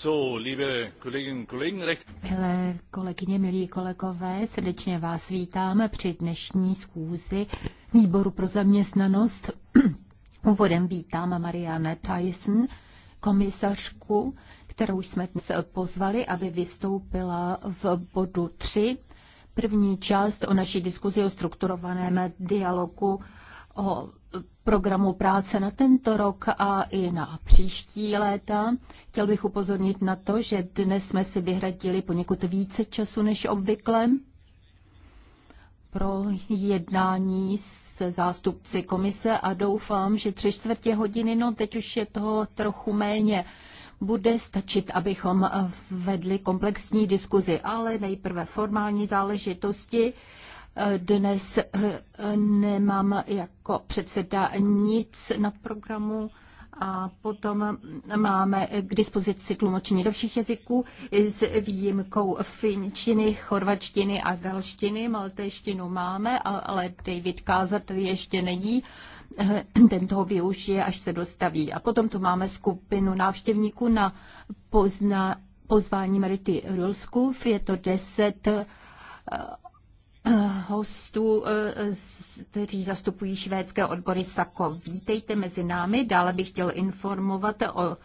So, liebe Kolleginnen Kollegen, recht... Milé kolegyně, milí kolegové, srdečně vás vítáme při dnešní schůzi Výboru pro zaměstnanost. Úvodem vítám Marianne Tyson, komisařku, kterou jsme dnes pozvali, aby vystoupila v bodu 3, první část o naší diskuzi o strukturovaném dialogu o programu práce na tento rok a i na příští léta. Chtěl bych upozornit na to, že dnes jsme si vyhradili poněkud více času než obvykle pro jednání se zástupci komise a doufám, že tři čtvrtě hodiny, no teď už je toho trochu méně, bude stačit, abychom vedli komplexní diskuzi, ale nejprve formální záležitosti dnes eh, nemám jako předseda nic na programu a potom máme k dispozici tlumočení do všech jazyků s výjimkou finčiny, chorvačtiny a galštiny. Maltéštinu máme, ale David Kázar tady ještě není. Eh, ten toho využije, až se dostaví. A potom tu máme skupinu návštěvníků na pozna, pozvání Merity Rulsku. Je to 10 hostů, eh, kteří zastupují švédské odbory SAKO. Vítejte mezi námi. Dále bych chtěl informovat o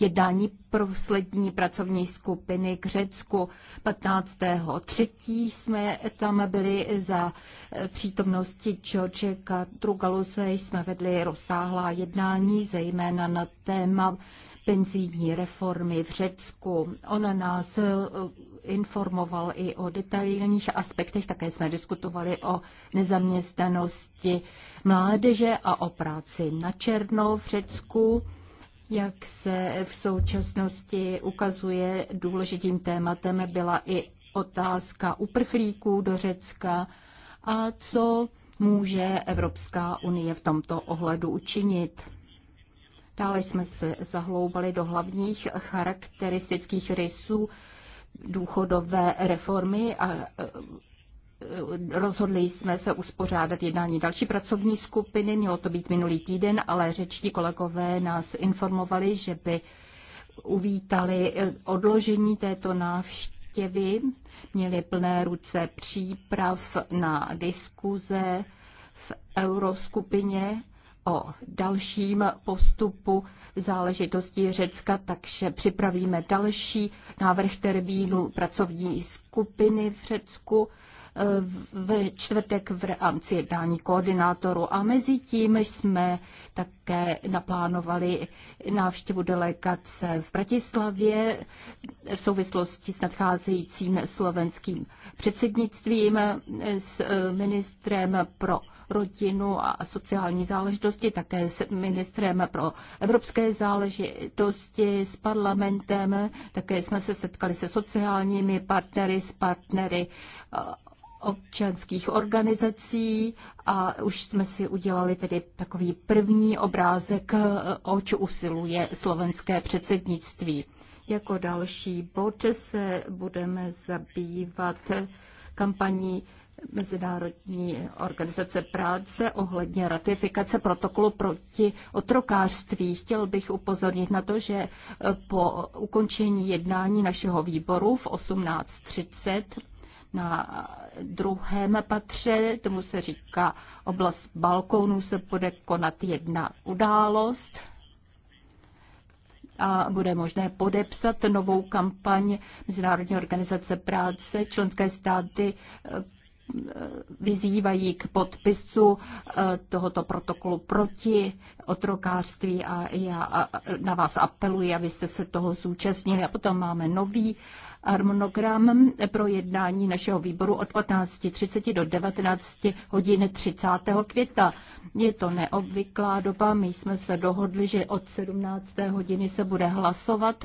jednání poslední pracovní skupiny k Řecku 15.3. jsme tam byli za eh, přítomnosti George Trugaluse. jsme vedli rozsáhlá jednání, zejména na téma penzijní reformy v Řecku. Ona nás eh, informoval i o detailních aspektech. Také jsme diskutovali o nezaměstnanosti mládeže a o práci na černo v Řecku. Jak se v současnosti ukazuje, důležitým tématem byla i otázka uprchlíků do Řecka a co může Evropská unie v tomto ohledu učinit. Dále jsme se zahloubali do hlavních charakteristických rysů důchodové reformy a e, rozhodli jsme se uspořádat jednání další pracovní skupiny. Mělo to být minulý týden, ale řečtí kolegové nás informovali, že by uvítali e, odložení této návštěvy. Měli plné ruce příprav na diskuze v euroskupině o dalším postupu záležitosti Řecka, takže připravíme další návrh termínu pracovní skupiny v Řecku. Eh, ve čtvrtek v rámci jednání koordinátoru. A mezi tím jsme také naplánovali návštěvu delegace v Bratislavě v souvislosti s nadcházejícím slovenským předsednictvím s eh, ministrem pro rodinu a sociální záležitosti, také s ministrem pro evropské záležitosti, s parlamentem, také jsme se setkali se sociálními partnery, s partnery eh, občanských organizací a už jsme si udělali tedy takový první obrázek, oč usiluje slovenské předsednictví. Jako další bod se budeme zabývat kampaní Mezinárodní organizace práce ohledně ratifikace protokolu proti otrokářství. Chtěl bych upozornit na to, že po ukončení jednání našeho výboru v na druhém patře, tomu se říká oblast balkónů, se bude konat jedna událost a bude možné podepsat novou kampaň Mezinárodní organizace práce. Členské státy eh, vyzývají k podpisu eh, tohoto protokolu proti otrokářství a já na vás apeluji, abyste se toho zúčastnili. A potom máme nový harmonogram pro jednání našeho výboru od 15.30 do 19 hodin 30. května. Je to neobvyklá doba, my jsme se dohodli, že od 17. hodiny se bude hlasovat,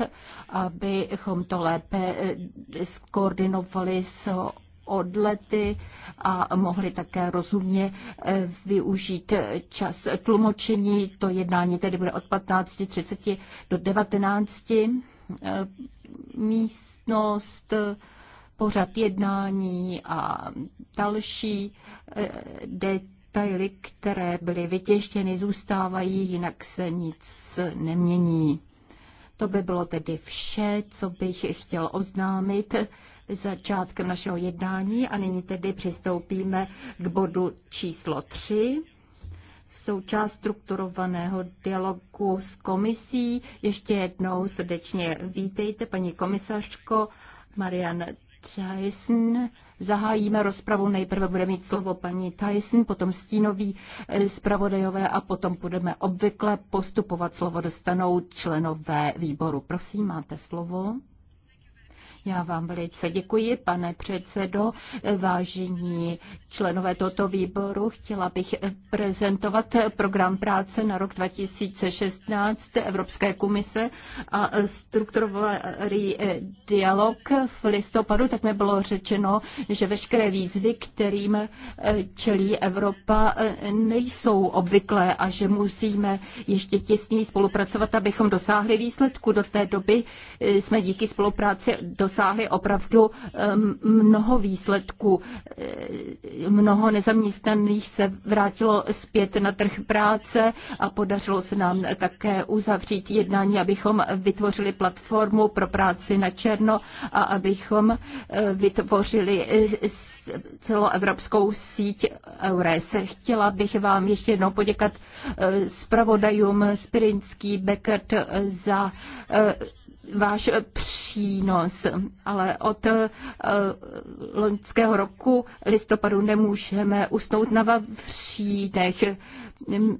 abychom to lépe eh, skoordinovali s odlety a mohli také rozumně eh, využít eh, čas tlumočení. To jednání tedy bude od 15.30 do 19. Eh, místnost, pořad jednání a další eh, detaily, které byly vytěštěny, zůstávají, jinak se nic nemění. To by bylo tedy vše, co bych chtěl oznámit začátkem našeho jednání a nyní tedy přistoupíme k bodu číslo 3 součást strukturovaného dialogu s komisí. Ještě jednou srdečně vítejte, paní komisařko Marian Tyson. Zahájíme rozpravu. Nejprve bude mít slovo paní Tyson, potom stínový eh, zpravodajové a potom budeme obvykle postupovat. Slovo dostanou členové výboru. Prosím, máte slovo. Já vám velice děkuji, pane předsedo. Vážení členové tohoto výboru, chtěla bych prezentovat program práce na rok 2016 Evropské komise a strukturovaný dialog v listopadu, tak mi bylo řečeno, že veškeré výzvy, kterým čelí Evropa, nejsou obvyklé a že musíme ještě těsněji spolupracovat, abychom dosáhli výsledku. Do té doby jsme díky spolupráci dosáhli dosáhli opravdu mnoho výsledků. Mnoho nezaměstnaných se vrátilo zpět na trh práce a podařilo se nám také uzavřít jednání, abychom vytvořili platformu pro práci na černo a abychom eh, vytvořili eh, celoevropskou síť EURES. Chtěla bych vám ještě jednou poděkat eh, zpravodajům Spirinský, Beckert za váš přínos, ale od eh, loňského roku listopadu nemůžeme usnout na vavřínech. Hm,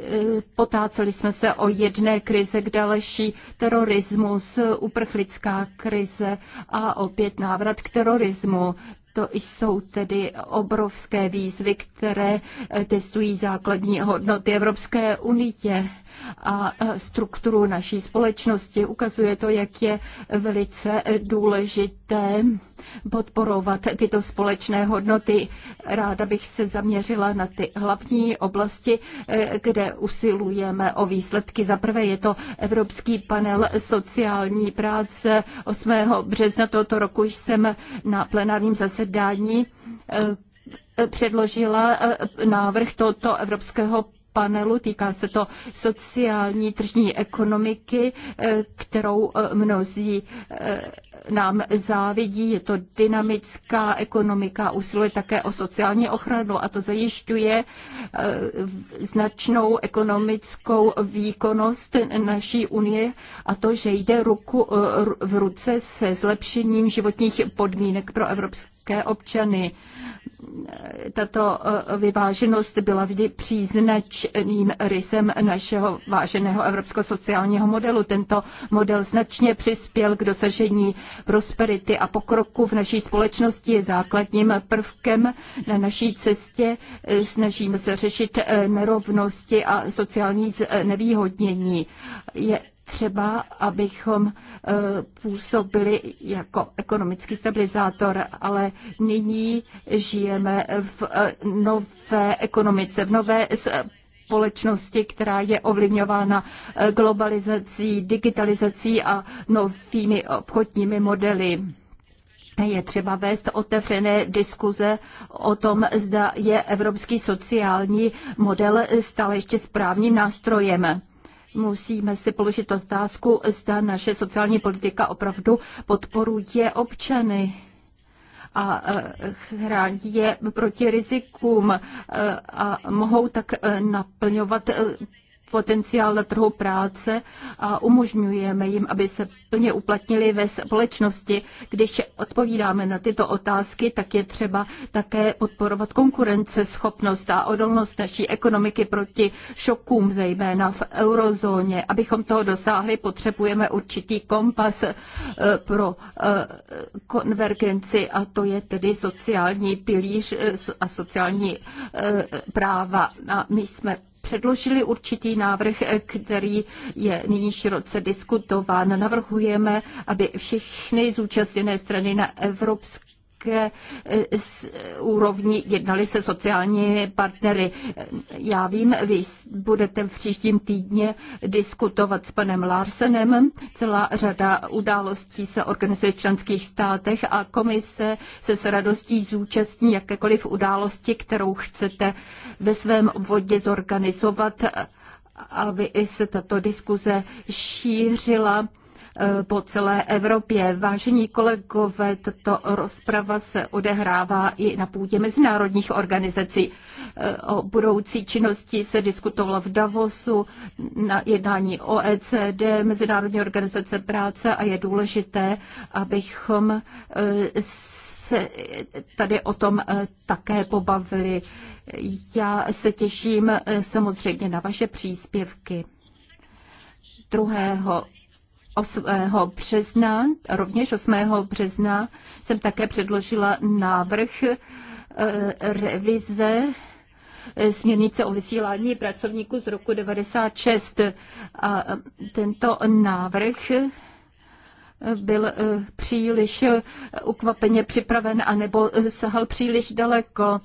eh, potáceli jsme se o jedné krize k další, terorismus, uprchlická krize a opět návrat k terorismu. To jsou tedy obrovské výzvy, které eh, testují základní hodnoty Evropské unie a eh, strukturu naší společnosti. Ukazuje to, jak je velice eh, důležité podporovat tyto společné hodnoty. Ráda bych se zaměřila na ty hlavní oblasti, eh, kde usilujeme o výsledky. Za prvé je to Evropský panel sociální práce. 8. března tohoto roku jsem na plenárním zasedání eh, předložila eh, návrh tohoto Evropského panelu, týká se to sociální tržní ekonomiky, kterou mnozí nám závidí. Je to dynamická ekonomika, usiluje také o sociální ochranu a to zajišťuje eh, značnou ekonomickou výkonnost naší unie a to, že jde ruku eh, v ruce se zlepšením životních podmínek pro evropské české občany. Tato eh, vyváženost byla vždy příznačným rysem našeho váženého evropsko-sociálního modelu. Tento model značně přispěl k dosažení prosperity a pokroku v naší společnosti je základním prvkem na naší cestě. Snažíme se řešit eh, nerovnosti a sociální znevýhodnění. Je třeba, abychom eh, působili jako ekonomický stabilizátor, ale nyní žijeme v eh, nové ekonomice, v nové společnosti, která je ovlivňována eh, globalizací, digitalizací a novými obchodními modely. Je třeba vést otevřené diskuze o tom, zda je evropský sociální model stále ještě správným nástrojem. Musíme si položit otázku, zda naše sociální politika opravdu podporuje občany a e, chrání je proti rizikům e, a mohou tak e, naplňovat potenciál na trhu práce a umožňujeme jim, aby se plně uplatnili ve společnosti. Když odpovídáme na tyto otázky, tak je třeba také podporovat konkurenceschopnost a odolnost naší ekonomiky proti šokům, zejména v eurozóně. Abychom toho dosáhli, potřebujeme určitý kompas eh, pro eh, konvergenci a to je tedy sociální pilíř eh, a sociální práva. A my jsme předložili určitý návrh, který je nyní široce diskutován. Navrhujeme, aby všechny zúčastněné strany na evropské jaké e, úrovni jednali se sociální partnery. Já vím, vy budete v příštím týdně diskutovat s panem Larsenem. Celá řada událostí se organizuje v členských státech a komise se s radostí zúčastní jakékoliv události, kterou chcete ve svém obvodě zorganizovat, aby se tato diskuze šířila Eh, po celé Evropě. Vážení kolegové, tato rozprava se odehrává i na půdě mezinárodních organizací. Eh, o budoucí činnosti se diskutovalo v Davosu, na jednání OECD, Mezinárodní organizace práce a je důležité, abychom eh, se tady o tom také pobavili. Já se těším samozřejmě na vaše příspěvky. 2. 8. března, rovněž 8. března jsem také předložila návrh e, revize e, směrnice o vysílání pracovníků z roku 96. A e, tento návrh byl příliš ukvapeně připraven anebo sahal příliš daleko.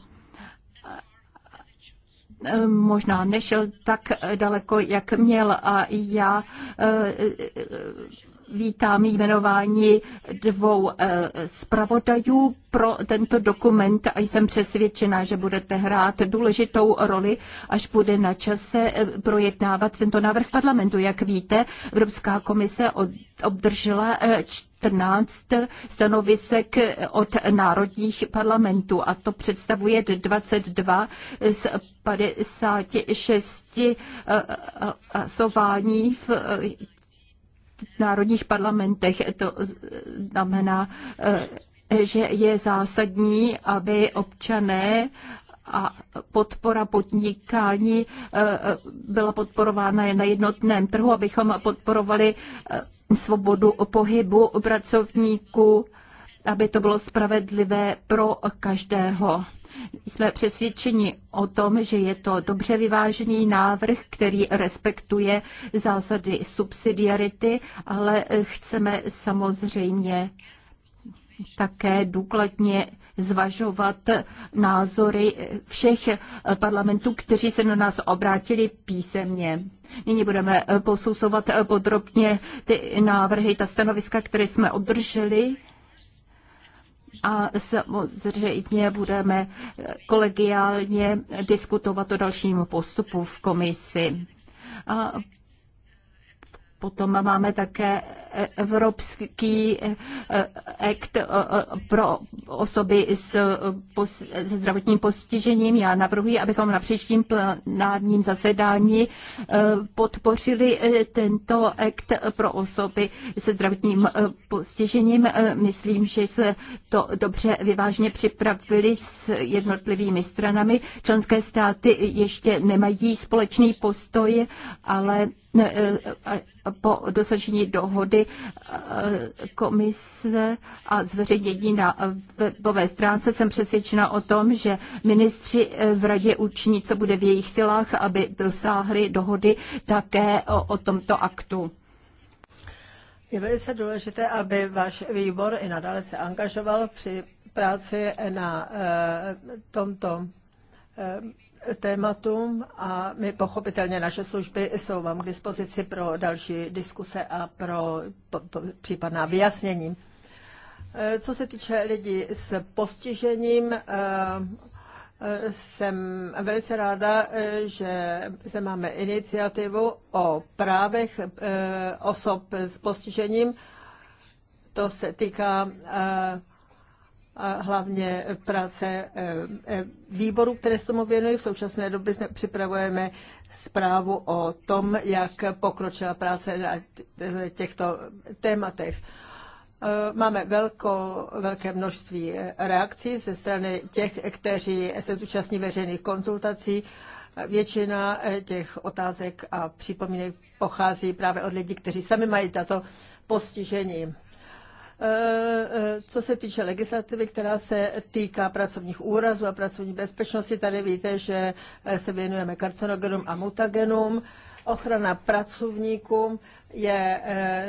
Eh, možná nešel tak daleko, jak měl a já eh, eh, vítám jmenování dvou eh, zpravodajů pro tento dokument a jsem přesvědčena, že budete hrát důležitou roli, až bude na čase eh, projednávat tento návrh parlamentu. Jak víte, Evropská komise obdržela 14 eh, stanovisek od národních parlamentů a to představuje 22 z 56 hlasování v národních parlamentech. To znamená, eh, že je zásadní, aby občané a podpora podnikání eh, byla podporována na jednotném trhu, abychom podporovali eh, svobodu pohybu pracovníků, aby to bylo spravedlivé pro každého. Jsme přesvědčeni o tom, že je to dobře vyvážený návrh, který respektuje zásady subsidiarity, ale chceme samozřejmě také důkladně zvažovat názory všech parlamentů, kteří se na nás obrátili písemně. Nyní budeme posuzovat podrobně ty návrhy, ta stanoviska, které jsme obdrželi a samozřejmě budeme kolegiálně diskutovat o dalším postupu v komisi. A Potom máme také Evropský eh, eh, akt eh, pro osoby s zdravotním postižením. Já navrhuji, abychom na příštím plenárním zasedání podpořili tento akt pro osoby se zdravotním postižením. Myslím, že jsme to dobře vyvážně připravili s jednotlivými stranami. Členské státy ještě nemají společný postoj, ale po dosažení dohody eh, komise a zveřejnění na webové stránce jsem přesvědčena o tom, že ministři eh, v radě učiní, co bude v jejich silách, aby dosáhli dohody také o, o tomto aktu. Je velice důležité, aby váš výbor i nadále se angažoval při práci na eh, tomto tématům a my pochopitelně naše služby jsou vám k dispozici pro další diskuse a pro po, po, případná vyjasnění. Eh, co se týče lidí s postižením, eh, eh, jsem velice ráda, že se máme iniciativu o právech osob s postižením. To se týká uh, a hlavně práce eh, eh, výborů, které se tomu věnují. V současné době jsme připravujeme zprávu o tom, jak pokročila práce na těchto tématech. Eh, máme velko, velké množství reakcí ze strany těch, kteří se zúčastní veřejných konzultací. Většina těch otázek a připomínek pochází právě od lidí, kteří sami mají tato postižení. Eh, eh, co se týče legislativy, která se týká pracovních úrazů a pracovní bezpečnosti, tady víte, že eh, se věnujeme karcinogenům a mutagenům. Ochrana pracovníků je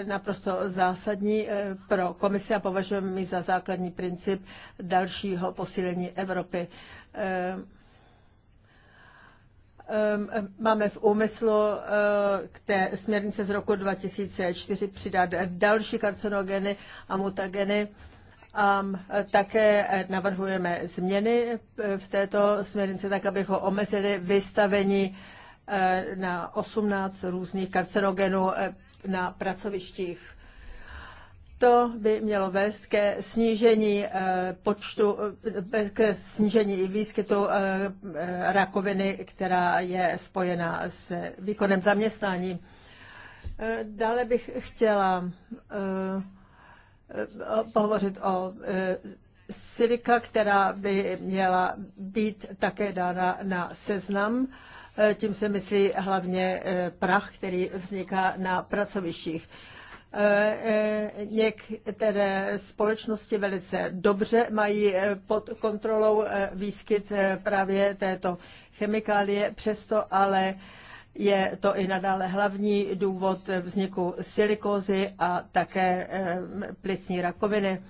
naprosto zásadní pro komisi a považujeme ji za základní princip dalšího posílení Evropy. Ehm, ehm, máme v úmyslu eh, k té směrnice z roku 2004 přidat další karcinogeny a mutageny. Ehm, a také navrhujeme změny eh, v této směrnici, tak abychom omezili vystavení eh, na 18 různých karcinogenů na pracovištích. To by mělo vést ke snížení eh, počtu, eh, ke snížení výskytu eh, rakoviny, která je spojená s výkonem zaměstnání. Dále bych chtěla pohovořit o silika, která by měla být také dána na seznam. Tím se myslí hlavně prach, který vzniká na pracovištích. Eh, eh, některé společnosti velice dobře mají eh, pod kontrolou výskyt právě této chemikálie, přesto ale je to i nadále hlavní důvod vzniku silikózy a také plicní rakoviny.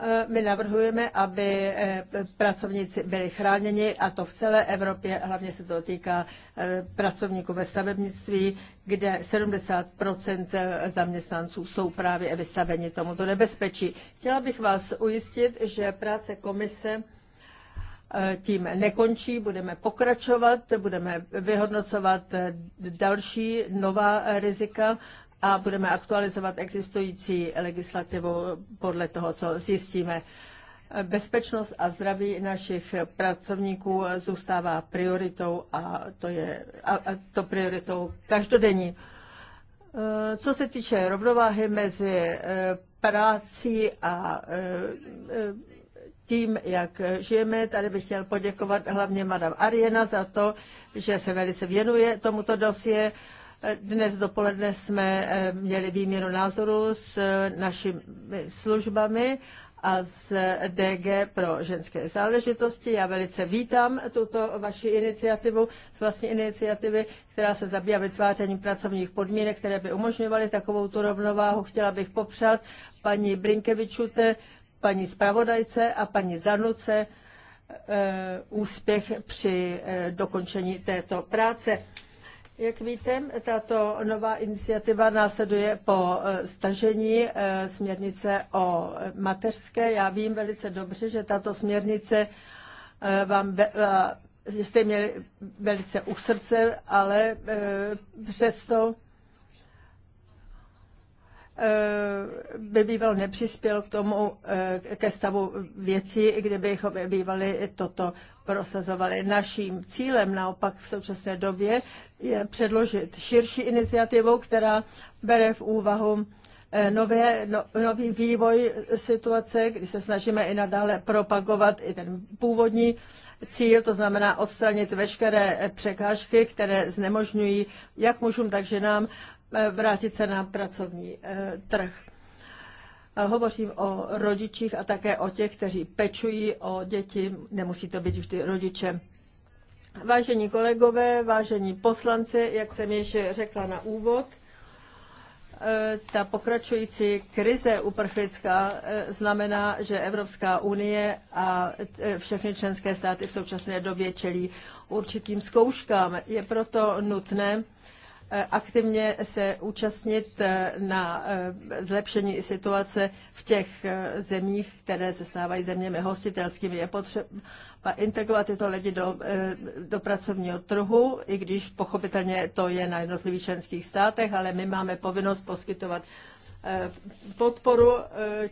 Eh, my navrhujeme, aby eh, pracovníci byli chráněni a to v celé Evropě, hlavně se to týká eh, pracovníků ve stavebnictví, kde 70 zaměstnanců jsou právě vystaveni tomuto nebezpečí. Chtěla bych vás ujistit, že práce komise tím nekončí, budeme pokračovat, budeme vyhodnocovat další nová rizika a budeme aktualizovat existující legislativu podle toho, co zjistíme. Bezpečnost a zdraví našich pracovníků zůstává prioritou a to je a, a to prioritou každodenní. E, co se týče rovnováhy mezi e, prací a e, tím, jak žijeme. Tady bych chtěl poděkovat hlavně madam Ariena za to, že se velice věnuje tomuto dosie dnes dopoledne jsme eh, měli výměnu názoru s eh, našimi službami a z eh, DG pro ženské záležitosti. Já velice vítám tuto vaši iniciativu, z vlastní iniciativy, která se zabývá vytvářením pracovních podmínek, které by umožňovaly takovou tu rovnováhu. Chtěla bych popřát paní Brinkevičute, paní zpravodajce a paní Zanuce úspěch při dokončení této práce. Jak víte, tato nová iniciativa následuje po e, stažení e, směrnice o mateřské. Já vím velice dobře, že tato směrnice e, vám jste měli velice u srdce, ale přesto Eh, by býval nepřispěl k tomu, eh, ke stavu věcí, kdybychom bývali toto prosazovali. Naším cílem naopak v současné době je předložit širší iniciativu, která bere v úvahu eh, nové, no, nový vývoj situace, kdy se snažíme i nadále propagovat i ten původní cíl, to znamená odstranit veškeré překážky, které znemožňují jak mužům, tak ženám Eh, vrátit se na pracovní eh, trh. Eh, hovořím o rodičích a také o těch, kteří pečují o děti, nemusí to být vždy rodiče. Vážení kolegové, vážení poslanci, jak jsem již řekla na úvod, ta pokračující krize uprchlická znamená, že Evropská unie a všechny členské státy v současné době čelí určitým zkouškám. Je proto nutné, Eh, aktivně se účastnit eh, na eh, zlepšení situace v těch zemích, které se stávají zeměmi hostitelskými. Je potřeba integrovat tyto lidi do, do pracovního trhu, i když pochopitelně to je na jednotlivých členských státech, ale my máme povinnost poskytovat podporu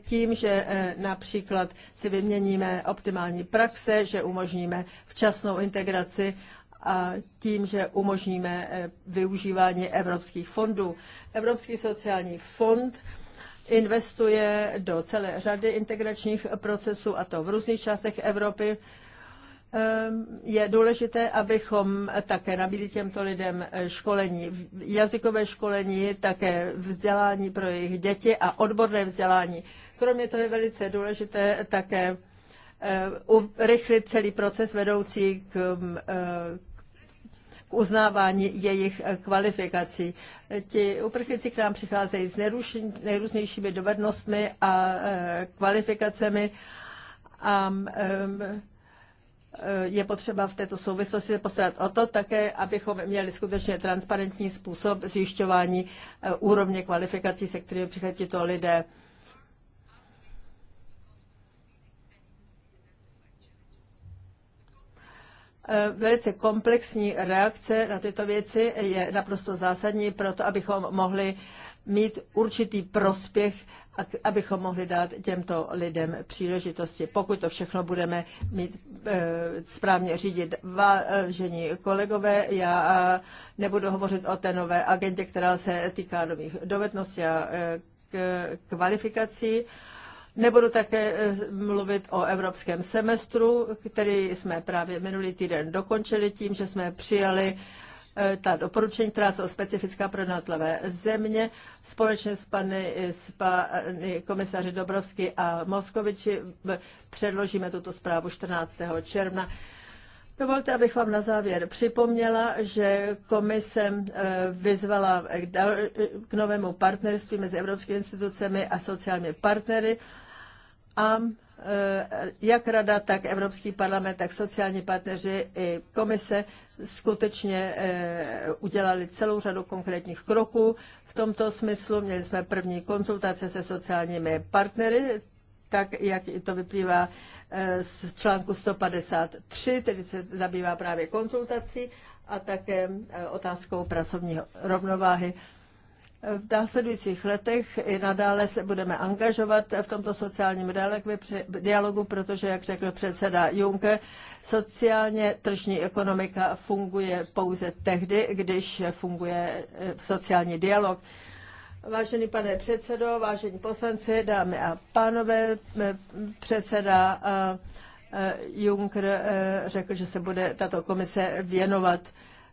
tím, že například si vyměníme optimální praxe, že umožníme včasnou integraci a tím, že umožníme eh, využívání evropských fondů. Evropský sociální fond investuje do celé řady integračních procesů, a to v různých částech Evropy. Ehm, je důležité, abychom také nabídli těmto lidem eh, školení, jazykové školení, také vzdělání pro jejich děti a odborné vzdělání. Kromě toho je velice důležité také eh, urychlit celý proces vedoucí k, k uznávání jejich eh, kvalifikací. Ti uprchlíci k nám přicházejí s nejrůznějšími dovednostmi a eh, kvalifikacemi a eh, je potřeba v této souvislosti postarat o to také, abychom měli skutečně transparentní způsob zjišťování úrovně kvalifikací, se kterými přichází to lidé. Eh, velice komplexní reakce na tyto věci je naprosto zásadní pro to, abychom mohli mít určitý prospěch, abychom mohli dát těmto lidem příležitosti. Pokud to všechno budeme mít eh, správně řídit, vážení kolegové, já eh, nebudu hovořit o té nové agentě, která se týká nových dovedností a kvalifikací. Nebudu také eh, mluvit o evropském semestru, který jsme právě minulý týden dokončili tím, že jsme přijali eh, ta doporučení, která jsou specifická pro jednotlivé země, společně s pany, s pany komisaři Dobrovsky a Moskoviči eh, předložíme tuto zprávu 14. června. Dovolte, abych vám na závěr připomněla, že komise vyzvala k novému partnerství mezi evropskými institucemi a sociálními partnery a eh, jak Rada, tak Evropský parlament, tak sociální partneři i komise skutečně eh, udělali celou řadu konkrétních kroků. V tomto smyslu měli jsme první konzultace se sociálními partnery, tak jak to vyplývá eh, z článku 153, který se zabývá právě konzultací a také otázkou pracovní rovnováhy v následujících letech i nadále se budeme angažovat v tomto sociálním dialogu, protože, jak řekl předseda Juncker, sociálně tržní ekonomika funguje pouze tehdy, když funguje eh, sociální dialog. Vážený pane předsedo, vážení poslanci, dámy a pánové, eh, předseda eh, Juncker řekl, že se bude tato komise věnovat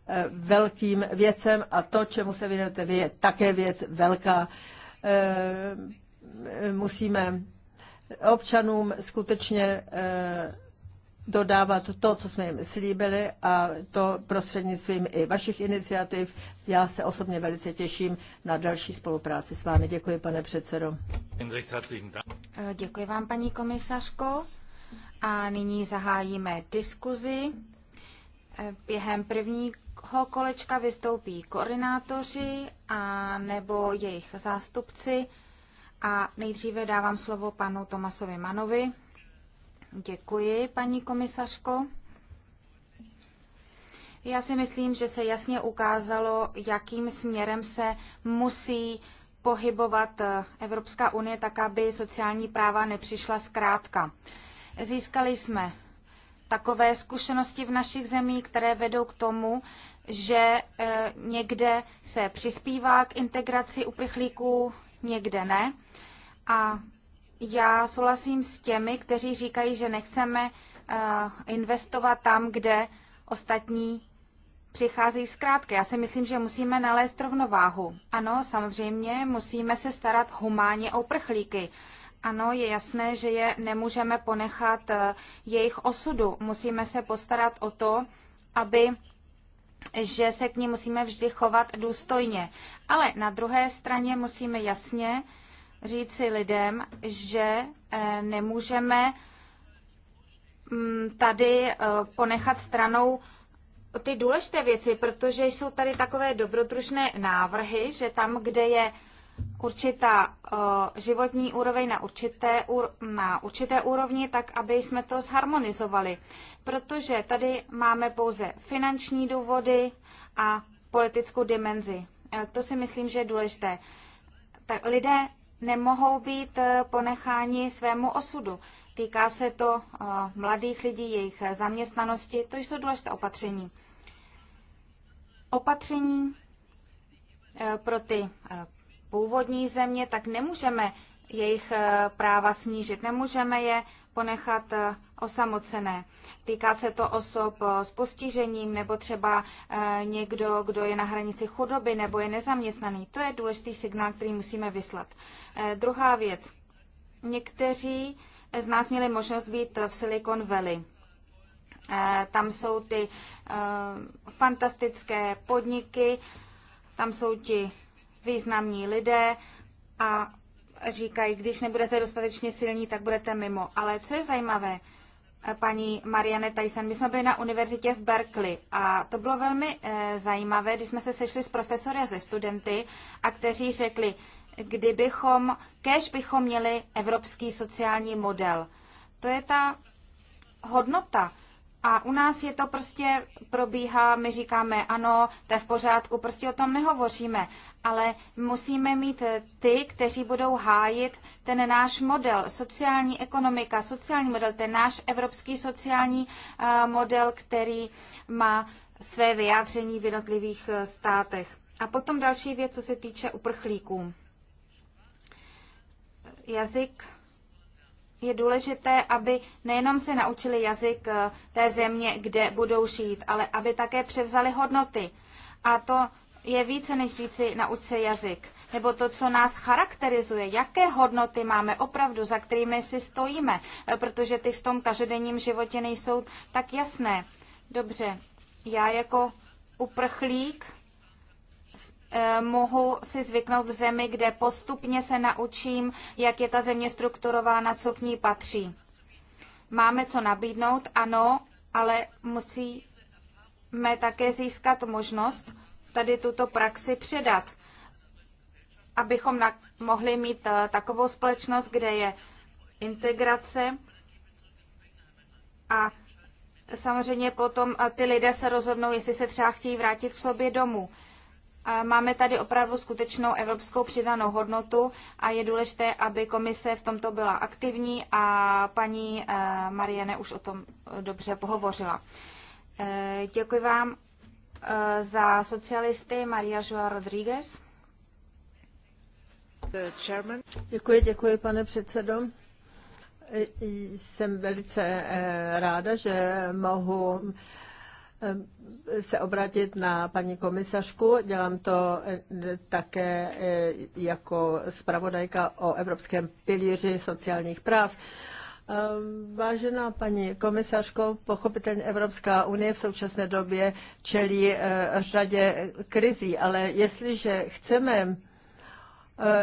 Eh, velkým věcem a to, čemu se věnujete vy, je také věc velká. Eh, musíme občanům skutečně eh, dodávat to, co jsme jim slíbili a to prostřednictvím i vašich iniciativ. Já se osobně velice těším na další spolupráci s vámi. Děkuji, pane předsedo. Děkuji vám, paní komisařko. A nyní zahájíme diskuzi. Během první toho kolečka vystoupí koordinátoři a nebo jejich zástupci. A nejdříve dávám slovo panu Tomasovi Manovi. Děkuji, paní komisařko. Já si myslím, že se jasně ukázalo, jakým směrem se musí pohybovat Evropská unie tak, aby sociální práva nepřišla zkrátka. Získali jsme takové zkušenosti v našich zemích, které vedou k tomu, že eh, někde se přispívá k integraci uprchlíků, někde ne. A já souhlasím s těmi, kteří říkají, že nechceme eh, investovat tam, kde ostatní přicházejí zkrátka. Já si myslím, že musíme nalézt rovnováhu. Ano, samozřejmě musíme se starat humánně o uprchlíky. Ano, je jasné, že je nemůžeme ponechat eh, jejich osudu. Musíme se postarat o to, aby že se k ní musíme vždy chovat důstojně. Ale na druhé straně musíme jasně říci lidem, že eh, nemůžeme mm, tady eh, ponechat stranou ty důležité věci, protože jsou tady takové dobrodružné návrhy, že tam, kde je určitá eh, životní úroveň na určité, na určité úrovni, tak aby jsme to zharmonizovali. Protože tady máme pouze finanční důvody a politickou dimenzi. Eh, to si myslím, že je důležité. Tak lidé nemohou být eh, ponecháni svému osudu. Týká se to mladých lidí, jejich zaměstnanosti, to jsou důležité opatření. Opatření pro ty původní země, tak nemůžeme jejich eh, práva snížit, nemůžeme je ponechat eh, osamocené. Týká se to osob eh, s postižením nebo třeba někdo, kdo je na hranici chudoby nebo je nezaměstnaný. To je důležitý signál, který musíme vyslat. Druhá věc. Někteří z nás měli možnost být v Silicon Valley. Tam jsou ty fantastické podniky, tam jsou ti významní lidé a říkají, když nebudete dostatečně silní, tak budete mimo. Ale co je zajímavé, paní Marianne Tyson, my jsme byli na univerzitě v Berkeley a to bylo velmi eh, zajímavé, když jsme se sešli s profesory a ze studenty a kteří řekli, kdybychom, kež bychom měli evropský sociální model. To je ta hodnota, a u nás je to prostě probíhá, my říkáme ano, to je v pořádku, prostě o tom nehovoříme, ale musíme mít eh, ty, kteří budou hájit ten náš model, sociální ekonomika, sociální model, ten náš evropský sociální eh, model, který má své vyjádření v jednotlivých eh, státech. A potom další věc, co se týče uprchlíků. Jazyk je důležité, aby nejenom se naučili jazyk eh, té země, kde budou žít, ale aby také převzali hodnoty. A to je více než říci nauč se jazyk, nebo to, co nás charakterizuje, jaké hodnoty máme opravdu, za kterými si stojíme, eh, protože ty v tom každodenním životě nejsou tak jasné. Dobře, já jako uprchlík Eh, mohu si zvyknout v zemi, kde postupně se naučím, jak je ta země strukturována, co k ní patří. Máme co nabídnout, ano, ale musíme také získat možnost tady tuto praxi předat, abychom na, mohli mít eh, takovou společnost, kde je integrace a samozřejmě potom eh, ty lidé se rozhodnou, jestli se třeba chtějí vrátit k sobě domů. Máme tady opravdu skutečnou evropskou přidanou hodnotu a je důležité, aby komise v tomto byla aktivní a paní eh, Marianne už o tom eh, dobře pohovořila. Eh, děkuji vám za socialisty Maria Joa Rodriguez. Děkuji, děkuji, pane předsedo. Jsem velice ráda, že mohu Ehm, se obrátit na paní komisařku. Dělám to eh, také eh, jako zpravodajka o Evropském pilíři sociálních práv. Ehm, vážená paní komisařko, pochopitelně Evropská unie v současné době čelí eh, řadě krizí, ale jestliže chceme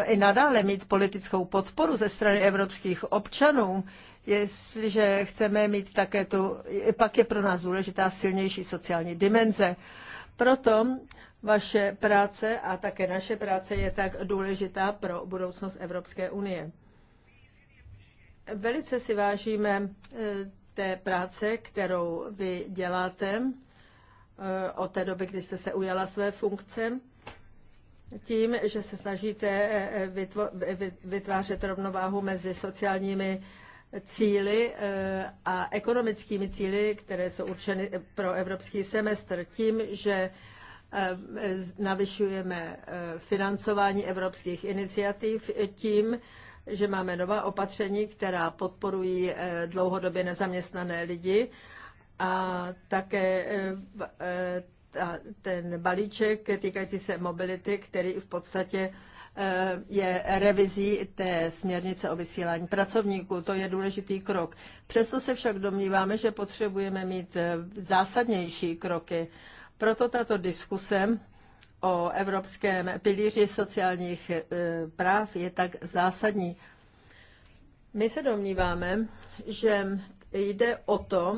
i nadále mít politickou podporu ze strany evropských občanů, Jestliže chceme mít také tu, pak je pro nás důležitá silnější sociální dimenze. Proto vaše práce a také naše práce je tak důležitá pro budoucnost Evropské unie. Velice si vážíme e, té práce, kterou vy děláte e, od té doby, kdy jste se ujala své funkce, tím, že se snažíte e, vytvářet rovnováhu mezi sociálními cíly eh, a ekonomickými cíly, které jsou určeny pro evropský semestr, tím, že eh, navyšujeme eh, financování evropských iniciativ, tím, že máme nová opatření, která podporují dlouhodobě nezaměstnané lidi a také ten balíček týkající se mobility, který v podstatě Eh, je revizí té směrnice o vysílání pracovníků. To je důležitý krok. Přesto se však domníváme, že potřebujeme mít eh, zásadnější kroky. Proto tato diskuse o evropském pilíři sociálních eh, práv je tak zásadní. My se domníváme, že jde o to,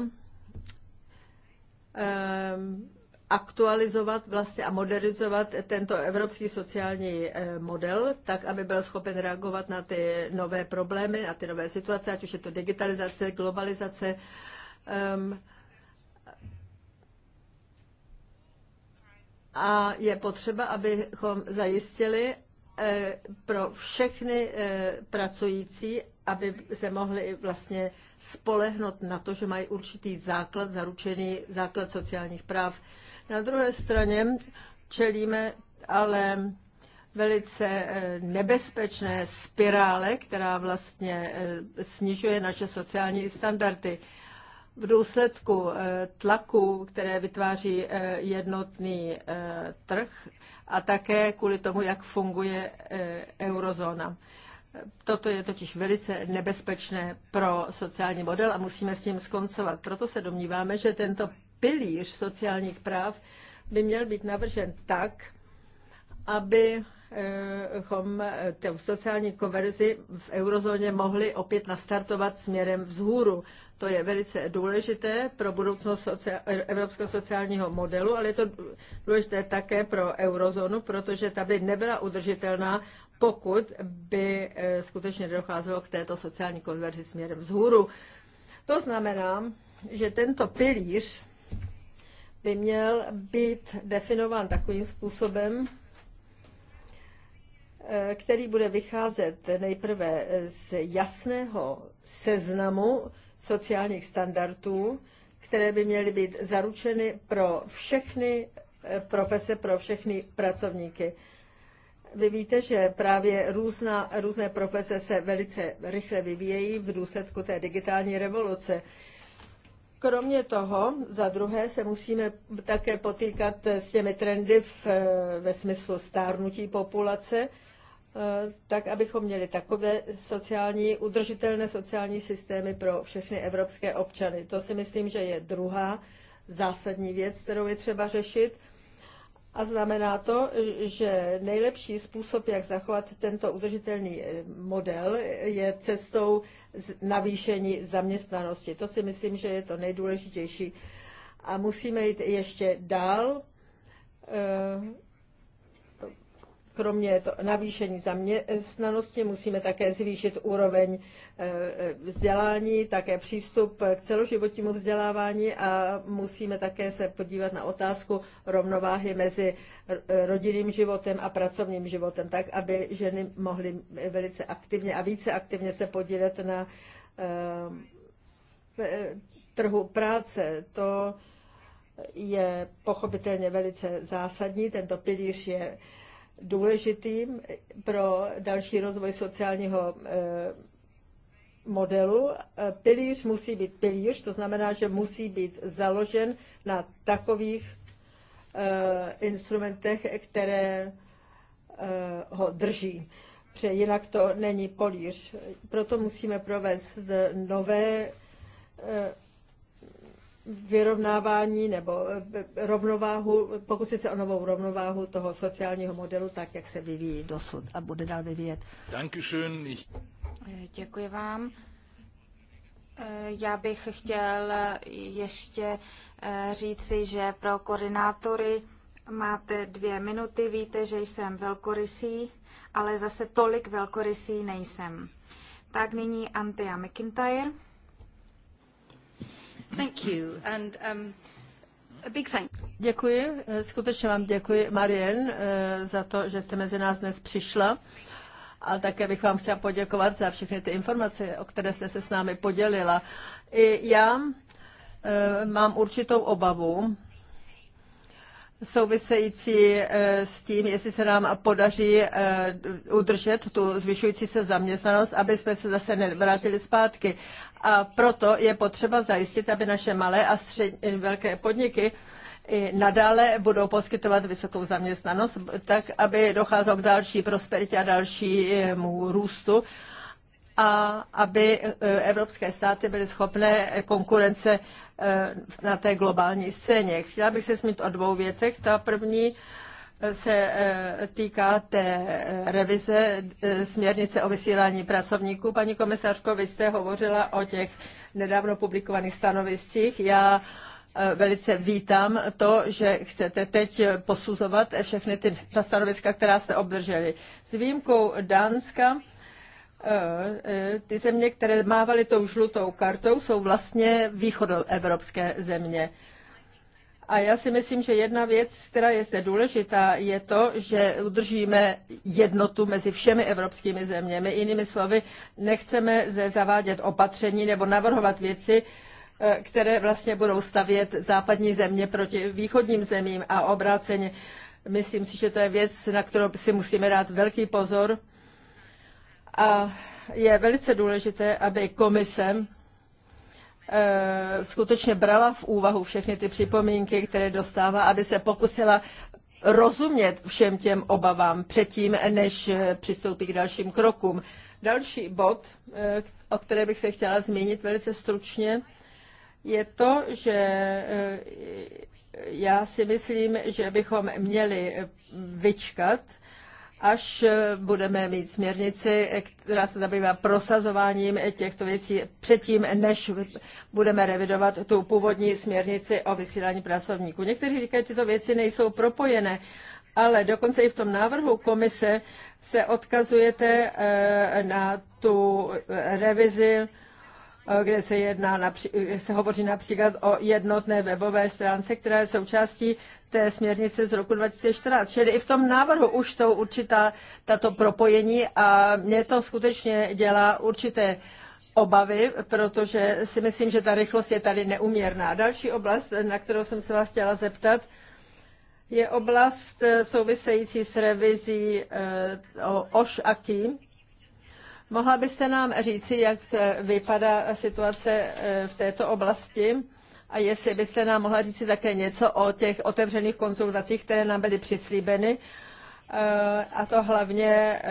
aktualizovat vlastně a modernizovat tento evropský sociální eh, model, tak aby byl schopen reagovat na ty nové problémy, a ty nové situace, ať už je to digitalizace, globalizace. Um, a je potřeba, abychom zajistili eh, pro všechny eh, pracující, aby se mohli vlastně spolehnout na to, že mají určitý základ zaručený, základ sociálních práv. Na druhé straně čelíme ale velice eh, nebezpečné spirále, která vlastně eh, snižuje naše sociální standardy. V důsledku eh, tlaku, které vytváří jednotný trh a také kvůli tomu, jak funguje eurozóna. Toto je totiž velice nebezpečné pro sociální model a musíme s tím skoncovat. Proto se domníváme, že tento pilíř sociálních práv by měl být navržen tak, eh, Chom, eh, tu sociální konverzi v eurozóně mohli opět nastartovat směrem vzhůru. To je velice důležité pro budoucnost sociál, eh, evropského sociálního modelu, ale je to důležité také pro eurozónu, protože ta by nebyla udržitelná, pokud by skutečně docházelo k této sociální konverzi směrem vzhůru. To znamená, že tento pilíř by měl být definován takovým způsobem, eh, který bude vycházet nejprve z jasného seznamu sociálních standardů, které by měly být zaručeny pro všechny eh, profese, pro všechny pracovníky. Vy víte, že právě různá, různé profese se velice rychle vyvíjejí v důsledku té digitální revoluce. Kromě toho, za druhé, se musíme také potýkat s těmi trendy v, eh, ve smyslu stárnutí populace, eh, tak abychom měli takové sociální, udržitelné sociální systémy pro všechny evropské občany. To si myslím, že je druhá zásadní věc, kterou je třeba řešit. A znamená to, že nejlepší způsob, jak zachovat tento udržitelný eh, model, je cestou navýšení zaměstnanosti. To si myslím, že je to nejdůležitější. A musíme jít ještě dál eh, kromě to navýšení zaměstnanosti musíme také zvýšit úroveň e, e, vzdělání, také přístup k celoživotnímu vzdělávání a musíme také se podívat na otázku rovnováhy mezi rodinným životem a pracovním životem, tak aby ženy mohly velice aktivně a více aktivně se podílet na e, trhu práce. To je pochopitelně velice zásadní. Tento pilíř je důležitým pro další rozvoj sociálního eh, modelu. Eh, pilíř musí být pilíř, to znamená, že musí být založen na takových eh, instrumentech, které ho drží. Protože jinak to není políř. Proto musíme provést nové vyrovnávání nebo eh, rovnováhu, pokusit se o novou rovnováhu toho sociálního modelu, tak jak se vyvíjí dosud a bude dál vyvíjet. Eh, děkuji vám. Eh, já bych chtěl ještě říci, že pro koordinátory máte dvě minuty. Víte, že jsem velkorysý, ale zase tolik velkorysý nejsem. Tak nyní Antea McIntyre. Um, děkuji, eh, skutečně vám děkuji, Marien, eh, za to, že jste mezi nás dnes přišla. A také bych vám chtěla poděkovat za všechny ty informace, o které jste se s námi podělila. I já eh, mám určitou obavu, související s tím, jestli se nám podaří udržet tu zvyšující se zaměstnanost, aby jsme se zase nevrátili zpátky a proto je potřeba zajistit, aby naše malé a střední velké podniky i nadále budou poskytovat vysokou zaměstnanost, tak aby docházelo k další prosperitě a dalšímu růstu a aby e, evropské státy byly schopné konkurence e, na té globální scéně. Chtěla bych se smít o dvou věcech. Ta první se eh, týká té eh, revize eh, směrnice o vysílání pracovníků. Paní komisařko, vy jste hovořila o těch nedávno publikovaných stanoviscích. Já velice vítám to, že chcete teď posuzovat všechny ty, stanoviska, která jste obdrželi. S výjimkou Dánska, ty země, které mávaly tou žlutou kartou, jsou vlastně východoevropské země. A já si myslím, že jedna věc, která je zde důležitá, je to, že udržíme jednotu mezi všemi evropskými zeměmi. Jinými slovy, nechceme zde zavádět opatření nebo navrhovat věci, eh, které vlastně budou stavět západní země proti východním zemím a obráceně. Myslím si, že to je věc, na kterou si musíme dát velký pozor. A je velice důležité, aby komise Eh, skutečně brala v úvahu všechny ty připomínky, které dostává, aby se pokusila rozumět všem těm obavám předtím, než přistoupí k dalším krokům. Další bod, eh, o které bych se chtěla zmínit velice stručně, je to, že eh, já si myslím, že bychom měli vyčkat až eh, budeme mít směrnici, eh, která se zabývá prosazováním těchto věcí předtím, než budeme revidovat tu původní směrnici o vysílání pracovníků. Někteří říkají, že tyto věci nejsou propojené, ale dokonce i v tom návrhu komise se odkazujete eh, na tu revizi Eh, kde se, jedná, kde se hovoří například o jednotné webové stránce, která je součástí té směrnice z roku 2014. Čili i v tom návrhu už jsou určitá tato propojení a mě to skutečně dělá určité obavy, protože si myslím, že ta rychlost je tady neuměrná. Další oblast, na kterou jsem se vás chtěla zeptat, je oblast eh, související s revizí e, OŠ KIM. Mohla byste nám říci, jak eh, vypadá situace eh, v této oblasti? A jestli byste nám mohla říci také něco o těch otevřených konzultacích, které nám byly přislíbeny, eh, a to hlavně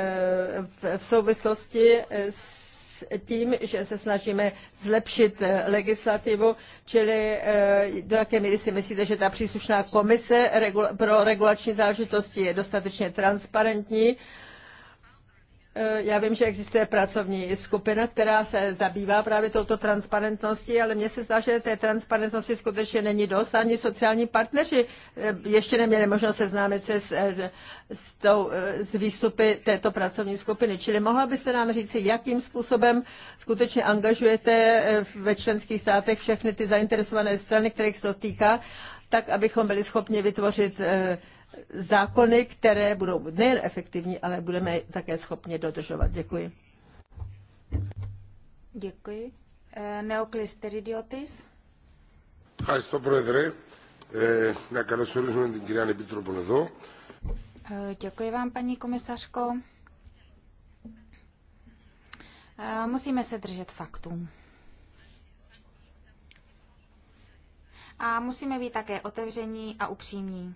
v souvislosti s tím, že se snažíme zlepšit legislativu, čili do jaké míry si myslíte, že ta příslušná komise pro regulační záležitosti je dostatečně transparentní, Eh, já vím, že existuje pracovní skupina, která se zabývá právě touto transparentností, ale mně se zdá, že té transparentnosti skutečně není dost. Ani sociální partneři eh, ještě neměli možnost seznámit se s, eh, s, tou, s výstupy této pracovní skupiny. Čili mohla byste nám říci, jakým způsobem skutečně angažujete ve členských státech všechny ty zainteresované strany, kterých se to týká, tak abychom byli schopni vytvořit zákony, které budou nejen efektivní, ale budeme také schopni dodržovat. Děkuji. Děkuji. Eh, Neoklisteridiotis. Teridiotis. Ευχαριστώ, Πρόεδρε. Ε, να καλωσορίσουμε την κυρία Επίτροπο εδώ. Děkuji vám, paní komisařko. Musíme se držet faktů. A musíme být také otevření a upřímní.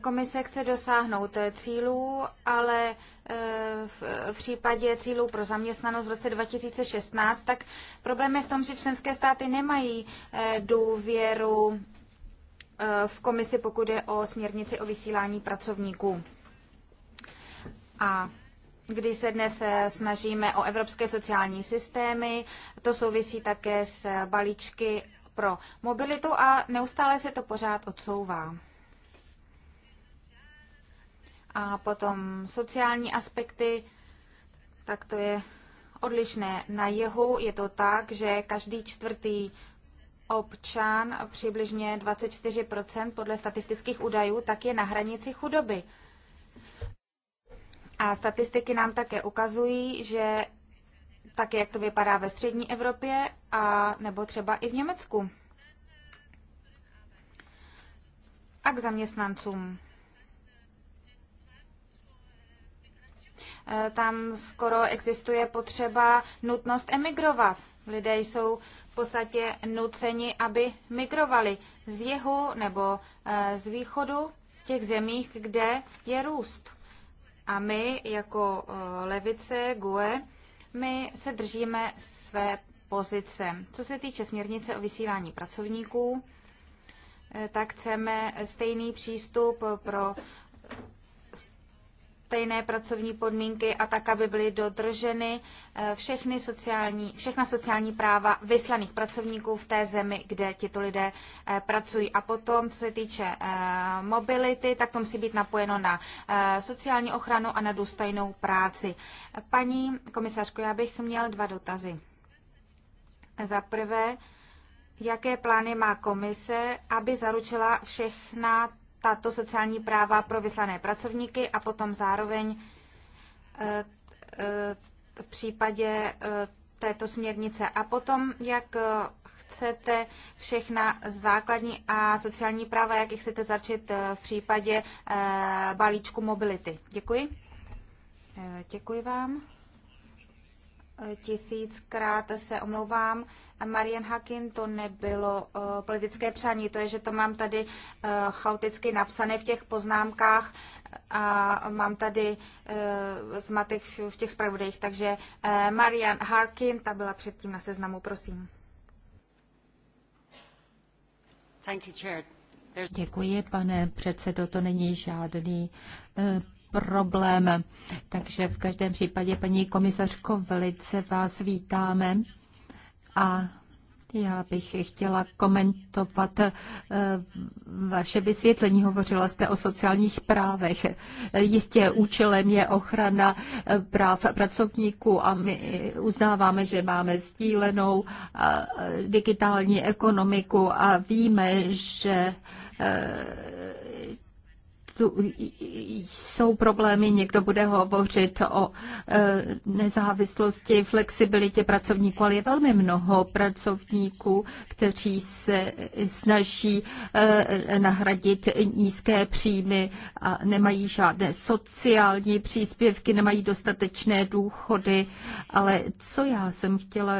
Komise chce dosáhnout eh, cílů, ale eh, v případě cílů pro zaměstnanost v roce 2016, tak problém je v tom, že členské státy nemají eh, důvěru v komisi, pokud je o směrnici o vysílání pracovníků. A když se dnes snažíme o evropské sociální systémy, to souvisí také s balíčky pro mobilitu a neustále se to pořád odsouvá. A potom sociální aspekty, tak to je odlišné. Na jihu je to tak, že každý čtvrtý občan, přibližně 24% podle statistických údajů, tak je na hranici chudoby. A statistiky nám také ukazují, že tak, jak to vypadá ve střední Evropě a nebo třeba i v Německu. A k zaměstnancům. Eh, tam skoro existuje potřeba nutnost emigrovat. Lidé jsou v podstatě nuceni, aby migrovali z jihu nebo eh, z východu, z těch zemí, kde je růst. A my jako eh, levice, GUE, my se držíme své pozice. Co se týče směrnice o vysílání pracovníků, tak chceme stejný přístup pro stejné pracovní podmínky a tak, aby byly dodrženy eh, všechny sociální, všechna sociální práva vyslaných pracovníků v té zemi, kde tito lidé eh, pracují. A potom, co se týče eh, mobility, tak to musí být napojeno na sociální ochranu a na důstojnou práci. Paní komisařko, já bych měl dva dotazy. Za prvé, jaké plány má komise, aby zaručila všechna tato sociální práva pro vyslané pracovníky a potom zároveň eh, eh, v případě eh, této směrnice. A potom, jak chcete všechna základní a sociální práva, jak je chcete začít v případě balíčku mobility. Děkuji. Děkuji vám tisíckrát se omlouvám. Marian Hakin, to nebylo uh, politické přání, to je, že to mám tady uh, chaoticky napsané v těch poznámkách a mám tady uh, zmatek v, v těch zpravodajích. Takže uh, Marian Harkin, ta byla předtím na seznamu, prosím. Děkuji, pane předsedo, to není žádný uh, problém. Takže v každém případě, paní komisařko, velice vás vítáme a já bych chtěla komentovat eh, vaše vysvětlení. Hovořila jste o sociálních právech. Jistě účelem je ochrana eh, práv pracovníků a my uznáváme, že máme sdílenou eh, digitální ekonomiku a víme, že jsou problémy, někdo bude hovořit o e, nezávislosti, flexibilitě pracovníků, ale je velmi mnoho pracovníků, kteří se snaží e, nahradit nízké příjmy a nemají žádné sociální příspěvky, nemají dostatečné důchody, ale co já jsem chtěla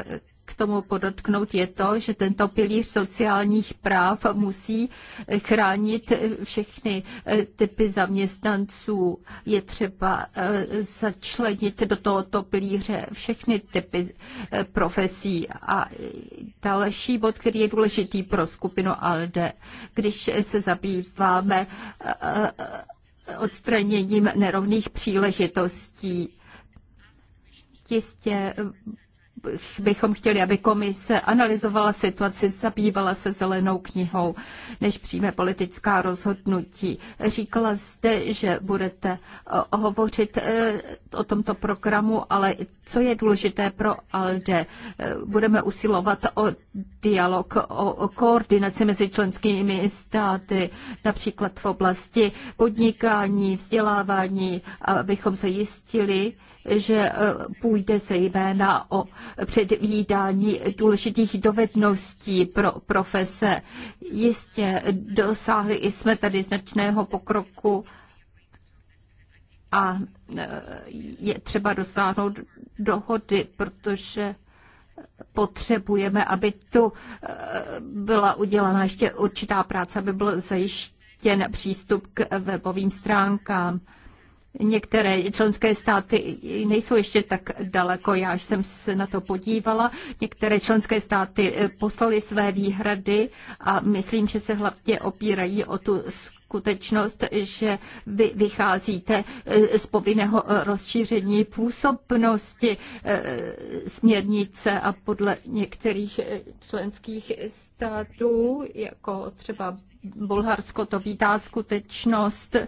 k tomu podotknout, je to, že tento pilíř sociálních práv musí chránit všechny eh, typy zaměstnanců. Je třeba eh, začlenit do tohoto pilíře všechny typy eh, profesí. A další bod, který je důležitý pro skupinu ALDE, když se zabýváme odstraněním nerovných příležitostí. Jistě bychom chtěli, aby komise analyzovala situaci, zabývala se zelenou knihou, než přijme politická rozhodnutí. Říkala jste, že budete eh, hovořit eh, o tomto programu, ale co je důležité pro ALDE? Eh, budeme usilovat o dialog, o koordinaci mezi členskými státy, například v oblasti podnikání, vzdělávání, abychom se jistili, že e, půjde zejména o předvídání důležitých dovedností pro profese. Jistě dosáhli jsme tady značného pokroku a e, je třeba dosáhnout dohody, protože potřebujeme, aby tu e, byla udělána ještě určitá práce, aby byl zajištěn přístup k webovým stránkám. Některé členské státy nejsou ještě tak daleko, já jsem se na to podívala. Některé členské státy eh, poslali své výhrady a myslím, že se hlavně opírají o tu skutečnost, že vy vycházíte eh, z povinného eh, rozšíření působnosti směrnice a podle některých členských států, jako třeba Bulharsko to vítá skutečnost eh,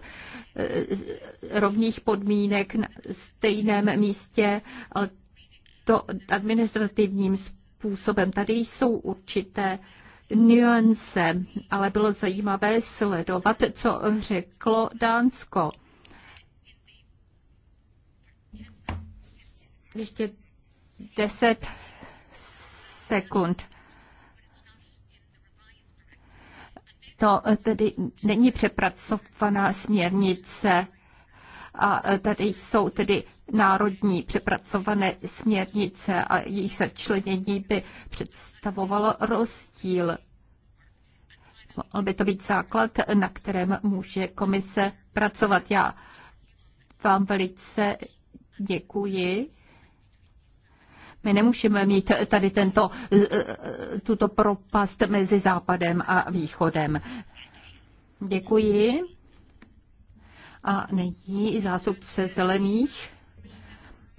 rovných podmínek na stejném místě, ale to administrativním způsobem. Tady jsou určité nuance, ale bylo zajímavé sledovat, co řeklo Dánsko. Ještě 10 sekund. To tedy není přepracovaná směrnice a tady jsou tedy národní přepracované směrnice a jejich začlenění by představovalo rozdíl. Mohl by to být základ, na kterém může komise pracovat. Já vám velice děkuji. My nemůžeme mít tady tento, e, tuto propast mezi západem a východem. Děkuji. A nyní zásobce zelených.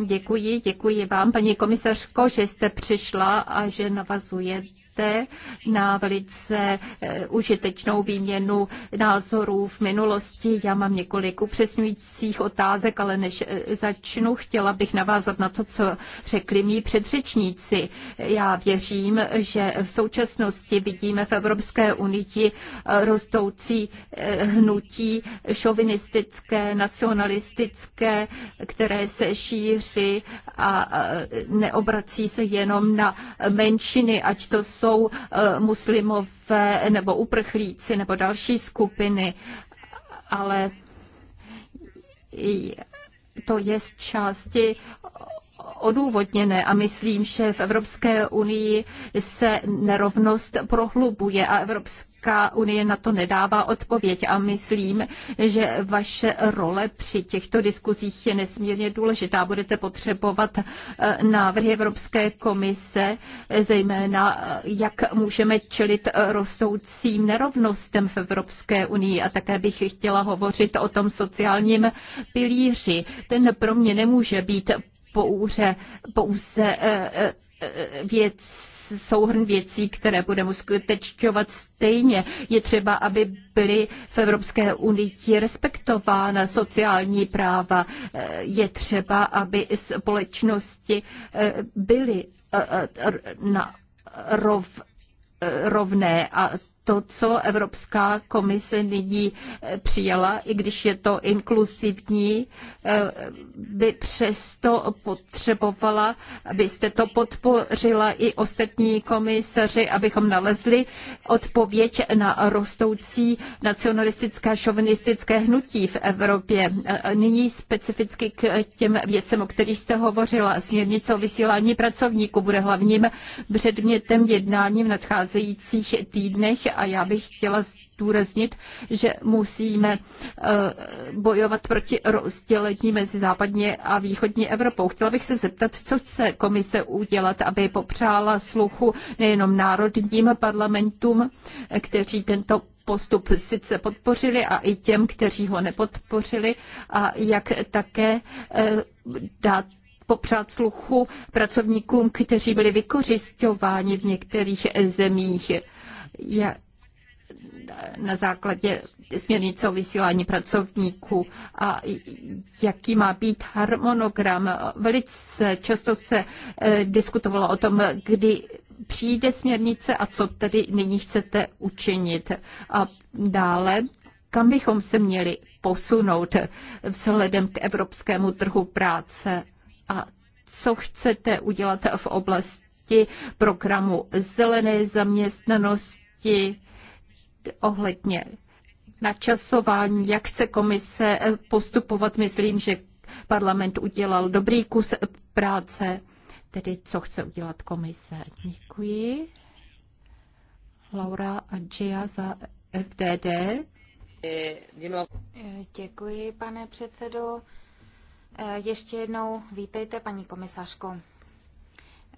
Děkuji, děkuji vám, paní komisařko, že jste přišla a že navazujete zde na velice eh, užitečnou výměnu názorů v minulosti. Já mám několik upřesňujících otázek, ale než eh, začnu, chtěla bych navázat na to, co řekli mý předřečníci. Já věřím, že v současnosti vidíme v Evropské unii eh, rostoucí hnutí šovinistické, nacionalistické, které se šíří a neobrací se jenom na menšiny, ať to jsou jsou eh, muslimové nebo uprchlíci nebo další skupiny, ale to je z části odůvodněné a myslím, že v Evropské unii se nerovnost prohlubuje a Evropské Evropská unie na to nedává odpověď a myslím, že vaše role při těchto diskuzích je nesmírně důležitá. Budete potřebovat eh, návrhy Evropské komise, eh, zejména eh, jak můžeme čelit rostoucím nerovnostem v Evropské unii a také bych chtěla hovořit o tom sociálním pilíři. Ten pro mě nemůže být pouze, pouze věc souhrn věcí, které budeme uskutečňovat stejně. Je třeba, aby byly v Evropské unii respektována sociální práva. Eh, je třeba, aby společnosti eh, byly eh, na rov, rovné a to, co Evropská komise nyní eh, přijala, i když je to inkluzivní, eh, by přesto potřebovala, abyste to podpořila i ostatní komisaři, abychom nalezli odpověď na rostoucí nacionalistické a šovinistické hnutí v Evropě. Eh, nyní specificky k těm věcem, o kterých jste hovořila. Směrnice o vysílání pracovníků bude hlavním předmětem jednání v nadcházejících týdnech a já bych chtěla zdůraznit, že musíme eh, bojovat proti rozdělení mezi západně a východní Evropou. Chtěla bych se zeptat, co chce komise udělat, aby popřála sluchu nejenom národním parlamentům, kteří tento postup sice podpořili a i těm, kteří ho nepodpořili a jak také eh, dát popřát sluchu pracovníkům, kteří byli vykořišťováni v některých zemích. Jak na základě směrnice o vysílání pracovníků a jaký má být harmonogram. Velice často se eh, diskutovalo o tom, kdy přijde směrnice a co tedy nyní chcete učinit. A dále, kam bychom se měli posunout vzhledem k evropskému trhu práce a co chcete udělat v oblasti programu zelené zaměstnanosti, ohledně načasování, jak chce komise eh, postupovat. Myslím, že parlament udělal dobrý kus eh, práce, tedy co chce udělat komise. Děkuji. Laura Gia za FDD. Eh, děkuji, pane předsedo. Ještě jednou vítejte, paní komisařko.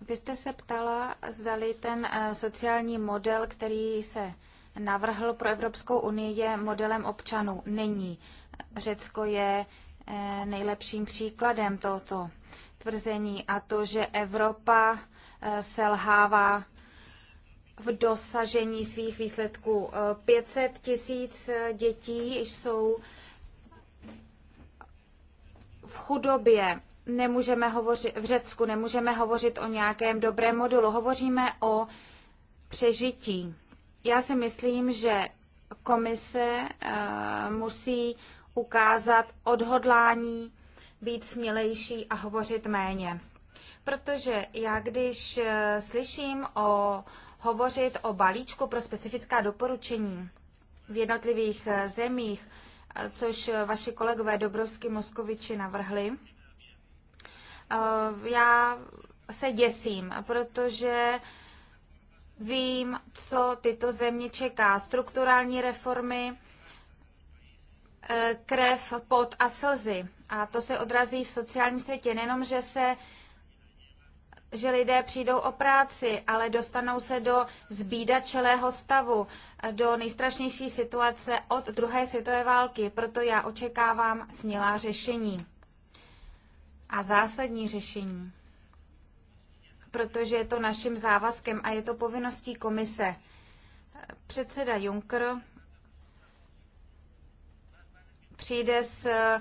Vy jste se ptala, zdali ten sociální model, který se navrhl pro Evropskou unii, je modelem občanů. Není. Řecko je eh, nejlepším příkladem tohoto tvrzení a to, že Evropa eh, selhává v dosažení svých výsledků. 500 eh, tisíc dětí jsou v chudobě. Nemůžeme hovořit, v Řecku nemůžeme hovořit o nějakém dobrém modulu. Hovoříme o přežití. Já si myslím, že komise eh, musí ukázat odhodlání, být smělejší a hovořit méně. Protože já když eh, slyším o hovořit o balíčku pro specifická doporučení v jednotlivých eh, zemích, což vaši kolegové Dobrovsky Moskoviči navrhli, já se děsím, protože Vím, co tyto země čeká. Strukturální reformy, eh, krev, pot a slzy. A to se odrazí v sociálním světě. Nejenom, že se že lidé přijdou o práci, ale dostanou se do zbídačelého stavu, do nejstrašnější situace od druhé světové války. Proto já očekávám smělá řešení a zásadní řešení protože je to naším závazkem a je to povinností komise. Předseda Juncker přijde s eh,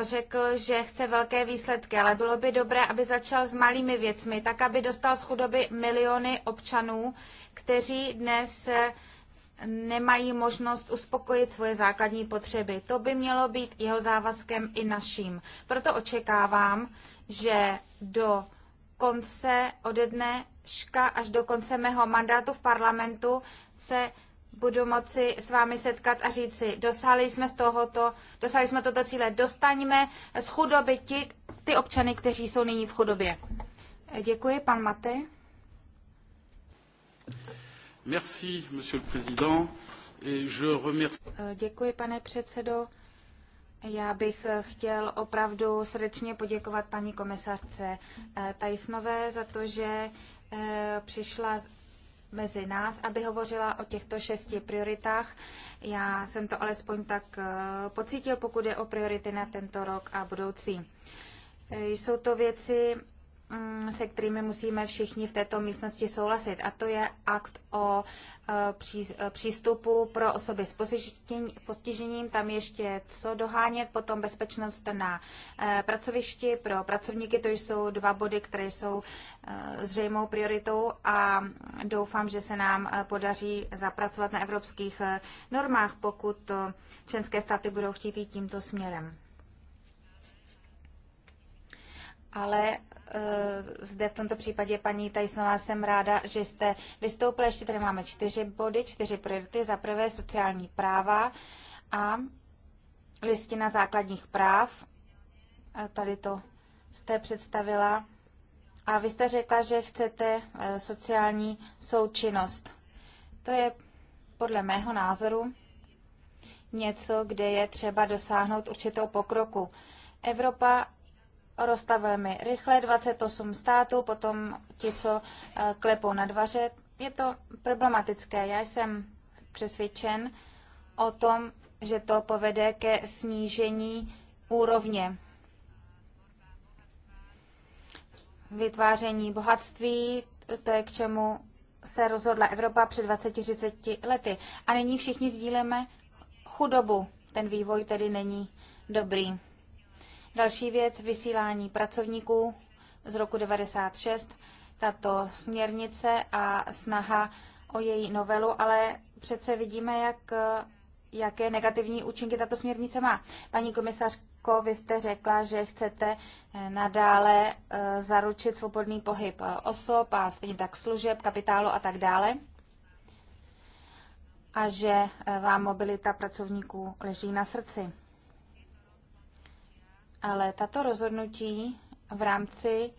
řekl, že chce velké výsledky, ale bylo by dobré, aby začal s malými věcmi, tak aby dostal z chudoby miliony občanů, kteří dnes eh, nemají možnost uspokojit svoje základní potřeby. To by mělo být jeho závazkem i naším. Proto očekávám, že do konce, ode dneška až do konce mého mandátu v parlamentu se budu moci s vámi setkat a říci: dosáhli jsme z tohoto, dosáhli jsme toto cíle, dostaňme z chudoby ti, ty občany, kteří jsou nyní v chudobě. Eh, děkuji, pan Mate. Merci, monsieur le président. Et je remercie... Eh, děkuji, pane předsedo. Já bych eh, chtěl opravdu srdečně poděkovat paní komisarce eh, Tajsnové za to, že eh, přišla mezi nás, aby hovořila o těchto šesti prioritách. Já jsem to alespoň tak pocítil, pokud je o priority na tento rok a budoucí. Jsou to věci, Mm, se kterými musíme všichni v této místnosti souhlasit, a to je akt o e, e, přístupu pro osoby s postižením, tam ještě co dohánět, potom bezpečnost na e, pracovišti pro pracovníky, to jsou dva body, které jsou zřejmou prioritou a doufám, že se nám podaří zapracovat na evropských normách, pokud členské státy budou chtít jít tímto směrem. ale eh, zde v tomto případě, paní Tajsnová, jsem ráda, že jste vystoupila. Ještě tady máme čtyři body, čtyři priority. Za prvé sociální práva a listina základních práv. A tady to jste představila. A vy jste řekla, že chcete eh, sociální součinnost. To je podle mého názoru něco, kde je třeba dosáhnout určitou pokroku. Evropa roste velmi rychle, 28 států, potom ti, co eh, klepou na dvaře. Je to problematické. Já jsem přesvědčen o tom, že to povede ke snížení úrovně vytváření bohatství, to je k čemu se rozhodla Evropa před 20-30 lety. A nyní všichni sdílíme chudobu. Ten vývoj tedy není dobrý. Další věc, vysílání pracovníků z roku 96, tato směrnice a snaha o její novelu, ale přece vidíme, jak, jaké negativní účinky tato směrnice má. Paní komisařko, vy jste řekla, že chcete eh, nadále eh, zaručit svobodný pohyb eh, osob a stejně tak služeb, kapitálu a tak dále a že vám mobilita pracovníků leží na srdci ale tato rozhodnutí v rámci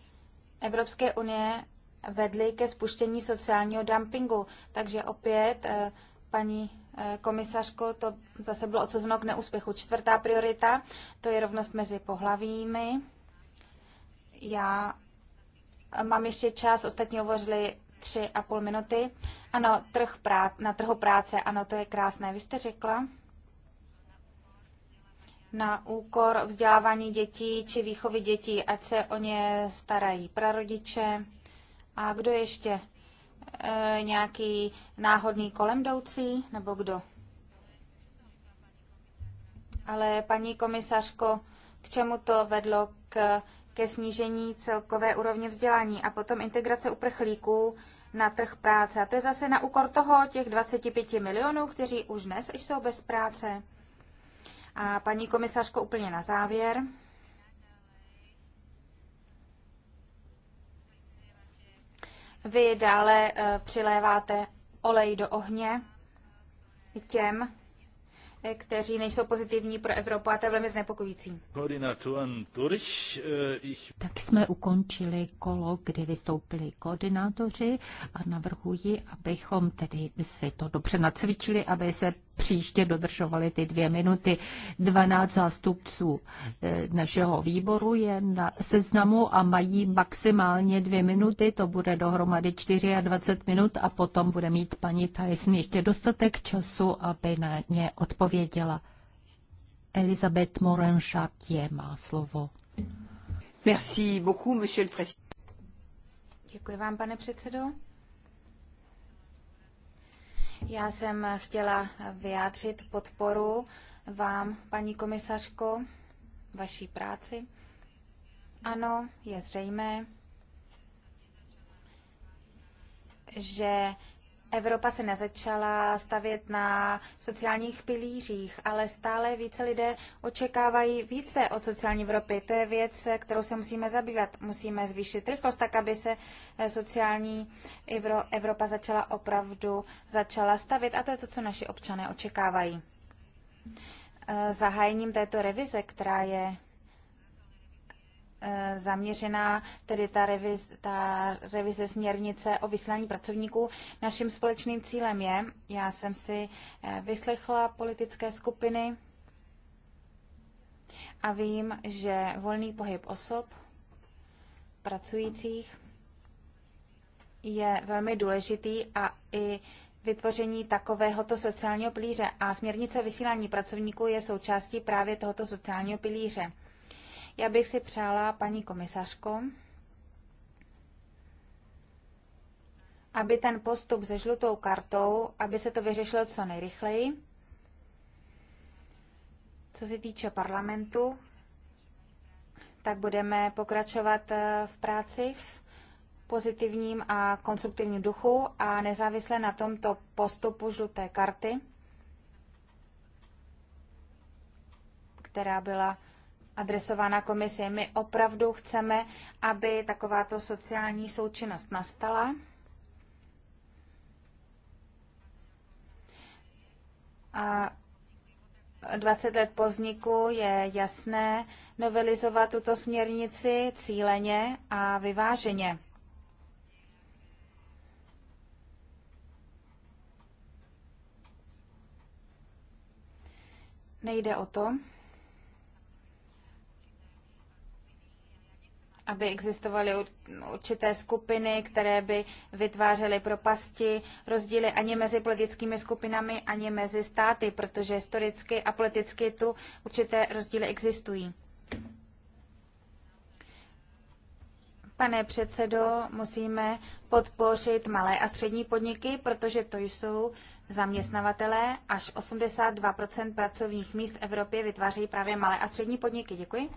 Evropské unie vedly ke spuštění sociálního dumpingu. Takže opět, eh, paní eh, komisařko, to zase bylo odsuzeno k neúspěchu. Čtvrtá priorita, to je rovnost mezi pohlavími. Já mám ještě čas, ostatní hovořili tři a půl minuty. Ano, trh prá- na trhu práce, ano, to je krásné. Vy jste řekla, na úkor vzdělávání dětí či výchovy dětí, ať se o ně starají prarodiče a kdo ještě? E, nějaký náhodný kolemdoucí nebo kdo? Ale paní komisařko, k čemu to vedlo k, ke snížení celkové úrovně vzdělání a potom integrace uprchlíků na trh práce. A to je zase na úkor toho těch 25 milionů, kteří už dnes jsou bez práce. A paní komisařko, úplně na závěr. Vy dále eh, přiléváte olej do ohně těm, eh, kteří nejsou pozitivní pro Evropu a to je velmi znepokojící. Eh, tak jsme ukončili kolo, kdy vystoupili koordinátoři a navrhuji, abychom tedy si to dobře nacvičili, aby se příště dodržovali ty dvě minuty. 12 zástupců eh, našeho výboru je na seznamu a mají maximálně dvě minuty, to bude dohromady 24 minut a potom bude mít paní Tyson ještě dostatek času, aby na ně odpověděla. Elizabeth Morin-Chartier má slovo. Merci beaucoup, monsieur le président. Děkuji vám, pane předsedo. Já jsem chtěla vyjádřit podporu vám, paní komisařko, vaší práci. Ano, je zřejmé, že Evropa se nezačala stavět na sociálních pilířích, ale stále více lidé očekávají více od sociální Evropy. To je věc, kterou se musíme zabývat. Musíme zvýšit rychlost, tak aby se sociální Evropa začala opravdu začala stavět. A to je to, co naši občané očekávají. E, zahájením této revize, která je Eh, zaměřená, tedy ta, reviz, ta revize směrnice o vyslání pracovníků. Naším společným cílem je, já jsem si eh, vyslechla politické skupiny a vím, že volný pohyb osob pracujících je velmi důležitý a i vytvoření takovéhoto sociálního pilíře a směrnice vysílání pracovníků je součástí právě tohoto sociálního pilíře. Já bych si přála paní komisařko, aby ten postup se žlutou kartou, aby se to vyřešilo co nejrychleji. Co se týče parlamentu, tak budeme pokračovat eh, v práci v pozitivním a konstruktivním duchu a nezávisle na tomto postupu žluté karty, která byla adresována komisi. My opravdu chceme, aby takováto sociální součinnost nastala. A 20 let po vzniku je jasné novelizovat tuto směrnici cíleně a vyváženě. Nejde o to, aby existovaly určité skupiny, které by vytvářely propasti, rozdíly ani mezi politickými skupinami, ani mezi státy, protože historicky a politicky tu určité rozdíly existují. Pane předsedo, musíme podpořit malé a střední podniky, protože to jsou zaměstnavatelé. Až 82 pracovních míst v Evropě vytváří právě malé a střední podniky. Děkuji.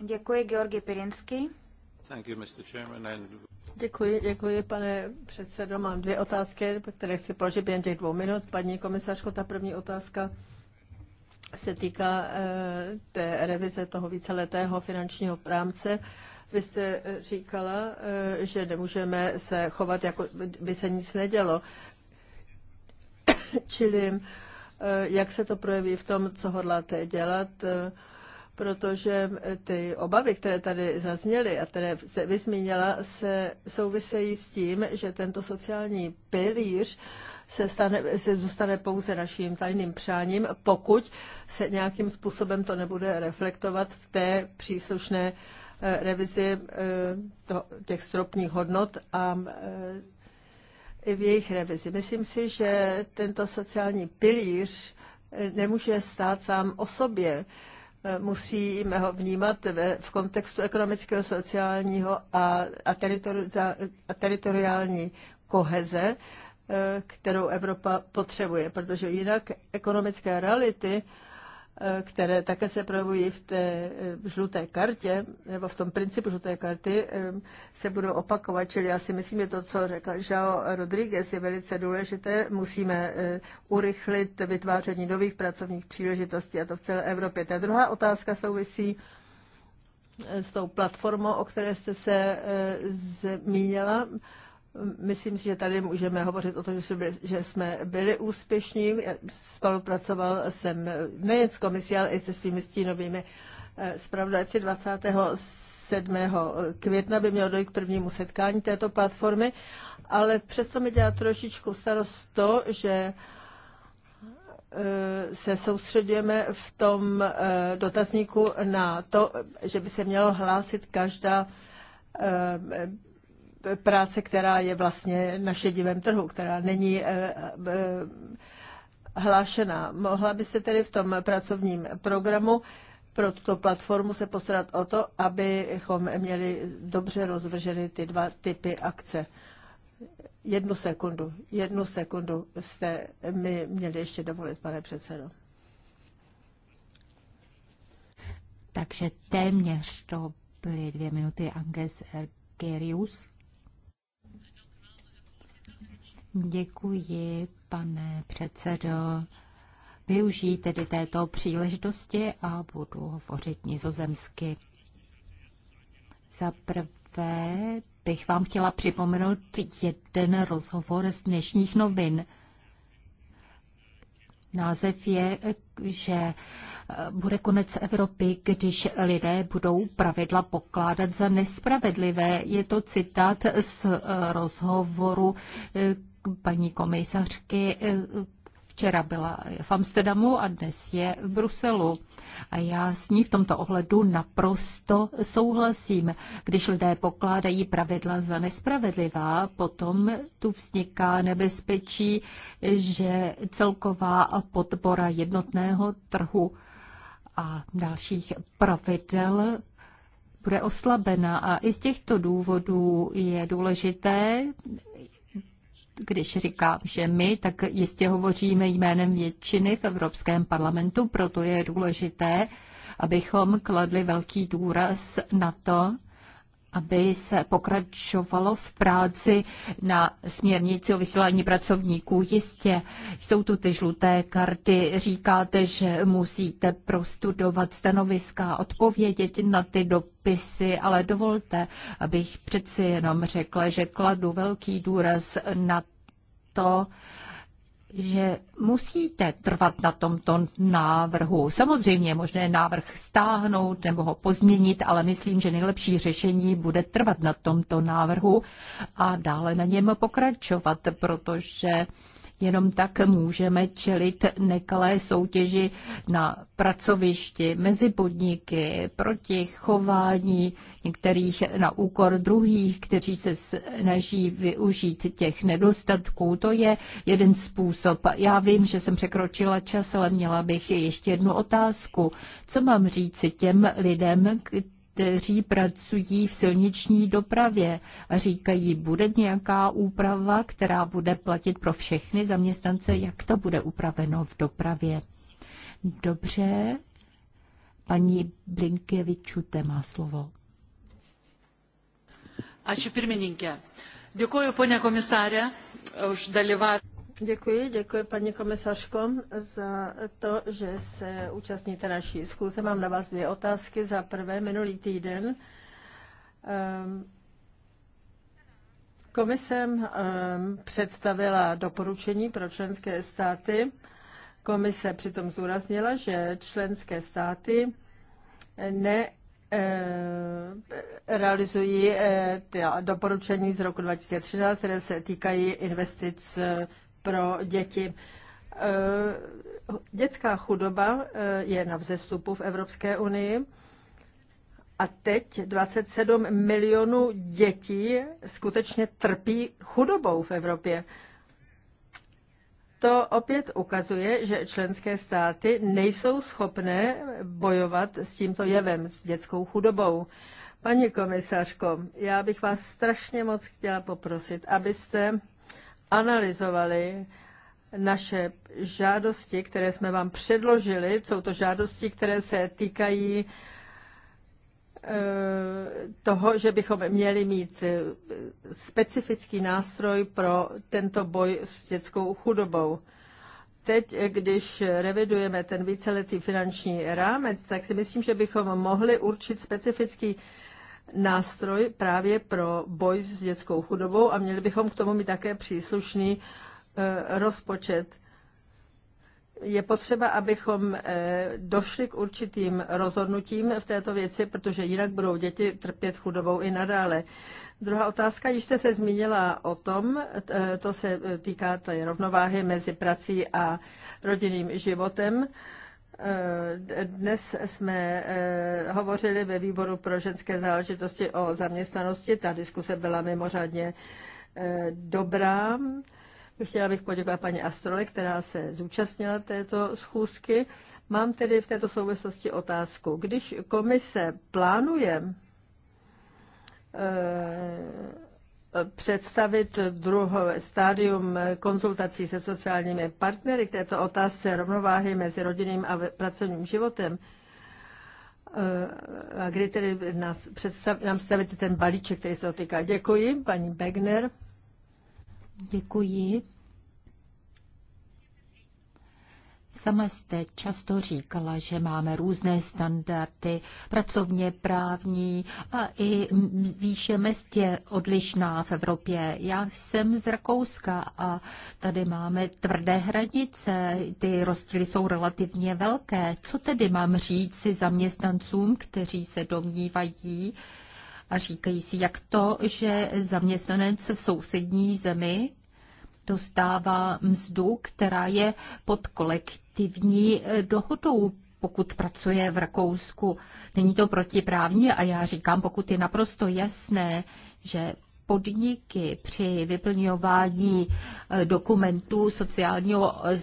Děkuji, Georgi Pirinsky. Děkuji, děkuji, pane předsedo. Mám dvě otázky, které chci položit během těch dvou minut. Paní komisařko, ta první otázka se týká eh, té revize toho víceletého finančního rámce. Vy jste eh, říkala, eh, že nemůžeme se chovat, jako by se nic nedělo. Čili jak se to projeví v tom, co hodláte dělat? protože eh, ty obavy, které tady zazněly a které se vyzmínila, se souvisejí s tím, že tento sociální pilíř se, stane, se zůstane pouze naším tajným přáním, pokud se nějakým způsobem to nebude reflektovat v té příslušné eh, revizi eh, těch stropních hodnot a i v jejich revizi. Myslím si, že tento sociální pilíř nemůže stát sám o sobě musíme ho vnímat v kontextu ekonomického, sociálního a, a, teritori, a teritoriální koheze, eh, kterou Evropa potřebuje, protože jinak ekonomické reality Eh, které také se projevují v té eh, žluté kartě, nebo v tom principu žluté karty, eh, se budou opakovat. Čili já si myslím, že to, co řekl Jao Rodriguez, je velice důležité. Musíme urychlit vytváření nových pracovních příležitostí a to v celé Evropě. Ta druhá otázka souvisí s tou platformou, o které jste se zmínila. Myslím si, že tady můžeme hovořit o tom, že, že jsme byli úspěšní. Spolupracoval jsem nejen s komisí, ale i se svými stínovými eh, zpravodajci 27. května by mělo dojít k prvnímu setkání této platformy, ale přesto mi dělá trošičku starost to, že eh, se soustředujeme v tom eh, dotazníku na to, že by se mělo hlásit každá práce, která je vlastně na šedivém trhu, která není eh, eh, hlášená. Mohla byste tedy v tom pracovním programu pro tuto platformu se postarat o to, abychom měli dobře rozvrženy ty dva typy akce. Jednu sekundu, jednu sekundu jste mi měli ještě dovolit, pane předsedo. Takže téměř to byly dvě minuty Anges Ergerius. Děkuji, pane předsedo. Využijí tedy této příležitosti a budu hovořit nizozemsky. Za prvé bych vám chtěla připomenout jeden rozhovor z dnešních novin. Název je, že bude konec Evropy, když lidé budou pravidla pokládat za nespravedlivé. Je to citát z rozhovoru, paní komisařky eh, včera byla v Amsterdamu a dnes je v Bruselu. A já s ní v tomto ohledu naprosto souhlasím. Když lidé pokládají pravidla za nespravedlivá, potom tu vzniká nebezpečí, že celková podpora jednotného trhu a dalších pravidel bude oslabena. A i z těchto důvodů je důležité když říkám, že my, tak jistě hovoříme jménem většiny v Evropském parlamentu, proto je důležité, abychom kladli velký důraz na to, aby se pokračovalo v práci na směrnici o vysílání pracovníků. Jistě jsou tu ty žluté karty. Říkáte, že musíte prostudovat stanoviska, odpovědět na ty dopisy, ale dovolte, abych přeci jenom řekla, že kladu velký důraz na to, že musíte trvat na tomto návrhu. Samozřejmě možné návrh stáhnout nebo ho pozměnit, ale myslím, že nejlepší řešení bude trvat na tomto návrhu a dále na něm pokračovat, protože Jenom tak můžeme čelit nekalé soutěži na pracovišti, mezi podniky, proti chování některých na úkor druhých, kteří se snaží využít těch nedostatků. To je jeden způsob. Já vím, že jsem překročila čas, ale měla bych ještě jednu otázku. Co mám říci těm lidem, kteří kteří pracují v silniční dopravě a říkají, bude nějaká úprava, která bude platit pro všechny zaměstnance, jak to bude upraveno v dopravě. Dobře, paní Blinkevičute má slovo. Ačiū pirmininkė. Dėkuoju, ponia komisarė, už dalyvavimą. Děkuji, děkuji paní komisařko za to, že se účastníte naší schůze. Mám na vás dvě otázky. Za prvé, minulý týden ehm, komisem ehm, představila doporučení pro členské státy. Komise přitom zdůraznila, že členské státy ne ehm, realizují eh, doporučení z roku 2013, které se týkají investic pro děti. Eh, dětská chudoba eh, je na vzestupu v Evropské unii a teď 27 milionů dětí skutečně trpí chudobou v Evropě. To opět ukazuje, že členské státy nejsou schopné bojovat s tímto jevem, s dětskou chudobou. Paní komisařko, já bych vás strašně moc chtěla poprosit, abyste analyzovali naše žádosti, které jsme vám předložili. Jsou to žádosti, které se týkají eh, toho, že bychom měli mít eh, specifický nástroj pro tento boj s dětskou chudobou. Teď, když revidujeme ten víceletý finanční rámec, tak si myslím, že bychom mohli určit specifický nástroj právě pro boj s dětskou chudobou a měli bychom k tomu mít také příslušný eh, rozpočet. Je potřeba, abychom eh, došli k určitým rozhodnutím v této věci, protože jinak budou děti trpět chudobou i nadále. Druhá otázka, když jste se zmínila o tom, eh, to se týká té rovnováhy mezi prací a rodinným životem. Eh, dnes jsme eh, hovořili ve výboru pro ženské záležitosti o zaměstnanosti. Ta diskuse byla mimořádně eh, dobrá. Chtěla bych poděkovat paní Astrole, která se zúčastnila této schůzky. Mám tedy v této souvislosti otázku. Když komise plánuje představit druhé stádium konzultací se sociálními partnery k této otázce rovnováhy mezi rodinným a pracovním životem. Eh, a kdy tedy nás představ, nám představíte ten balíček, který se dotýká. Děkuji, paní Begner. Děkuji, Sama jste často říkala, že máme různé standardy, pracovně právní a i výše mest je odlišná v Evropě. Já jsem z Rakouska a tady máme tvrdé hranice, ty rozdíly jsou relativně velké. Co tedy mám říct si zaměstnancům, kteří se domnívají, a říkají si, jak to, že zaměstnanec v sousední zemi dostává mzdu, která je pod kolektivní kolektivní eh, dohodou, pokud pracuje v Rakousku. Není to protiprávní a já říkám, pokud je naprosto jasné, že podniky při vyplňování eh, dokumentů sociálního eh,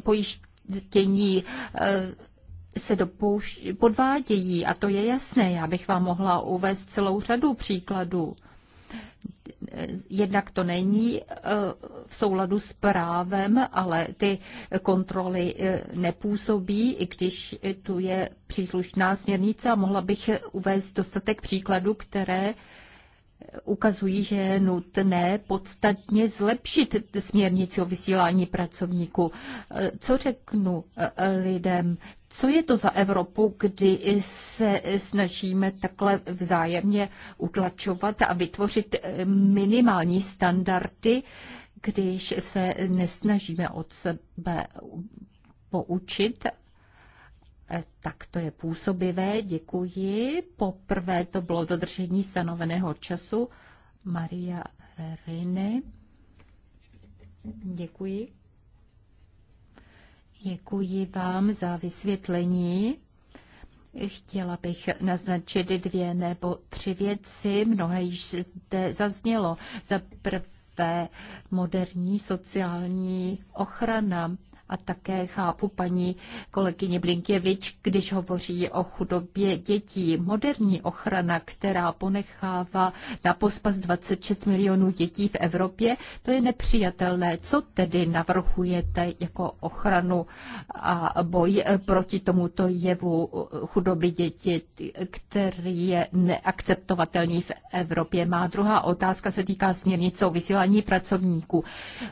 pojištění se dopouš- podvádějí a to je jasné. Já bych vám mohla uvést celou řadu příkladů jednak to není eh, v souladu s právem, ale ty kontroly eh, nepůsobí, i když tu je příslušná směrnice a mohla bych uvést dostatek příkladů, které ukazují, že je nutné podstatně zlepšit směrnici o vysílání pracovníků. Co řeknu eh, lidem? Co je to za Evropu, kdy se snažíme takhle vzájemně utlačovat a vytvořit eh, minimální standardy, když se nesnažíme od sebe poučit Eh, tak to je působivé, děkuji. Poprvé to bylo dodržení stanoveného času. Maria Rene. Děkuji. Děkuji vám za vysvětlení. Chtěla bych naznačit dvě nebo tři věci. Mnohé již zde zaznělo. Za prvé moderní sociální ochrana. A také chápu paní kolegyně Blinkěvič, když hovoří o chudobě dětí. Moderní ochrana, která ponechává na pospas 26 milionů dětí v Evropě, to je nepřijatelné. Co tedy navrhujete jako ochranu a boj proti tomuto jevu chudoby dětí, který je neakceptovatelný v Evropě? Má druhá otázka se týká směrnice o vysílání pracovníků.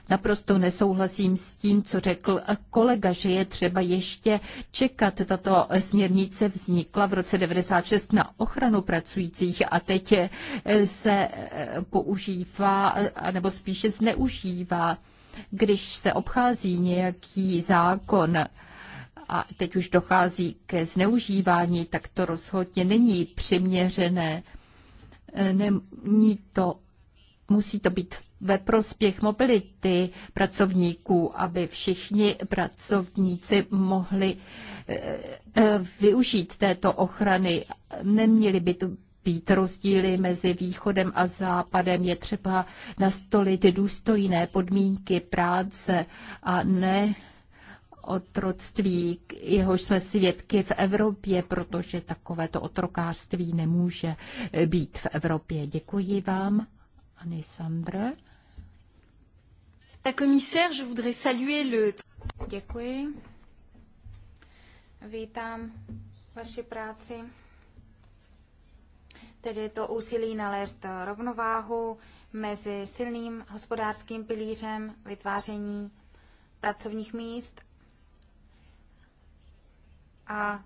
Naprosto nesouhlasím s tím, co řekl kolega, že je třeba ještě čekat. Tato směrnice vznikla v roce 96 na ochranu pracujících a teď eh, se eh, používá, eh, nebo spíše zneužívá, když se obchází nějaký zákon, a teď už dochází ke zneužívání, tak to rozhodně není přiměřené. Není to Musí to být ve prospěch mobility pracovníků, aby všichni pracovníci mohli eh, eh, využít této ochrany. Neměli by tu být rozdíly mezi východem a západem. Je třeba nastolit důstojné podmínky práce a ne otroctví, jehož jsme svědky v Evropě, protože takovéto otrokářství nemůže být v Evropě. Děkuji vám. Anisandre. La commissaire, je voudrais saluer le... Děkuji. Vítám vaši práci. Tedy to úsilí nalézt rovnováhu mezi silným hospodářským pilířem vytváření pracovních míst a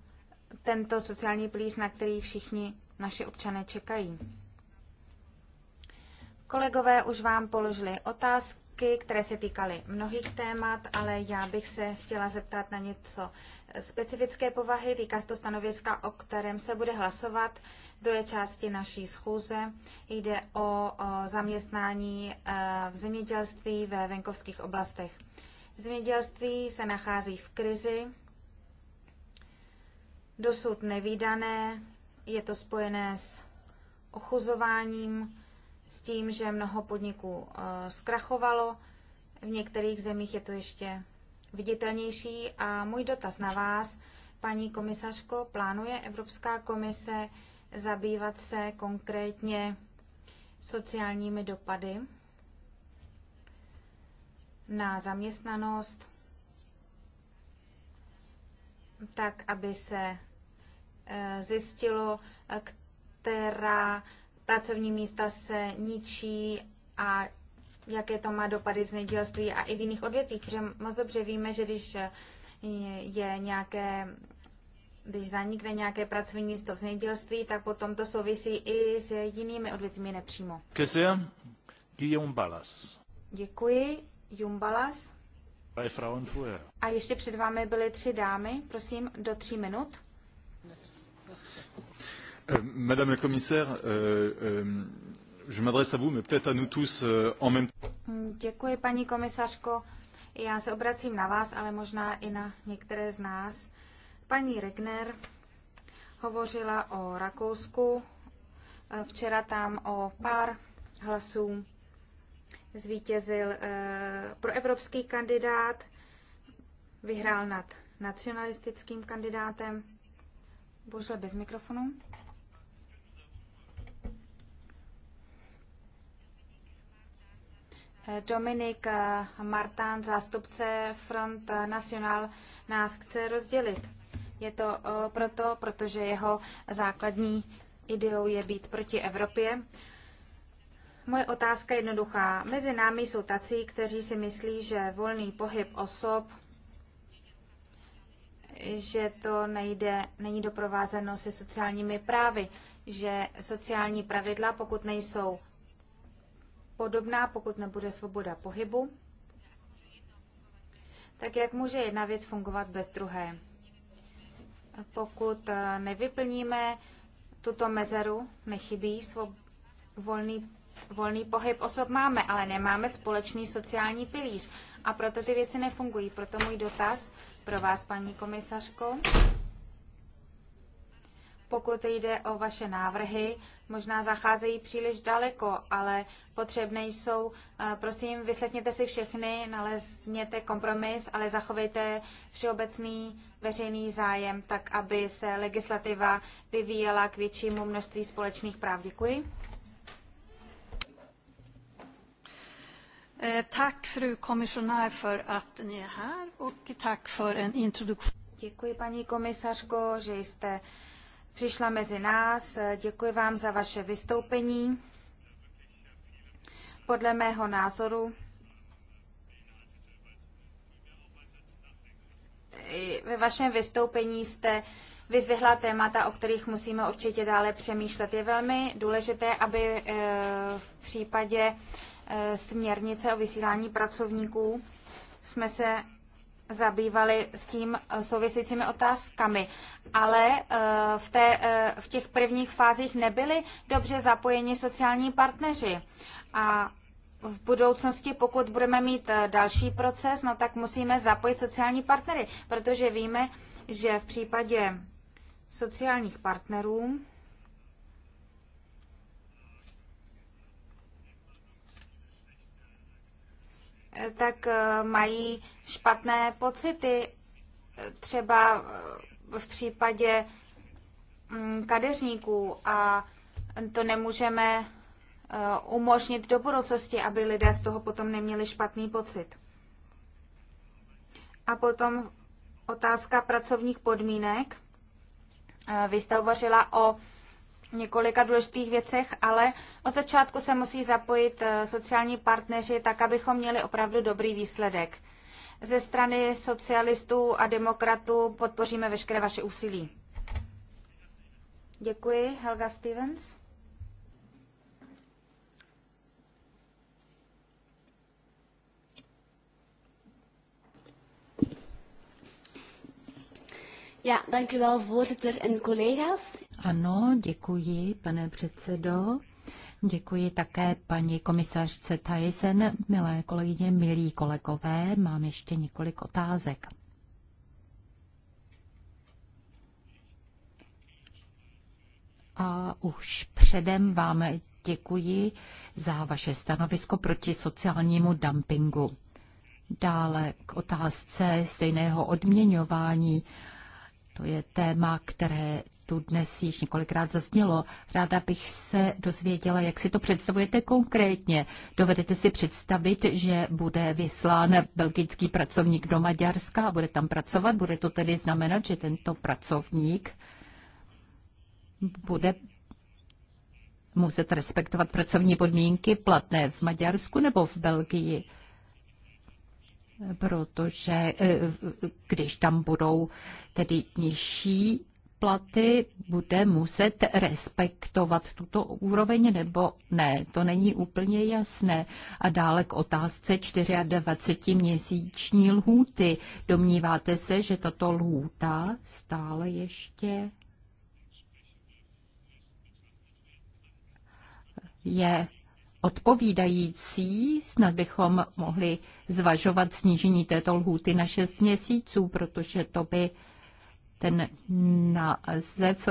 tento sociální pilíř, na který všichni naši občané čekají. Kolegové už vám položili otázky, které se týkaly mnohých témat, ale já bych se chtěla zeptat na něco specifické povahy. Týká se to stanoviska, o kterém se bude hlasovat v druhé části naší schůze. Jde o, o zaměstnání e, v zemědělství ve venkovských oblastech. Zemědělství se nachází v krizi, dosud nevýdané, je to spojené s ochuzováním, s tím, že mnoho podniků eh, zkrachovalo, v některých zemích je to ještě viditelnější. A můj dotaz na vás, paní komisařko, plánuje Evropská komise zabývat se konkrétně sociálními dopady na zaměstnanost, tak aby se eh, zjistilo, eh, která pracovní místa se ničí a jaké to má dopady v zemědělství a i v jiných odvětvích, protože moc dobře víme, že když je nějaké když zanikne nějaké pracovní místo v zemědělství, tak potom to souvisí i s jinými odvětvími nepřímo. Děkuji. Jumbalas. A ještě před vámi byly tři dámy, prosím, do tří minut. Euh, Madame la commissaire, euh, euh, je m'adresse à vous, mais peut-être à nous tous euh, en même temps. Mm, děkuji, paní komisařko. Já se obracím na vás, ale možná i na některé z nás. Paní Regner hovořila o Rakousku, eh, včera tam o pár hlasů zvítězil eh, proevropský kandidát, vyhrál nad nacionalistickým kandidátem. Bohužel bez mikrofonu. Dominik eh, Martán, zástupce Front National, nás chce rozdělit. Je to eh, proto, protože jeho základní ideou je být proti Evropě. Moje otázka je jednoduchá. Mezi námi jsou tací, kteří si myslí, že volný pohyb osob, že to nejde, není doprovázeno se sociálními právy, že sociální pravidla, pokud nejsou podobná, pokud nebude svoboda pohybu, tak jak může jedna věc fungovat bez druhé? Pokud eh, nevyplníme tuto mezeru, nechybí svob- volný, volný pohyb osob máme, ale nemáme společný sociální pilíř. A proto ty věci nefungují. Proto můj dotaz pro vás, paní komisařko pokud jde o vaše návrhy, možná zacházejí příliš daleko, ale potřebné jsou, eh, prosím, vyslechněte si všechny, nalezněte kompromis, ale zachovejte všeobecný veřejný zájem, tak aby se legislativa vyvíjela k většímu množství společných práv. Děkuji. Eh, tack fru ni och en Děkuji paní komisařko, že jste přišla mezi nás. Děkuji vám za vaše vystoupení. Podle mého názoru ve vašem vystoupení jste vyzvihla témata, o kterých musíme určitě dále přemýšlet. Je velmi důležité, aby eh, v případě eh, směrnice o vysílání pracovníků jsme se zabývali s tím eh, souvisejícími otázkami, ale eh, v, té, eh, v těch prvních fázích nebyli dobře zapojeni sociální partneři. A v budoucnosti, pokud budeme mít další proces, no tak musíme zapojit sociální partnery, protože víme, že v případě sociálních partnerů tak eh, mají špatné pocity. Třeba eh, v případě mm, kadeřníků a to nemůžeme eh, umožnit do budoucnosti, aby lidé z toho potom neměli špatný pocit. A potom otázka pracovních podmínek. Vy jste hovořila o několika důležitých věcech, ale od začátku se musí zapojit eh, sociální partneři tak, abychom měli opravdu dobrý výsledek. Ze strany socialistů a demokratů podpoříme veškeré vaše úsilí. Děkuji, Helga Stevens. Ja, dank u wel, voorzitter en collega's. Ano, děkuji, pane předsedo. Děkuji také paní komisařce Tyson, milé kolegyně, milí kolegové. Mám ještě několik otázek. A už předem vám děkuji za vaše stanovisko proti sociálnímu dumpingu. Dále k otázce stejného odměňování to je téma, které tu dnes již několikrát zaznělo. Ráda bych se dozvěděla, jak si to představujete konkrétně. Dovedete si představit, že bude vyslán belgický pracovník do Maďarska a bude tam pracovat? Bude to tedy znamenat, že tento pracovník bude muset respektovat pracovní podmínky platné v Maďarsku nebo v Belgii? protože eh, když tam budou tedy nižší platy, bude muset respektovat tuto úroveň nebo ne. To není úplně jasné. A dále k otázce 24 měsíční lhůty. Domníváte se, že tato lhůta stále ještě je odpovídající, snad bychom mohli zvažovat snížení této lhůty na 6 měsíců, protože to by ten název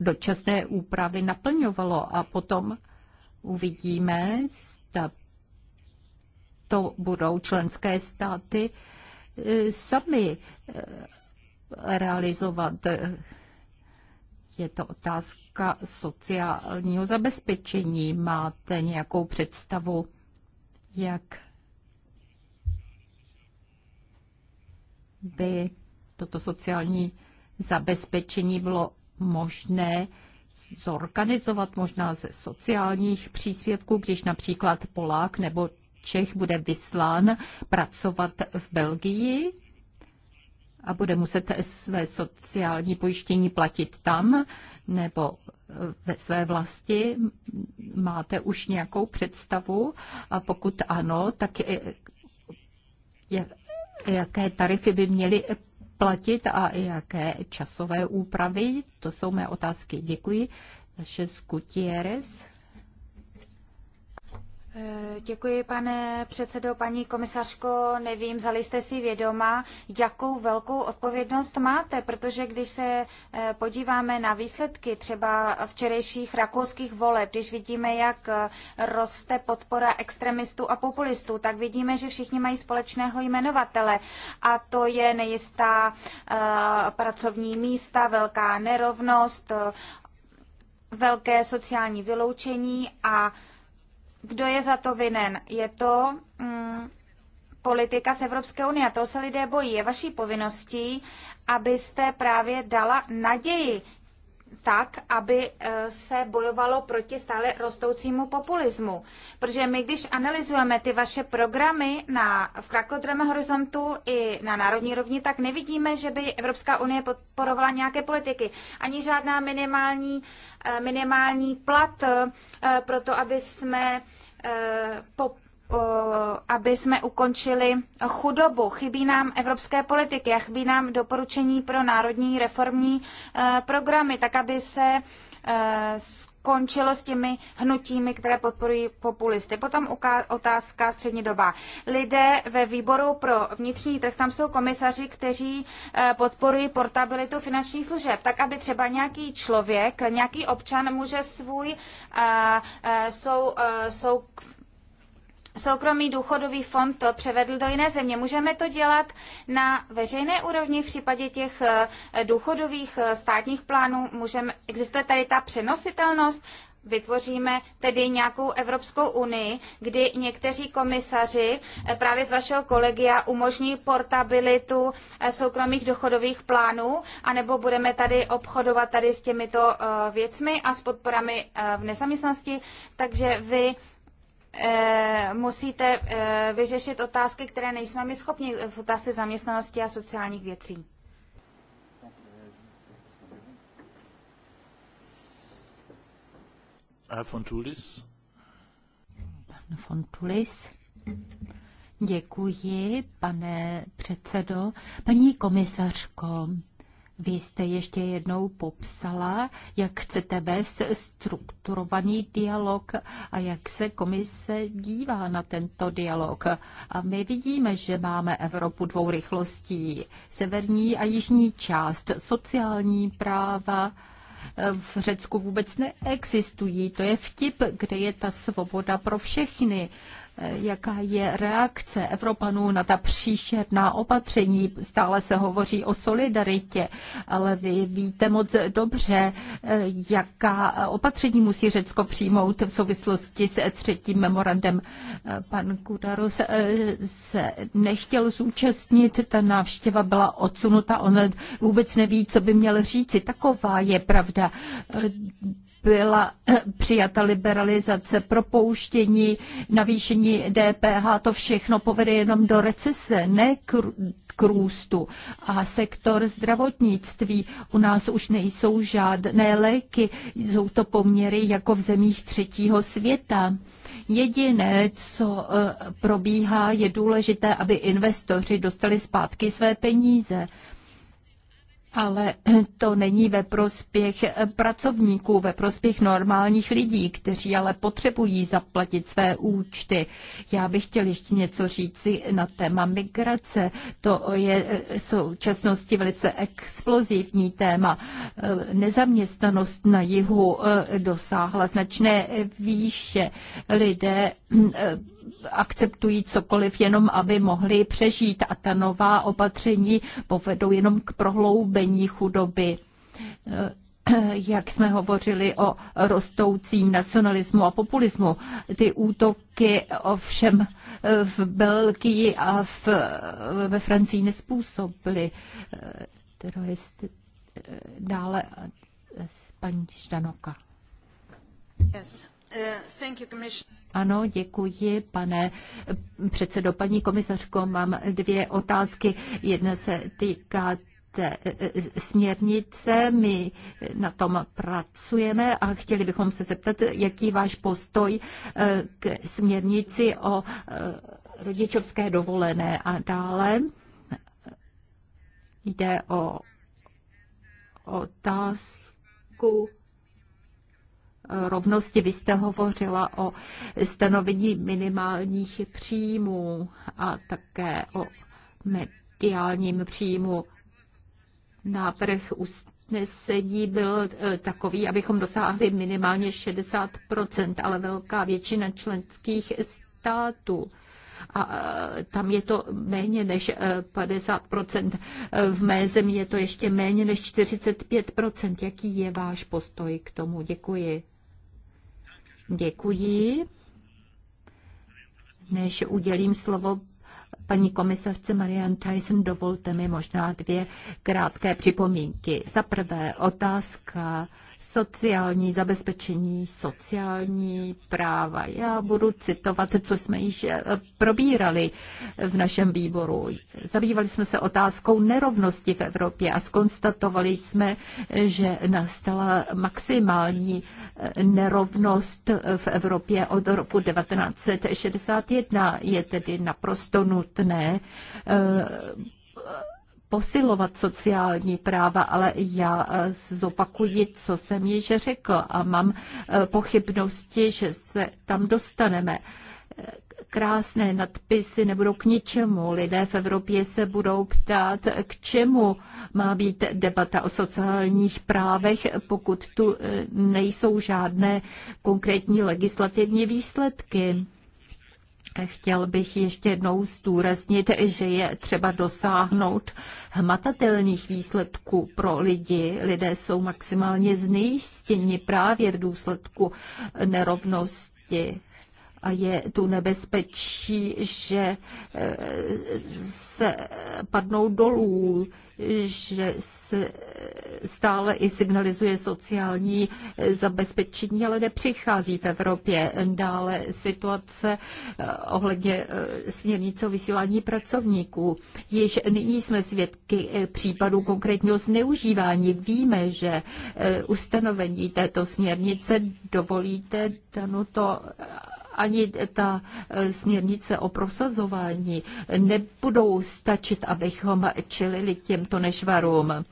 dočasné úpravy naplňovalo a potom uvidíme, zda to budou členské státy eh, sami eh, realizovat eh, je to otázka sociálního zabezpečení. Máte nějakou představu, jak by toto sociální zabezpečení bylo možné zorganizovat možná ze sociálních příspěvků, když například Polák nebo Čech bude vyslán pracovat v Belgii a bude muset své sociální pojištění platit tam nebo ve své vlasti? Máte už nějakou představu? A pokud ano, tak jaké tarify by měly platit a jaké časové úpravy? To jsou mé otázky. Děkuji. Šest Gutierrez. Děkuji, pane předsedo, paní komisařko. Nevím, zali jste si vědoma, jakou velkou odpovědnost máte, protože když se eh, podíváme na výsledky třeba včerejších rakouských voleb, když vidíme, jak eh, roste podpora extremistů a populistů, tak vidíme, že všichni mají společného jmenovatele a to je nejistá eh, pracovní místa, velká nerovnost, velké sociální vyloučení a kdo je za to vinen? Je to mm, politika z Evropské unie. A toho se lidé bojí. Je vaší povinností, abyste právě dala naději tak, aby eh, se bojovalo proti stále rostoucímu populismu. Protože my, když analyzujeme ty vaše programy na, v Krakodrem horizontu i na národní rovni, tak nevidíme, že by Evropská unie podporovala nějaké politiky. Ani žádná minimální, eh, minimální plat eh, pro to, aby jsme po aby jsme ukončili chudobu. Chybí nám evropské politiky a chybí nám doporučení pro národní reformní e, programy, tak aby se e, skončilo s těmi hnutími, které podporují populisty. Potom otázka střednědobá. Lidé ve výboru pro vnitřní trh, tam jsou komisaři, kteří e, podporují portabilitu finančních služeb, tak aby třeba nějaký člověk, nějaký občan může svůj sou, sou, soukromý důchodový fond převedl do jiné země. Můžeme to dělat na veřejné úrovni v případě těch eh, důchodových eh, státních plánů. Můžeme, existuje tady ta přenositelnost, vytvoříme tedy nějakou Evropskou unii, kdy někteří komisaři eh, právě z vašeho kolegia umožní portabilitu soukromých dochodových plánů, anebo budeme tady obchodovat tady s těmito věcmi a s podporami v nezaměstnanosti. Takže vy Eh, musíte eh, vyřešit otázky, které nejsme my schopni eh, v otázce zaměstnanosti a sociálních věcí. Von Tulis. Pan von Tulis. Děkuji, pane předsedo. Paní komisařko, vy jste ještě jednou popsala, jak chcete vést strukturovaný dialog a jak se komise dívá na tento dialog. A my vidíme, že máme Evropu dvou rychlostí. Severní a jižní část, sociální práva, eh, v Řecku vůbec neexistují. To je vtip, kde je ta svoboda pro všechny jaká je reakce Evropanů na ta příšerná opatření. Stále se hovoří o solidaritě, ale vy víte moc dobře, jaká opatření musí Řecko přijmout v souvislosti s třetím memorandem. Pan Kudarus se nechtěl zúčastnit, ta návštěva byla odsunuta, on vůbec neví, co by měl říci. Taková je pravda byla přijata liberalizace, propouštění, navýšení DPH, to všechno povede jenom do recese, ne k k růstu. A sektor zdravotnictví u nás už nejsou žádné léky, jsou to poměry jako v zemích třetího světa. Jediné, co e, probíhá, je důležité, aby investoři dostali zpátky své peníze ale to není ve prospěch eh, pracovníků, ve prospěch normálních lidí, kteří ale potřebují zaplatit své účty. Já bych chtěl ještě něco říci na téma migrace. To je eh, v současnosti velice explozivní téma. Eh, nezaměstnanost na jihu dosáhla značné výše. Lidé mm, akceptují cokoliv, jenom aby mohli přežít a ta nová opatření povedou jenom k prohloubení chudoby eh, jak jsme hovořili o rostoucím nacionalismu a populismu. Ty útoky ovšem eh, v Belgii a v, eh, ve Francii nespůsobily teroristy. Dále paní Štanoka. Yes. Uh, thank you, Commissioner. Ano, děkuji, pane předsedo. Paní komisařko, mám dvě otázky. Jedna se týká té e, e, směrnice, my na tom pracujeme a chtěli bychom se zeptat, jaký váš postoj e, k směrnici o rodičovské dovolené a dále jde o otázku rovnosti. Vy jste hovořila o stanovení minimálních příjmů a také o mediálním příjmu. Návrh usnesení byl eh, takový, abychom dosáhli minimálně 60 ale velká většina členských států a eh, tam je to méně než 50%. Eh, v mé zemi je to ještě méně než 45%. Jaký je váš postoj k tomu? Děkuji. Děkuji. Než udělím slovo paní komisařce Marian Tyson, dovolte mi možná dvě krátké připomínky. Za prvé otázka sociální zabezpečení, sociální práva. Já budu citovat, co jsme již eh, probírali v našem výboru. Zabývali jsme se otázkou nerovnosti v Evropě a skonstatovali jsme, že nastala maximální eh, nerovnost v Evropě od roku 1961. Je tedy naprosto nutné eh, posilovat sociální práva, ale já eh, zopakuji, co jsem již řekl a mám eh, pochybnosti, že se tam dostaneme krásné nadpisy nebudou k ničemu. Lidé v Evropě se budou ptát, k čemu má být debata o sociálních právech, pokud tu eh, nejsou žádné konkrétní legislativní výsledky. Chtěl bych ještě jednou zdůraznit, že je třeba dosáhnout hmatatelných výsledků pro lidi. Lidé jsou maximálně znejistěni právě v důsledku nerovnosti a je tu nebezpečí, že eh, se padnou dolů, že se stále i signalizuje sociální eh, zabezpečení, ale nepřichází v Evropě. Dále situace eh, ohledně směrnice o vysílání pracovníků. Již nyní jsme svědky případů konkrétního zneužívání. Víme, že ustanovení této směrnice dovolíte, to ani ta e, směrnice o prosazování nebudou stačit, abychom čelili těmto nešvarům. E,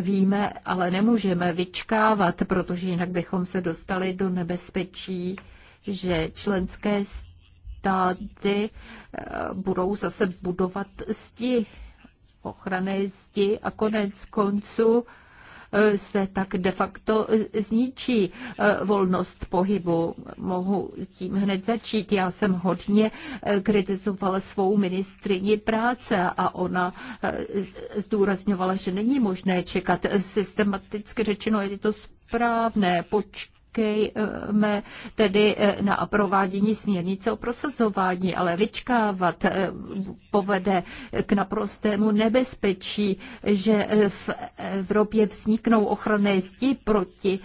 víme, ale nemůžeme vyčkávat, protože jinak bychom se dostali do nebezpečí, že členské státy e, budou zase budovat zdi, ochrany zdi a konec konců se tak de facto zničí eh, volnost pohybu. Mohu tím hned začít. Já jsem hodně eh, kritizovala svou ministrini práce a ona eh, zdůrazňovala, že není možné čekat. Systematicky řečeno je to správné, počkat Počkejme tedy eh, na provádění směrnice o prosazování, ale vyčkávat eh, povede k naprostému nebezpečí, že eh, v Evropě vzniknou ochranné zdi proti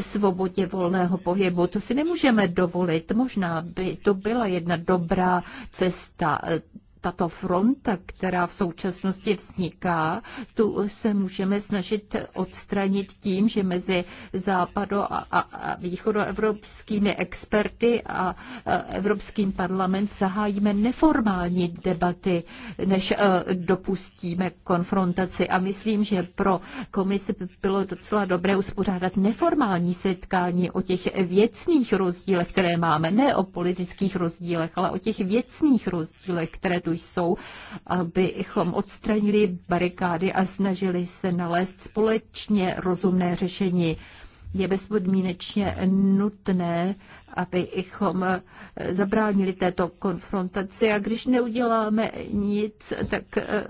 svobodě volného pohybu. To si nemůžeme dovolit. Možná by to byla jedna dobrá cesta tato fronta, která v současnosti vzniká, tu se můžeme snažit odstranit tím, že mezi západo a, a, a východoevropskými experty a, a Evropským parlament zahájíme neformální debaty, než a, e, dopustíme konfrontaci. A myslím, že pro komisi by bylo docela dobré uspořádat neformální setkání o těch věcných rozdílech, které máme, ne o politických rozdílech, ale o těch věcných rozdílech, které tu tu jsou, abychom odstranili barikády a snažili se nalézt společně rozumné řešení je bezpodmínečně nutné, abychom zabránili této konfrontaci. A když neuděláme nic, tak eh, eh,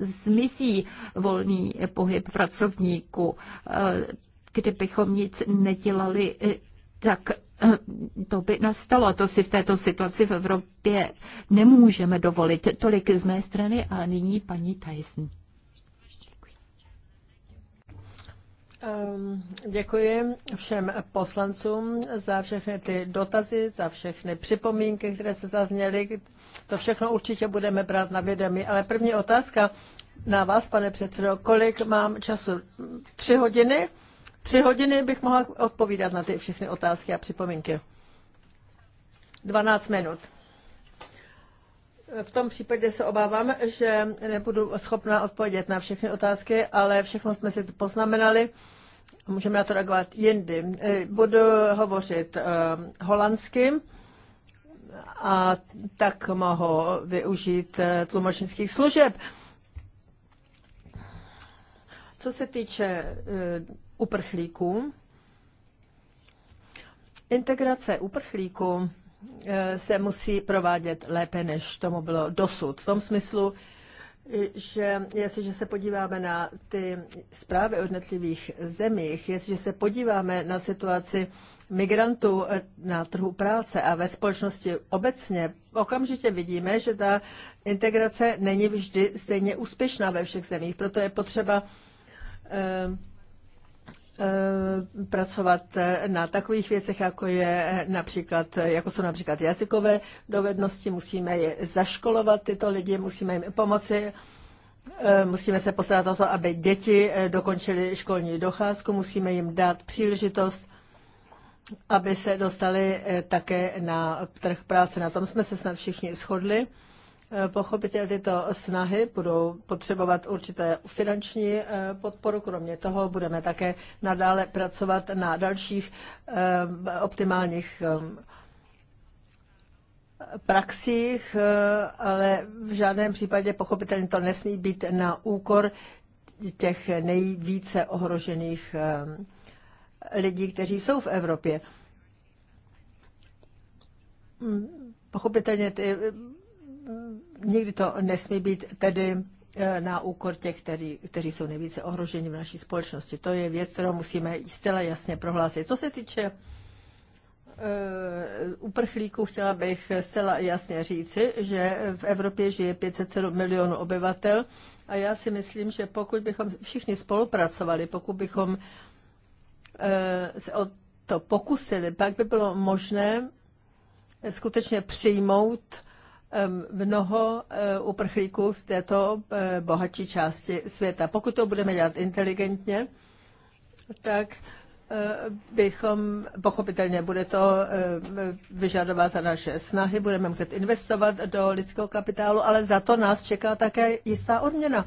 zmizí volný pohyb pracovníků. Eh, kdybychom nic nedělali, tak Eh, to by nastalo a to si v této situaci v Evropě nemůžeme dovolit. Tolik z mé strany a nyní paní Tyson. Ehm, děkuji všem poslancům za všechny ty dotazy, za všechny připomínky, které se zazněly. To všechno určitě budeme brát na vědomí. Ale první otázka na vás, pane předsedo. Kolik mám času? Tři hodiny? tři hodiny bych mohla odpovídat na ty všechny otázky a připomínky. 12 minut. V tom případě se obávám, že nebudu schopná odpovědět na všechny otázky, ale všechno jsme si to poznamenali. Můžeme na to reagovat jindy. Budu hovořit eh, holandsky a tak mohu využít eh, tlumočnických služeb. Co se týče eh, uprchlíků. Integrace uprchlíků eh, se musí provádět lépe, než tomu bylo dosud. V tom smyslu, že jestliže se podíváme na ty zprávy o jednotlivých zemích, jestliže se podíváme na situaci migrantů eh, na trhu práce a ve společnosti obecně, okamžitě vidíme, že ta integrace není vždy stejně úspěšná ve všech zemích. Proto je potřeba eh, Eh, pracovat eh, na takových věcech, jako, je eh, například, jako jsou například jazykové dovednosti. Musíme je zaškolovat, tyto lidi, musíme jim pomoci. Musíme se postarat o to, aby děti dokončily školní docházku, musíme jim dát příležitost, aby se dostali také na trh práce. Na tom jsme se snad všichni shodli. Pochopitelně tyto snahy budou potřebovat určité finanční eh, podporu. Kromě toho budeme také nadále pracovat na dalších eh, optimálních eh, praxích, ale v žádném případě pochopitelně to nesmí být na úkor těch nejvíce ohrožených lidí, kteří jsou v Evropě. Hmm, pochopitelně ty Nikdy to nesmí být tedy e, na úkor těch, který, kteří jsou nejvíce ohroženi v naší společnosti. To je věc, kterou musíme zcela jasně prohlásit. Co se týče e, uprchlíků chtěla bych zcela jasně říci, že v Evropě žije 507 milionů obyvatel a já si myslím, že pokud bychom všichni spolupracovali, pokud bychom e, se o to pokusili, pak by bylo možné skutečně přijmout mnoho eh, uprchlíků v této eh, bohatší části světa. Pokud to budeme dělat inteligentně, tak eh, bychom, pochopitelně bude to vyžadovat za naše snahy, budeme muset investovat do lidského kapitálu, ale za to nás čeká také jistá odměna.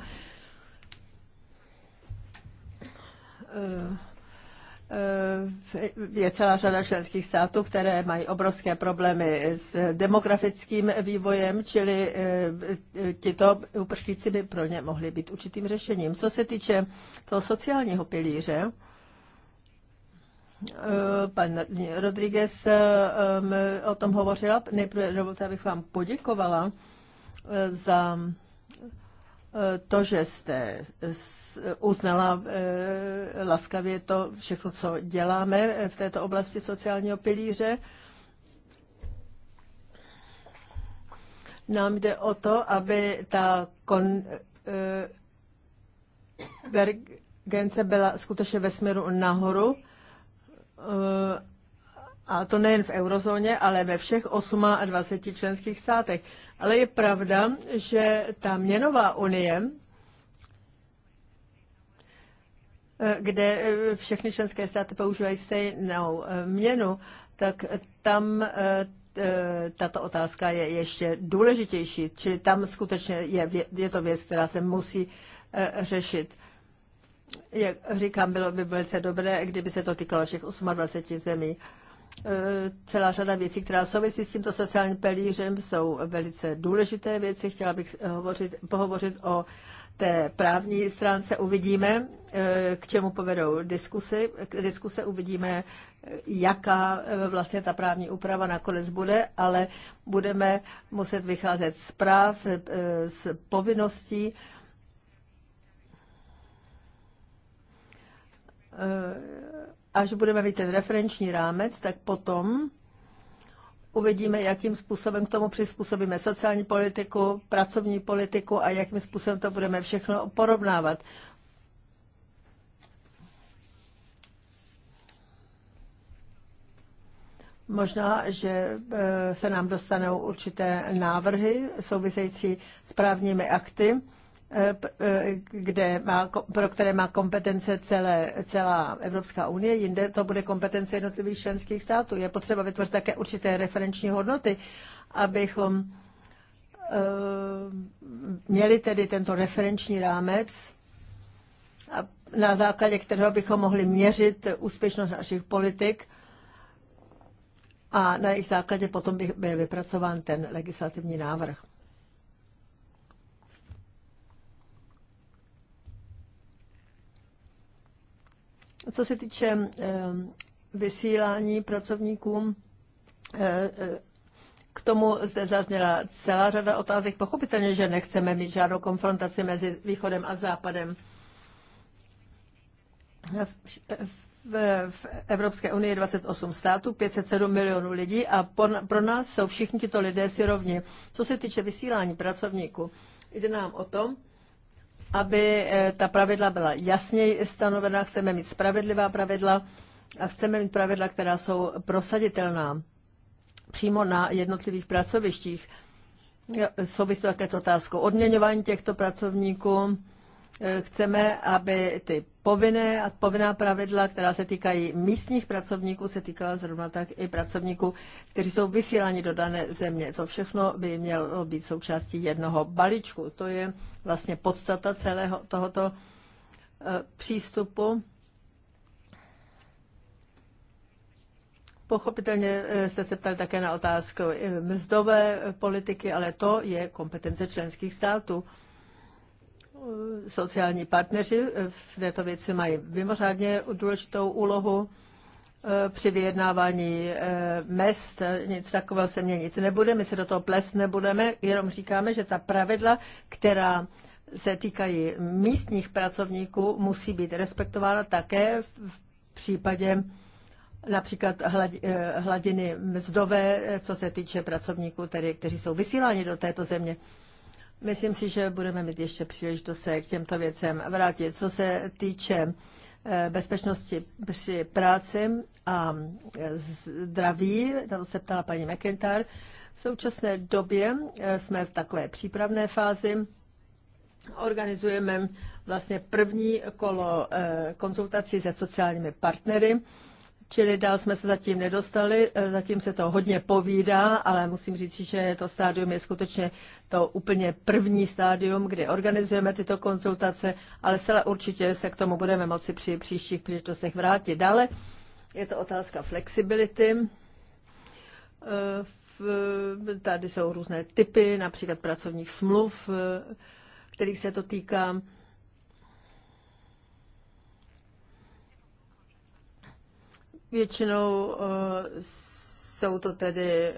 Eh, je celá řada členských států, které mají obrovské problémy s demografickým vývojem, čili eh, tito uprchlíci by pro ně mohli být určitým řešením. Co se týče toho sociálního pilíře, eh, pan Rodriguez o tom hovořila. Nejprve dovolte, abych vám poděkovala za to, že jste uznala eh, laskavě to všechno, co děláme v této oblasti sociálního pilíře. Nám jde o to, aby ta konvergence eh, byla skutečně ve směru nahoru. Eh, a to nejen v eurozóně, ale ve všech 28 členských státech. Ale je pravda, že ta měnová unie kde eh, všechny členské státy používají stejnou eh, měnu, tak tam eh, tato otázka je ještě důležitější, čili tam skutečně je, je to věc, která se musí řešit. Jak říkám, bylo by velice dobré, kdyby se to týkalo všech 28 zemí. Celá řada věcí, která souvisí s tímto sociálním pilířem, jsou velice důležité věci. Chtěla bych hovořit, pohovořit o té právní stránce uvidíme, eh, k čemu povedou diskusy. K diskuse uvidíme, eh, jaká eh, vlastně ta právní úprava nakonec bude, ale budeme muset vycházet z práv, z povinností. Až budeme mít ten referenční rámec, tak potom Uvidíme, jakým způsobem k tomu přizpůsobíme sociální politiku, pracovní politiku a jakým způsobem to budeme všechno porovnávat. Možná, že e, se nám dostanou určité návrhy související s právními akty. Eh, eh, kde má, pro které má kompetence celé, celá Evropská unie, jinde to bude kompetence jednotlivých členských států. Je potřeba vytvořit také určité referenční hodnoty, abychom eh, měli tedy tento referenční rámec, na základě kterého bychom mohli měřit úspěšnost našich politik a na jejich základě potom by byl vypracován ten legislativní návrh. Co se týče eh, vysílání pracovníkům, eh, eh, k tomu zde zazněla celá řada otázek. Pochopitelně, že nechceme mít žádnou konfrontaci mezi východem a západem. V, v, Evropské unii je 28 států, 507 milionů lidí a pro nás jsou všichni tito lidé si rovni. Co se týče vysílání pracovníků, jde nám o tom aby eh, ta pravidla byla jasněji stanovena, chceme mít spravedlivá pravidla a chceme mít pravidla, která jsou prosaditelná přímo na jednotlivých pracovištích. Souvisí také s otázkou odměňování těchto pracovníků Eh, chceme, aby ty povinné a povinná pravidla, která se týkají místních pracovníků, se týkala zrovna tak i pracovníků, kteří jsou vysíláni do dané země. To všechno by mělo být součástí jednoho balíčku. To je vlastně podstata celého tohoto eh, přístupu. Pochopitelně eh, jste se ptali také na otázku mzdové politiky, ale to je kompetence členských států sociální partneři v této věci mají mimořádně důležitou úlohu eh, při vyjednávání eh, mest. Nic takového se měnit nebude, my se do toho plést nebudeme, jenom říkáme, že ta pravidla, která se týkají místních pracovníků, musí být respektována také v případě například eh, hladiny mzdové, co se týče pracovníků, tedy, kteří jsou vysíláni do této země. Myslím si, že budeme mít ještě příležitost se k těmto věcem vrátit. Co se týče eh, bezpečnosti při práci a eh, zdraví, na to se ptala paní McIntyre, v současné době eh, jsme v takové přípravné fázi. Organizujeme vlastně první kolo konzultací se sociálními partnery Čili dál jsme se zatím nedostali, eh, zatím se to hodně povídá, ale musím říct, že to stádium je skutečně to úplně první stádium, kdy organizujeme tyto konzultace, ale zcela určitě se k tomu budeme moci při příštích příležitostech vrátit. Dále je to otázka flexibility. Eh, tady jsou různé typy, například pracovních smluv, eh, kterých se to týká. Většinou eh, jsou to tedy eh,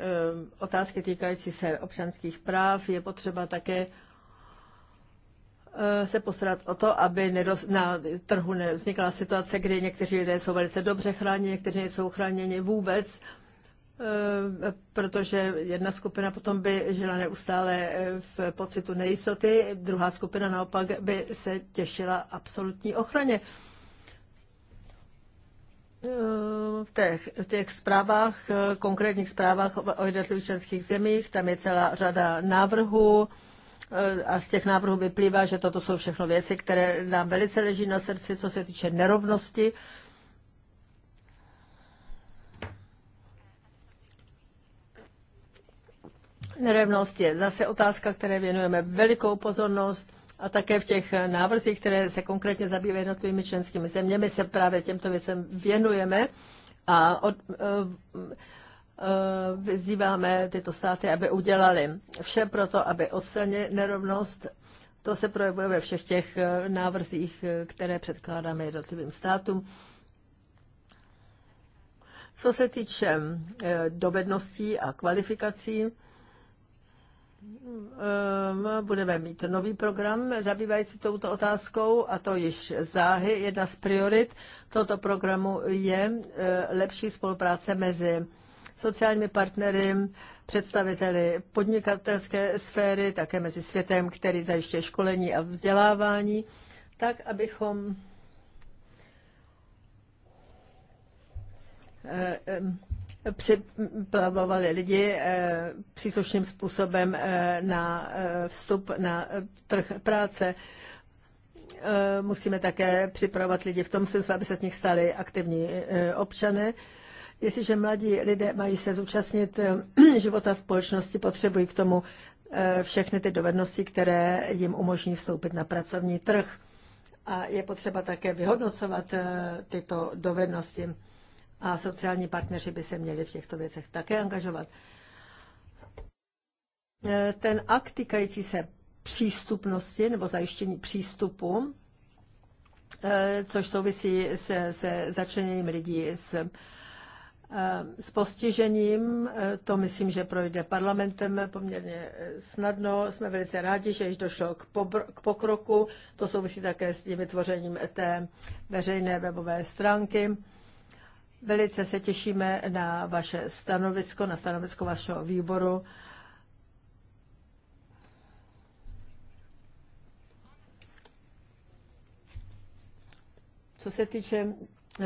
otázky týkající se občanských práv. Je potřeba také eh, se postarat o to, aby nedos, na trhu nevznikla situace, kdy někteří lidé jsou velice dobře chráněni, někteří nejsou chráněni vůbec, protože jedna skupina potom by žila neustále v pocitu nejistoty, druhá skupina naopak by se těšila absolutní ochraně v těch, v těch zprávách, konkrétních zprávách o jednotlivých členských zemích, tam je celá řada návrhů eh, a z těch návrhů vyplývá, že toto jsou všechno věci, které nám velice leží na srdci, co se týče nerovnosti. Nerovnost je zase otázka, které věnujeme velikou pozornost a také v těch návrzích, které se konkrétně zabývají jednotlivými členskými zeměmi, se právě těmto věcem věnujeme a od, eh, eh, vyzýváme tyto státy, aby udělali vše pro to, aby odstranili nerovnost. To se projevuje ve všech těch eh, návrzích, které předkládáme jednotlivým státům. Co se týče dovedností a kvalifikací, Ehm, budeme mít nový program zabývající touto otázkou a to již záhy. Jedna z priorit tohoto programu je eh, lepší spolupráce mezi sociálními partnery, představiteli podnikatelské sféry, také mezi světem, který zajišťuje školení a vzdělávání, tak abychom eh, ehm, přeplavovali lidi eh, příslušným způsobem eh, na eh, vstup na trh práce. Musíme také připravovat lidi v tom smyslu, aby se z nich stali aktivní občany. Jestliže mladí lidé mají se zúčastnit života společnosti, potřebují k tomu všechny ty dovednosti, které jim umožní vstoupit na pracovní trh. A je potřeba také vyhodnocovat tyto dovednosti a sociální partneři by se měli v těchto věcech také angažovat. E, ten akt týkající se přístupnosti nebo zajištění přístupu, e, což souvisí se, se začleněním lidí s, e, s postižením, to myslím, že projde parlamentem poměrně snadno. Jsme velice rádi, že již došlo k, pobr- k pokroku. To souvisí také s tím vytvořením té veřejné webové stránky Velice se těšíme na vaše stanovisko, na stanovisko vašeho výboru. Co se týče eh,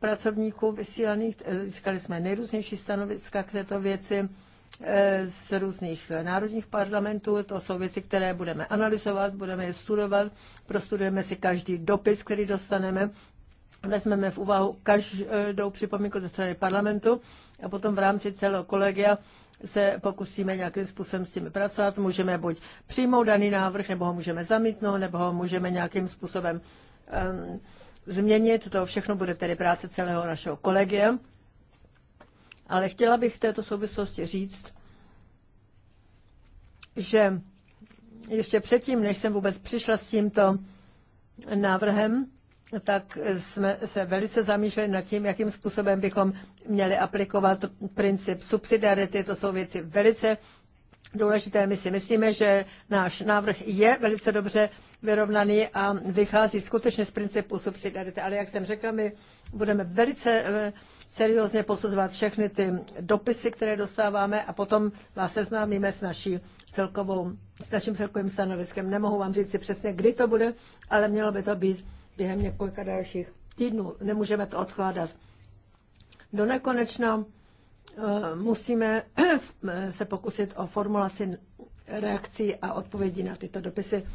pracovníků vysílaných, eh, získali jsme nejrůznější stanoviska k této věci eh, z různých národních parlamentů. To jsou věci, které budeme analyzovat, budeme je studovat, prostudujeme si každý dopis, který dostaneme vezmeme v úvahu každou připomínku ze strany parlamentu a potom v rámci celého kolegia se pokusíme nějakým způsobem s tím pracovat. Můžeme buď přijmout daný návrh, nebo ho můžeme zamítnout, nebo ho můžeme nějakým způsobem um, změnit. To všechno bude tedy práce celého našeho kolegia. Ale chtěla bych v této souvislosti říct, že ještě předtím, než jsem vůbec přišla s tímto návrhem, tak jsme se velice zamýšleli nad tím, jakým způsobem bychom měli aplikovat princip subsidiarity. To jsou věci velice důležité. My si myslíme, že náš návrh je velice dobře vyrovnaný a vychází skutečně z principu subsidiarity. Ale jak jsem řekla, my budeme velice eh, seriózně posuzovat všechny ty dopisy, které dostáváme a potom vás seznámíme s naší celkovou, s naším celkovým stanoviskem. Nemohu vám říct si přesně, kdy to bude, ale mělo by to být během několika dalších týdnů. Nemůžeme to odkládat. Do nekonečna eh, musíme se pokusit o formulaci reakcí a odpovědí na tyto dopisy.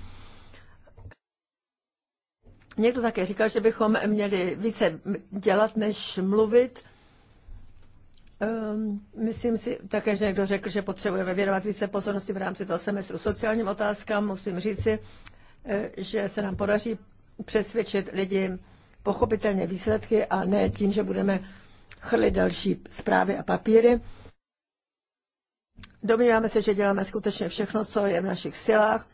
Někdo také říkal, že bychom měli více dělat, než mluvit. Ehm, myslím si také, že někdo řekl, že potřebujeme věnovat více pozornosti v rámci toho semestru sociálním otázkám. Musím říci, eh, že se nám podaří přesvědčit lidi pochopitelně výsledky a ne tím, že budeme chrlit další zprávy a papíry. Domníváme se, že děláme skutečně všechno, co je v našich silách.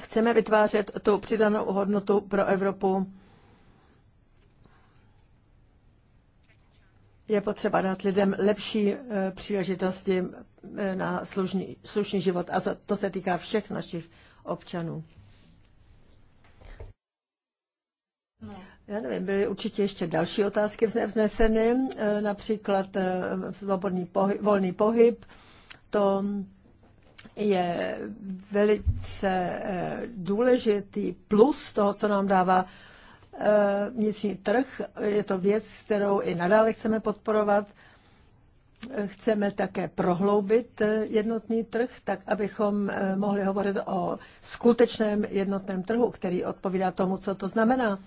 Chceme vytvářet tu přidanou hodnotu pro Evropu. Je potřeba dát lidem lepší eh, příležitosti eh, na slušný, slušný život a to se týká všech našich občanů. No. Já nevím, byly určitě ještě další otázky vzneseny, e, například e, svobodný pohyb, volný pohyb. To je velice e, důležitý plus toho, co nám dává vnitřní trh. Je to věc, kterou i nadále chceme podporovat. Chceme také prohloubit jednotný trh, tak abychom mohli hovořit o skutečném jednotném trhu, který odpovídá tomu, co to znamená.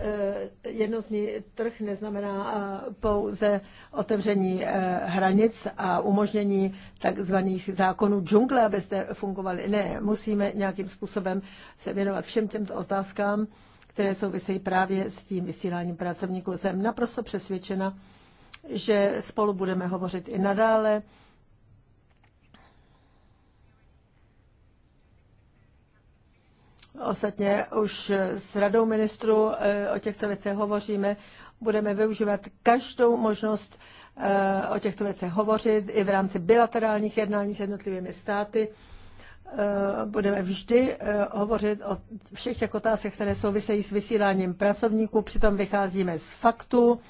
Eh, jednotný trh neznamená eh, pouze otevření eh, hranic a umožnění takzvaných zákonů džungle, abyste fungovali. Ne, musíme nějakým způsobem se věnovat všem těmto otázkám, které souvisejí právě s tím vysíláním pracovníků. Jsem naprosto přesvědčena, že spolu budeme hovořit i nadále. Ostatně už s radou ministru eh, o těchto věcech hovoříme. Budeme využívat každou možnost eh, o těchto věcech hovořit i v rámci bilaterálních jednání s jednotlivými státy. Eh, budeme vždy hovořit o všech těch otázkách, které souvisejí s vysíláním pracovníků. Přitom vycházíme z faktů.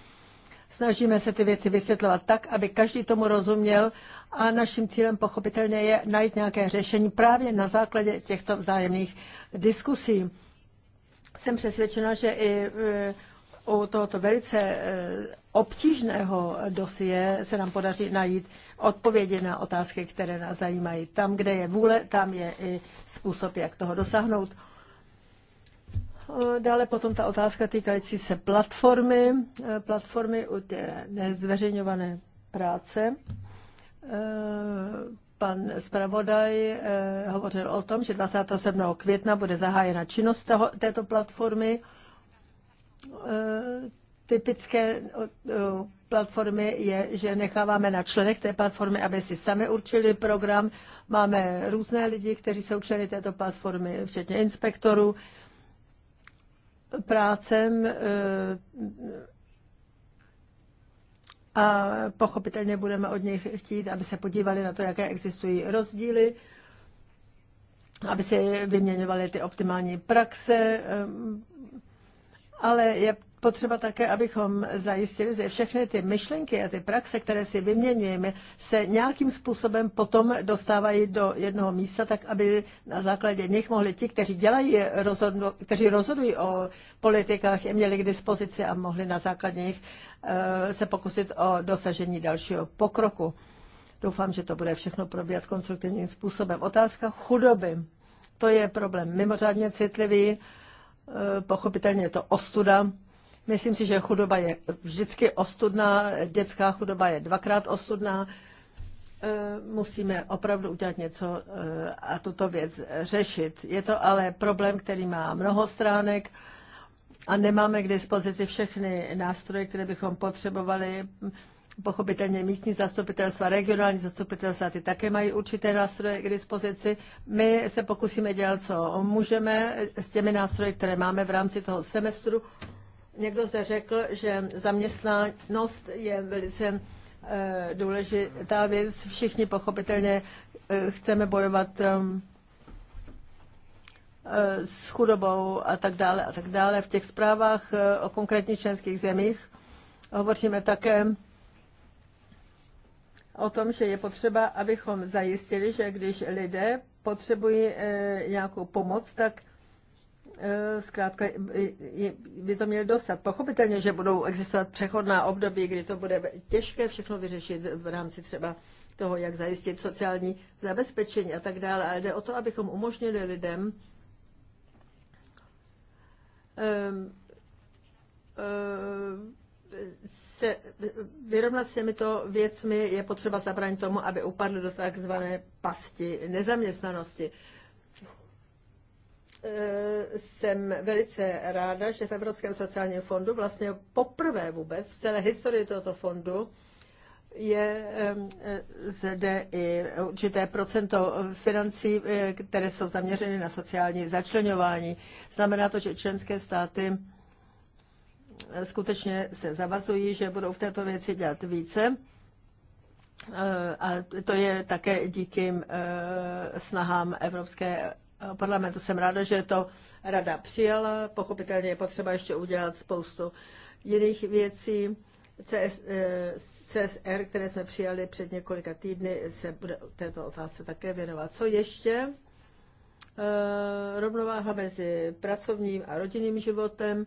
Snažíme se ty věci vysvětlovat tak, aby každý tomu rozuměl a naším cílem pochopitelně je najít nějaké řešení právě na základě těchto vzájemných diskusí. Jsem přesvědčena, že i e, u tohoto velice e, obtížného dosie se nám podaří najít odpovědi na otázky, které nás zajímají. Tam, kde je vůle, tam je i způsob, jak toho dosáhnout. E, dále potom ta otázka týkající se platformy, platformy u té nezveřejňované práce. Pan zpravodaj eh, hovořil o tom, že 27. května bude zahájena činnost této platformy. Eh, typické platformy je, že necháváme na členech té platformy, aby si sami určili program. Máme různé lidi, kteří jsou členy této platformy, včetně inspektorů prácem eh, a pochopitelně budeme od nich chtít, aby se podívali na to, jaké existují rozdíly, aby se vyměňovaly ty optimální praxe, ehm, ale je potřeba také, abychom zajistili, že všechny ty myšlenky a ty praxe, které si vyměňujeme, se nějakým způsobem potom dostávají do jednoho místa, tak aby na základě nich mohli ti, kteří, dělají rozhodu, kteří rozhodují o politikách, je měli k dispozici a mohli na základě nich Eh, se pokusit o dosažení dalšího pokroku. Doufám, že to bude všechno probíhat konstruktivním způsobem. Otázka chudoby. To je problém mimořádně citlivý, eh, pochopitelně je to ostuda. Myslím si, že chudoba je vždycky ostudná, dětská chudoba je dvakrát ostudná. Eh, musíme opravdu udělat něco a tuto věc řešit. Je to ale problém, který má mnoho stránek a nemáme k dispozici všechny nástroje, které bychom potřebovali. Pochopitelně místní zastupitelstva, regionální zastupitelstva, ty také mají určité nástroje k dispozici. My se pokusíme dělat, co můžeme s těmi nástroji, které máme v rámci toho semestru. Někdo zde řekl, že zaměstnanost je velice eh, důležitá věc. Všichni pochopitelně eh, chceme bojovat eh, Eh, s chudobou a tak dále a tak dále. V těch zprávách eh, o konkrétních členských zemích hovoříme také o tom, že je potřeba, abychom zajistili, že když lidé potřebují eh, nějakou pomoc, tak zkrátka by to měl dostat. Pochopitelně, že budou existovat přechodná období, kdy to bude těžké všechno vyřešit v rámci třeba toho, jak zajistit sociální zabezpečení a tak dále, ale jde o to, abychom umožnili lidem Ehm, ehm, se, vyrovnat s těmito věcmi je potřeba zabránit tomu, aby upadly do takzvané pasti nezaměstnanosti. Ehm, jsem velice ráda, že v Evropském sociálním fondu vlastně poprvé vůbec v celé historii tohoto fondu je e, zde i určité procento financí, e, které jsou zaměřeny na sociální začlenování. Znamená to, že členské státy e, skutečně se zavazují, že budou v této věci dělat více. A to je také díky snahám Evropské parlamentu. Jsem ráda, že to rada přijala. Pochopitelně je potřeba ještě udělat spoustu jiných věcí. CS, CSR, které jsme přijali před několika týdny, se bude této otázce také věnovat. Co ještě? E, rovnováha mezi pracovním a rodinným životem. E,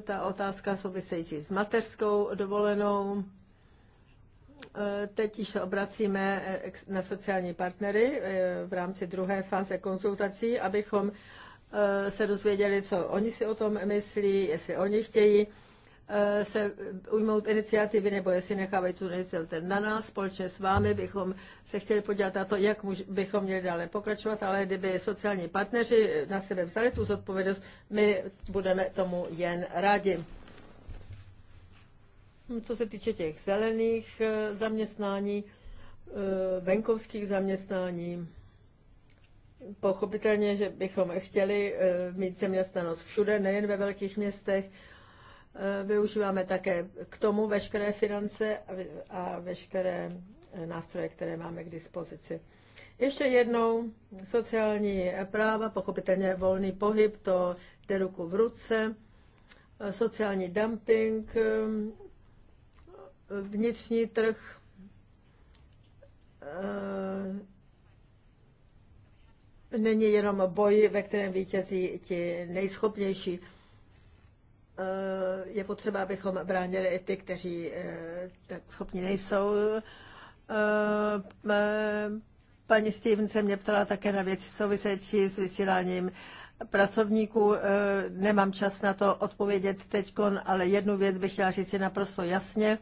ta otázka související s mateřskou dovolenou. Eh, teď již se obracíme na sociální partnery v rámci druhé fáze konzultací, abychom se dozvěděli, co oni si o tom myslí, jestli oni chtějí Eh, se ujmout iniciativy, nebo jestli nechávají tu iniciativu na nás, společně s vámi bychom se chtěli podívat na to, jak bychom měli dále pokračovat, ale kdyby sociální partneři na sebe vzali tu zodpovědnost, my budeme tomu jen rádi. Hm, co se týče těch zelených eh, zaměstnání, eh, venkovských zaměstnání, pochopitelně, že bychom chtěli mít zaměstnanost všude, nejen ve velkých městech, Eh, využíváme také k tomu veškeré finance a veškeré eh, nástroje, které máme k dispozici. Ještě jednou, sociální práva, pochopitelně volný pohyb, to jde ruku v ruce, eh, sociální dumping, vnitřní trh, není jenom boj, ve kterém vítězí ti nejschopnější. Eh, je potřeba, abychom bránili i ty, kteří eh, tak schopni nejsou. Eh, paní Steven se mě ptala také na věci související s vysíláním pracovníků. Nemám čas na to odpovědět teď, ale jednu věc bych chtěla říct si naprosto jasně,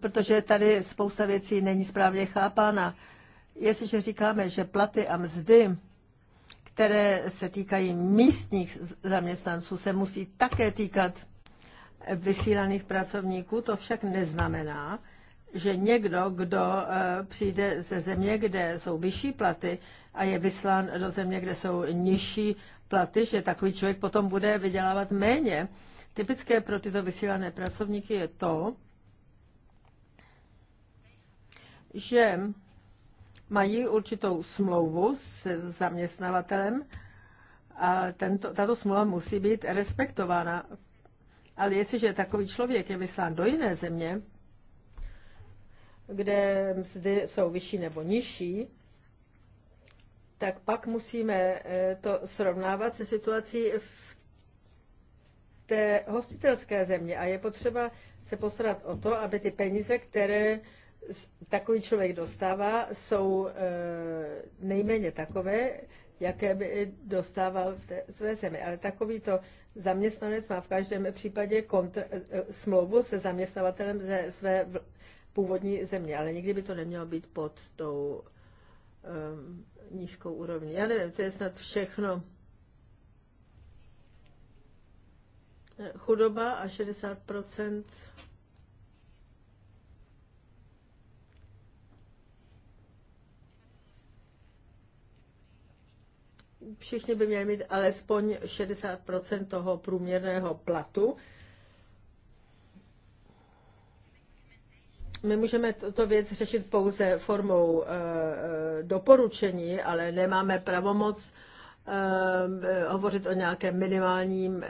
protože tady spousta věcí není správně chápána. Jestliže říkáme, že platy a mzdy které se týkají místních zaměstnanců, se musí také týkat vysílaných pracovníků. To však neznamená, že někdo, kdo eh, přijde ze země, kde jsou vyšší platy a je vyslán do země, kde jsou nižší platy, že takový člověk potom bude vydělávat méně. Typické pro tyto vysílané pracovníky je to, že mají určitou smlouvu se zaměstnavatelem a tento, tato smlouva musí být respektována. Ale jestliže takový člověk je vyslán do jiné země, kde mzdy jsou vyšší nebo nižší, tak pak musíme eh, to srovnávat se situací v té hostitelské země. A je potřeba se postarat o to, aby ty peníze, které takový člověk dostává, jsou e, nejméně takové, jaké by dostával v té své zemi. Ale takovýto zaměstnanec má v každém případě kontr- e, smlouvu se zaměstnavatelem ze své původní země, ale nikdy by to nemělo být pod tou um, nízkou úrovní. Já nevím, to je snad všechno. Chudoba a 60 všichni by měli mít alespoň 60 toho průměrného platu. My můžeme tuto věc řešit pouze formou eh, eh, doporučení, ale nemáme pravomoc eh, hovořit o nějakém minimálním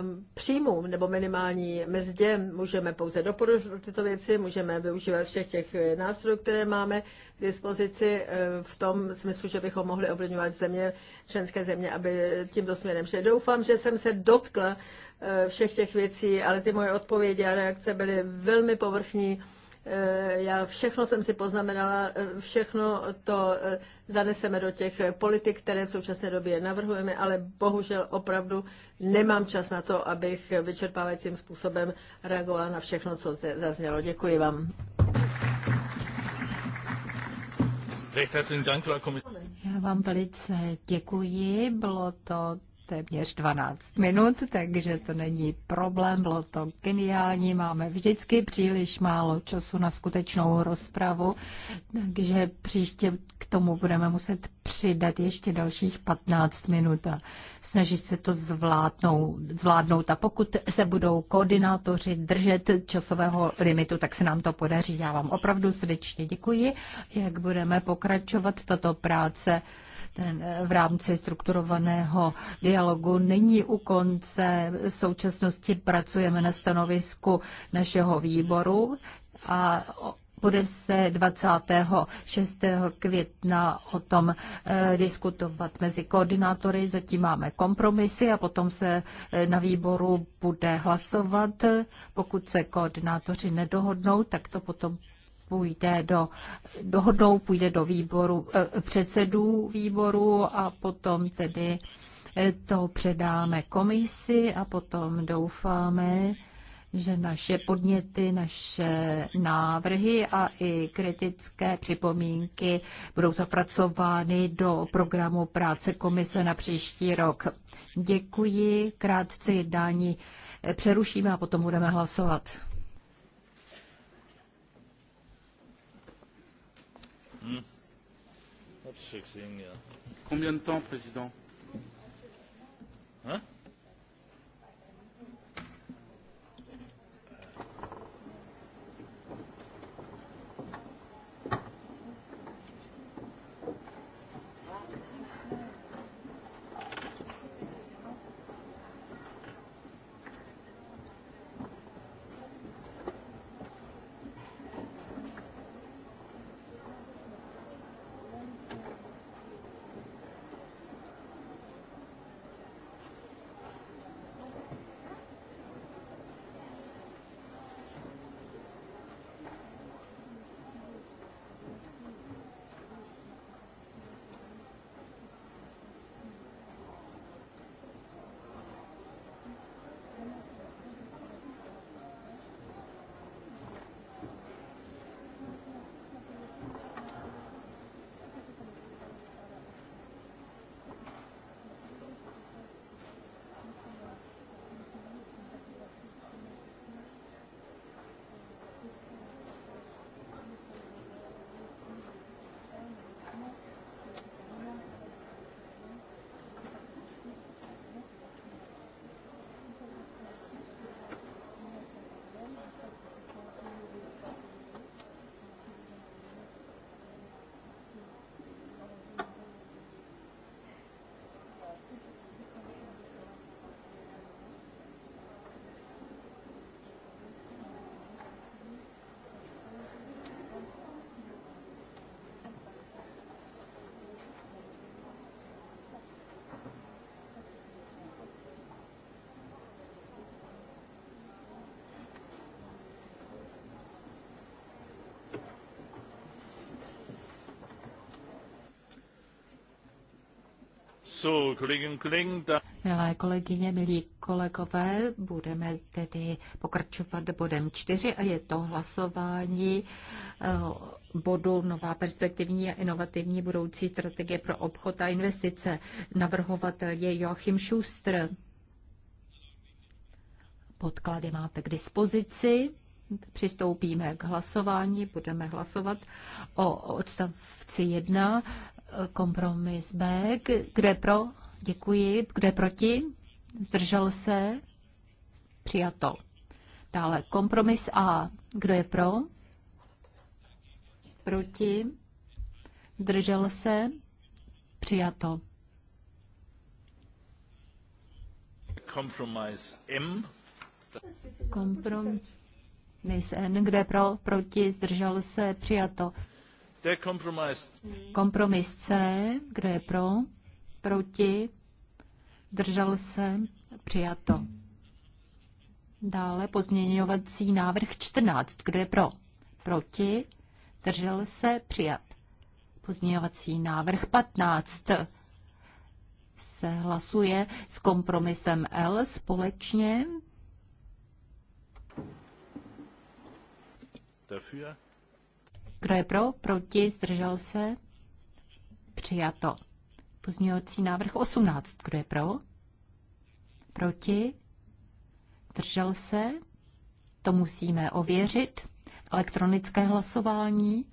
Um, příjmům nebo minimální mzdě. Můžeme pouze doporučit tyto věci, můžeme využívat všech těch eh, nástrojů, které máme k dispozici eh, v tom smyslu, že bychom mohli ovlivňovat země, členské země, aby tímto směrem šli. Doufám, že jsem se dotkla eh, všech těch věcí, ale ty moje odpovědi a reakce byly velmi povrchní Eh, já všechno jsem si poznamenala, eh, všechno to eh, zaneseme do těch politik, které v současné době navrhujeme, ale bohužel opravdu nemám čas na to, abych vyčerpávajícím způsobem reagovala na všechno, co zde zaznělo. Děkuji vám. Já vám velice děkuji. Bylo to téměř 12 minut, takže to není problém, bylo to geniální, máme vždycky příliš málo času na skutečnou rozpravu, takže příště k tomu budeme muset přidat ještě dalších 15 minut a snažit se to zvládnout. zvládnout. A pokud se budou koordinátoři držet časového limitu, tak se nám to podaří. Já vám opravdu srdečně děkuji, jak budeme pokračovat tato práce ten v rámci strukturovaného dialogu není u konce. V současnosti pracujeme na stanovisku našeho výboru a bude se 26. května o tom eh, diskutovat mezi koordinátory. Zatím máme kompromisy a potom se eh, na výboru bude hlasovat. Pokud se koordinátoři nedohodnou, tak to potom půjde do dohodnou, půjde do výboru, eh, předsedů výboru a potom tedy eh, to předáme komisi a potom doufáme, že naše podněty, naše návrhy a i kritické připomínky budou zapracovány do programu práce komise na příští rok. Děkuji, krátce jednání eh, přerušíme a potom budeme hlasovat. Combien de temps, président Hein Milé kolegyně, milí kolegové, budeme tedy pokračovat bodem 4 a je to hlasování eh, bodu Nová perspektivní a inovativní budoucí strategie pro obchod a investice. Navrhovatel je Joachim Schuster. Podklady máte k dispozici. Přistoupíme k hlasování, budeme hlasovat o odstavci 1 kompromis B. Kdo je pro? Děkuji. Kdo je proti? Zdržel se? Přijato. Dále kompromis A. Kdo je pro? Proti? Zdržel se? Přijato. Kompromis M. Kompromis N. Kde pro? Proti? Zdržel se? Přijato. Kompromis C, kdo je pro, proti, držel se, přijato. Dále pozměňovací návrh 14, kdo je pro, proti, držel se, přijat. Pozměňovací návrh 15 se hlasuje s kompromisem L společně. Dafür kdo je pro? Proti? Zdržel se? Přijato. Pozměňovací návrh 18. Kdo je pro? Proti? Zdržel se? To musíme ověřit. Elektronické hlasování.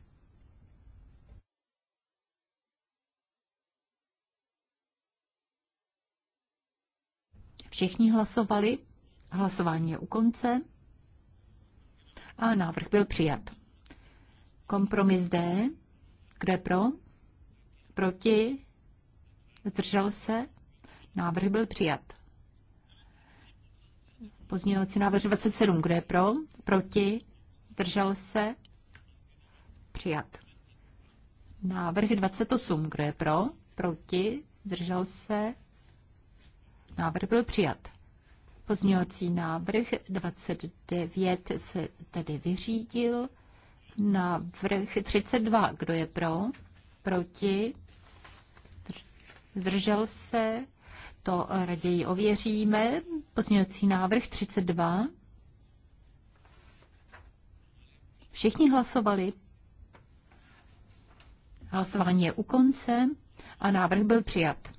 Všichni hlasovali. Hlasování je u konce. A návrh byl přijat. Kompromis D. Kde pro? Proti? Zdržel se? Návrh byl přijat. Pozměňovací návrh 27. Kde je pro? Proti? Zdržel se? Přijat. Návrh 28. Kde je pro? Proti? Zdržel se? Návrh byl přijat. Pozměňovací návrh 29 se tedy vyřídil. Návrh 32. Kdo je pro? Proti? Zdržel se? To raději ověříme. Pozměňovací návrh 32. Všichni hlasovali. Hlasování je u konce a návrh byl přijat.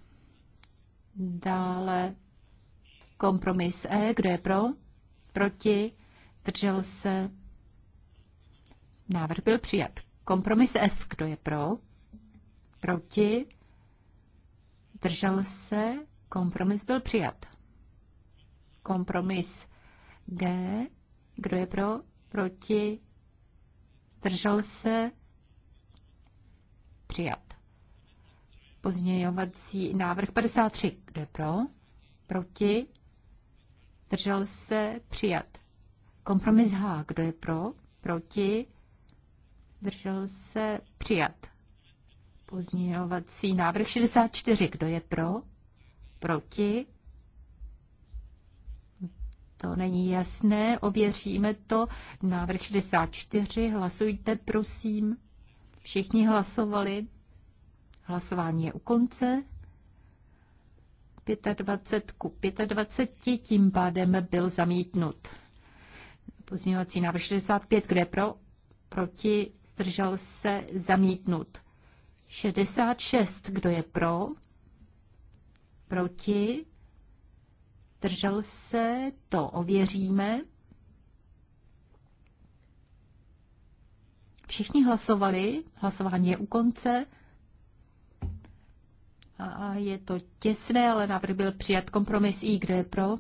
Dále kompromis E. Kdo je pro? Proti? Držel se? Návrh byl přijat. Kompromis F. Kdo je pro? Proti? Držel se? Kompromis byl přijat. Kompromis G. Kdo je pro? Proti? Držel se? Přijat. Pozměňovací návrh 53. Kdo je pro? Proti? Držel se? Přijat. Kompromis H. Kdo je pro? Proti? zdržel se přijat. Pozměňovací návrh 64. Kdo je pro? Proti? To není jasné, ověříme to. Návrh 64, hlasujte, prosím. Všichni hlasovali. Hlasování je u konce. 25 ku 25, tím pádem byl zamítnut. Pozměňovací návrh 65, kde pro? Proti zdržel se, zamítnut. 66, kdo je pro, proti, zdržel se, to ověříme. Všichni hlasovali, hlasování je u konce. A je to těsné, ale návrh byl přijat. Kompromis I, kde je pro?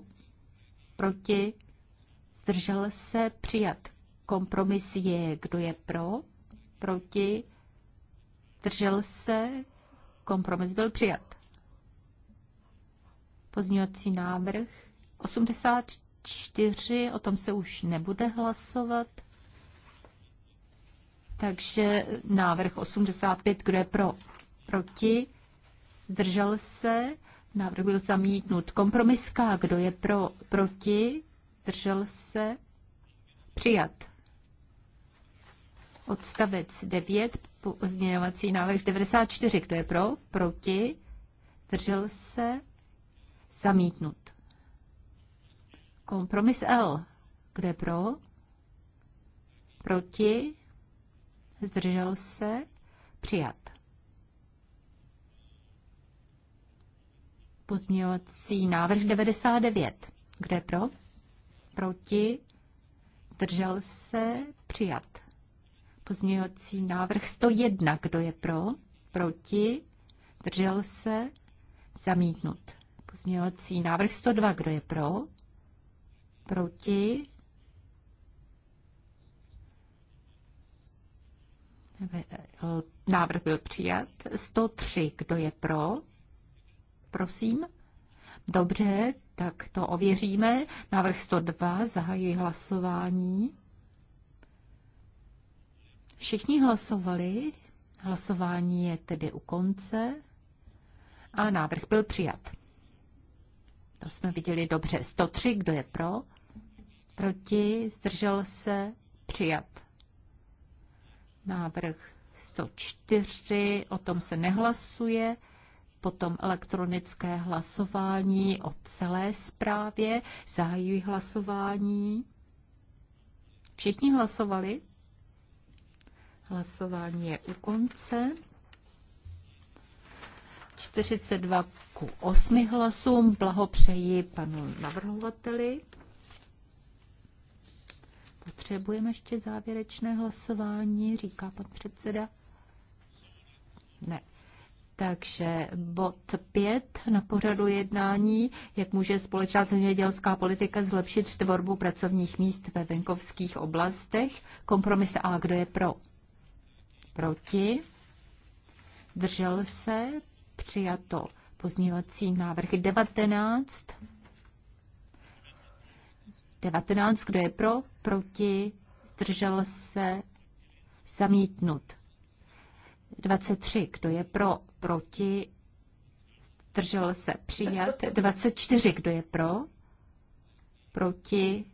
Proti? Zdržel se přijat. Kompromis je, kdo je pro? proti, držel se, kompromis byl přijat. Pozňovací návrh 84, o tom se už nebude hlasovat. Takže návrh 85, kdo je pro, proti, držel se, návrh byl zamítnut. Kompromiska, kdo je pro, proti, držel se, přijat. Odstavec 9, pozměňovací návrh 94. Kdo je pro? Proti? Držel se? Zamítnut. Kompromis L. Kdo je pro? Proti? Zdržel se? Přijat. Pozměňovací návrh 99. Kdo je pro? Proti? Držel se? Přijat. Pozměňovací návrh 101. Kdo je pro? Proti? Držel se? Zamítnut. Pozměňovací návrh 102. Kdo je pro? Proti? Návrh byl přijat. 103. Kdo je pro? Prosím. Dobře, tak to ověříme. Návrh 102. Zahajuji hlasování. Všichni hlasovali, hlasování je tedy u konce a návrh byl přijat. To jsme viděli dobře. 103, kdo je pro? Proti, zdržel se, přijat. Návrh 104, o tom se nehlasuje, potom elektronické hlasování o celé zprávě, zahajují hlasování. Všichni hlasovali? Hlasování je u konce. 42 ku 8 hlasům. Blahopřeji panu navrhovateli. Potřebujeme ještě závěrečné hlasování, říká pan předseda. Ne. Takže bod 5 na pořadu jednání, jak může společná zemědělská politika zlepšit tvorbu pracovních míst ve venkovských oblastech. Kompromise A, kdo je pro? proti, držel se, přijato pozměňovací návrh 19. 19, kdo je pro, proti, zdržel se, zamítnut. 23, kdo je pro, proti, zdržel se, přijat. 24, kdo je pro, proti,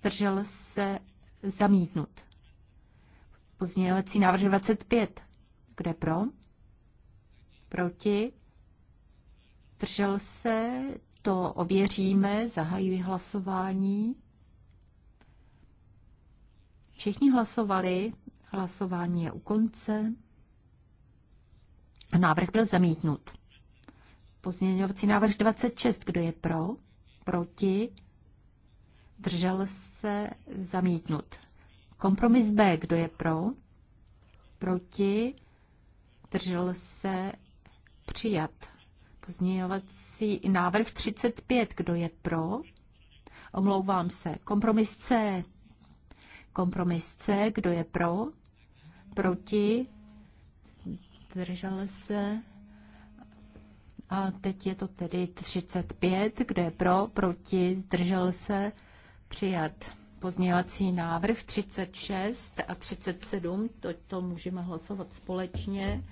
zdržel se, zamítnut. Pozměňovací návrh 25. Kde pro? Proti? Držel se? To ověříme. Zahajuji hlasování. Všichni hlasovali. Hlasování je u konce. Návrh byl zamítnut. Pozměňovací návrh 26. Kdo je pro? Proti? Držel se? Zamítnut. Kompromis B, kdo je pro? Proti? Držel se? Přijat. Pozměňovací návrh 35, kdo je pro? Omlouvám se. Kompromis C. Kompromis C, kdo je pro? Proti? Držel se? A teď je to tedy 35, kde pro, proti, zdržel se, přijat pozměňovací návrh 36 a 37, to, to můžeme hlasovat společně,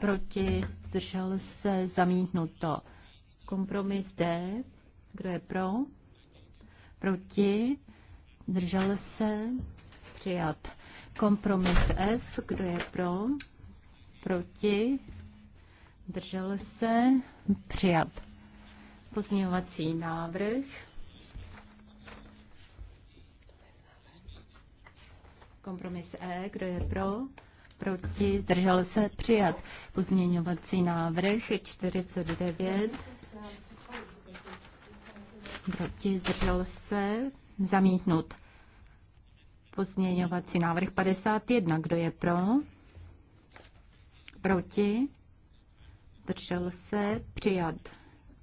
proti, zdržel se, zamítnuto. Kompromis D, kdo je pro, proti, zdržel se, přijat. Kompromis F, kdo je pro, proti, zdržel se, přijat. Pozměňovací návrh Kompromis E, kdo je pro? Proti, zdržel se, přijat. Pozměňovací návrh 49. Proti, zdržel se, zamítnut. Pozměňovací návrh 51, kdo je pro? Proti, zdržel se, přijat.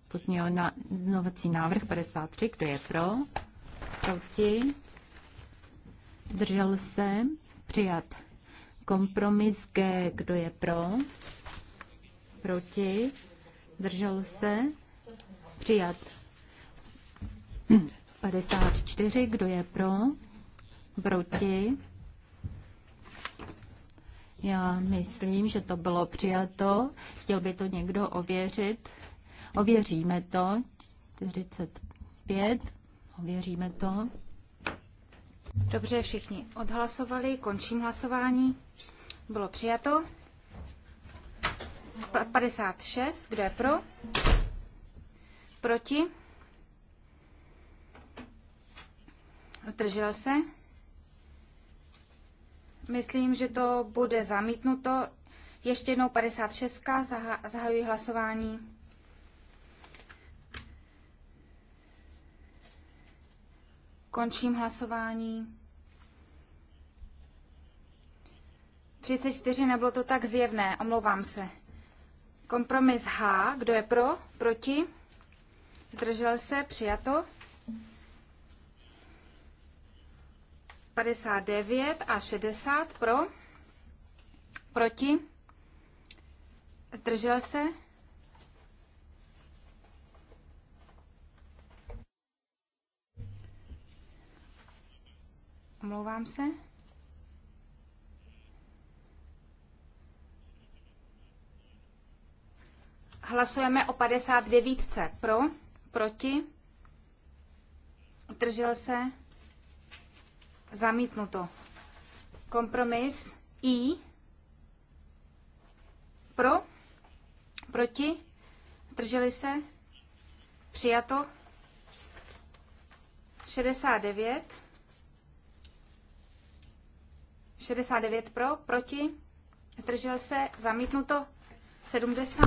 Pozměňovací návrh 53, kdo je pro? Proti, Zdržel se? Přijat. Kompromis G. Kdo je pro? Proti? Zdržel se? Přijat. 54. Kdo je pro? Proti? Já myslím, že to bylo přijato. Chtěl by to někdo ověřit. Ověříme to. 45. Ověříme to. Dobře, všichni odhlasovali, končím hlasování. Bylo přijato. 56, kdo je pro? Proti? Zdržel se? Myslím, že to bude zamítnuto. Ještě jednou 56. Zaha- zahajuji hlasování. Končím hlasování. 34, nebylo to tak zjevné, omlouvám se. Kompromis H, kdo je pro, proti, zdržel se, přijato. 59 a 60 pro, proti, zdržel se, Omlouvám se. Hlasujeme o 59. Pro, proti, zdržel se, zamítnuto. Kompromis I, pro, proti, zdrželi se, přijato, 69. 69 pro, proti, zdržel se, zamítnuto 70.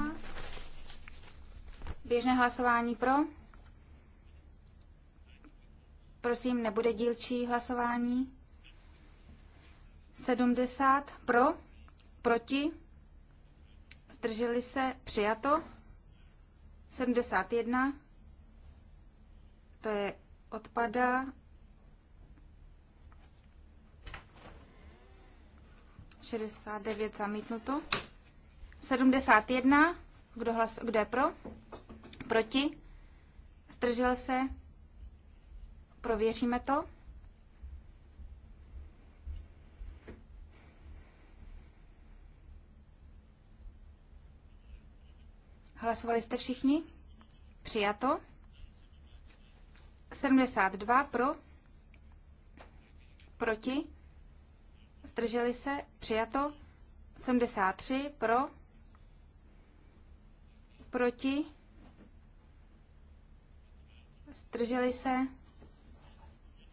Běžné hlasování pro. Prosím, nebude dílčí hlasování. 70 pro, proti, zdrželi se, přijato. 71, to je odpada 69 zamítnuto. 71, kdo, hlas, kdo je pro? Proti? Zdržel se? Prověříme to. Hlasovali jste všichni? Přijato. 72 pro, proti, zdrželi se, přijato. 73 pro, proti, zdrželi se,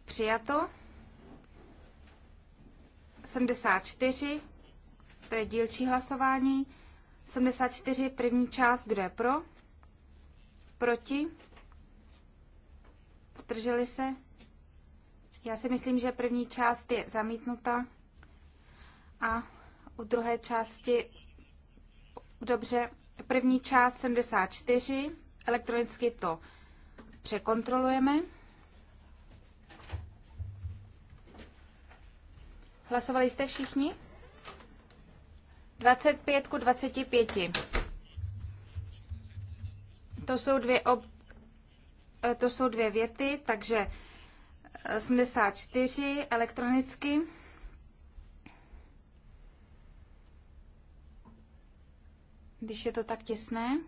přijato. 74, to je dílčí hlasování. 74, první část, kdo je pro, proti, zdrželi se. Já si myslím, že první část je zamítnuta a u druhé části, dobře, první část 74, elektronicky to překontrolujeme. Hlasovali jste všichni? 25 ku 25. To jsou dvě, ob... to jsou dvě věty, takže 84 eh, elektronicky. když je to tak těsné.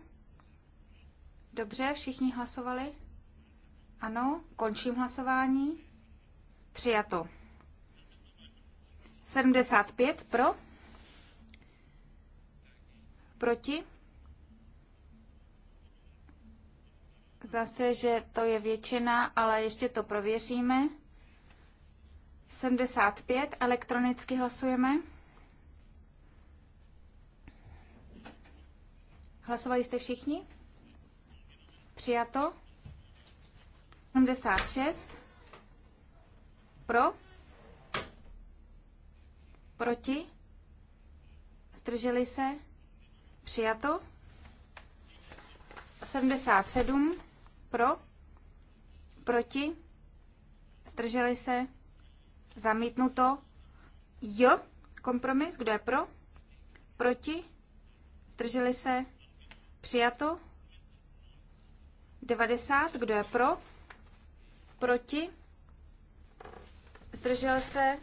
Dobře, všichni hlasovali? Ano, končím hlasování. Přijato. 75 pro. Proti. Zdá se, že to je většina, ale ještě to prověříme. 75 elektronicky hlasujeme. Hlasovali jste všichni? Přijato. 76. Pro. Proti. Zdrželi se. Přijato. 77. Pro. Proti. Zdrželi se. Zamítnuto. J. Kompromis. Kdo je pro? Proti. Zdrželi se. Přijato. 90. Kdo je pro? Proti? Zdržel se?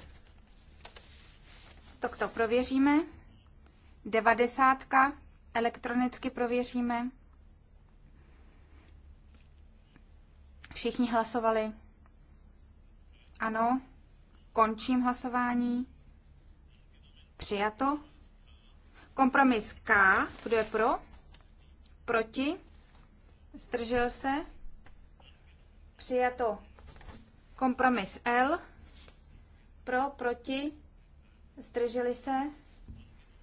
Tak to prověříme. 90. Elektronicky prověříme. Všichni hlasovali. Ano. Končím hlasování. Přijato. Kompromis K. Kdo je pro? Proti? Zdržel se? Přijato. Kompromis L. Pro, proti? Zdrželi se?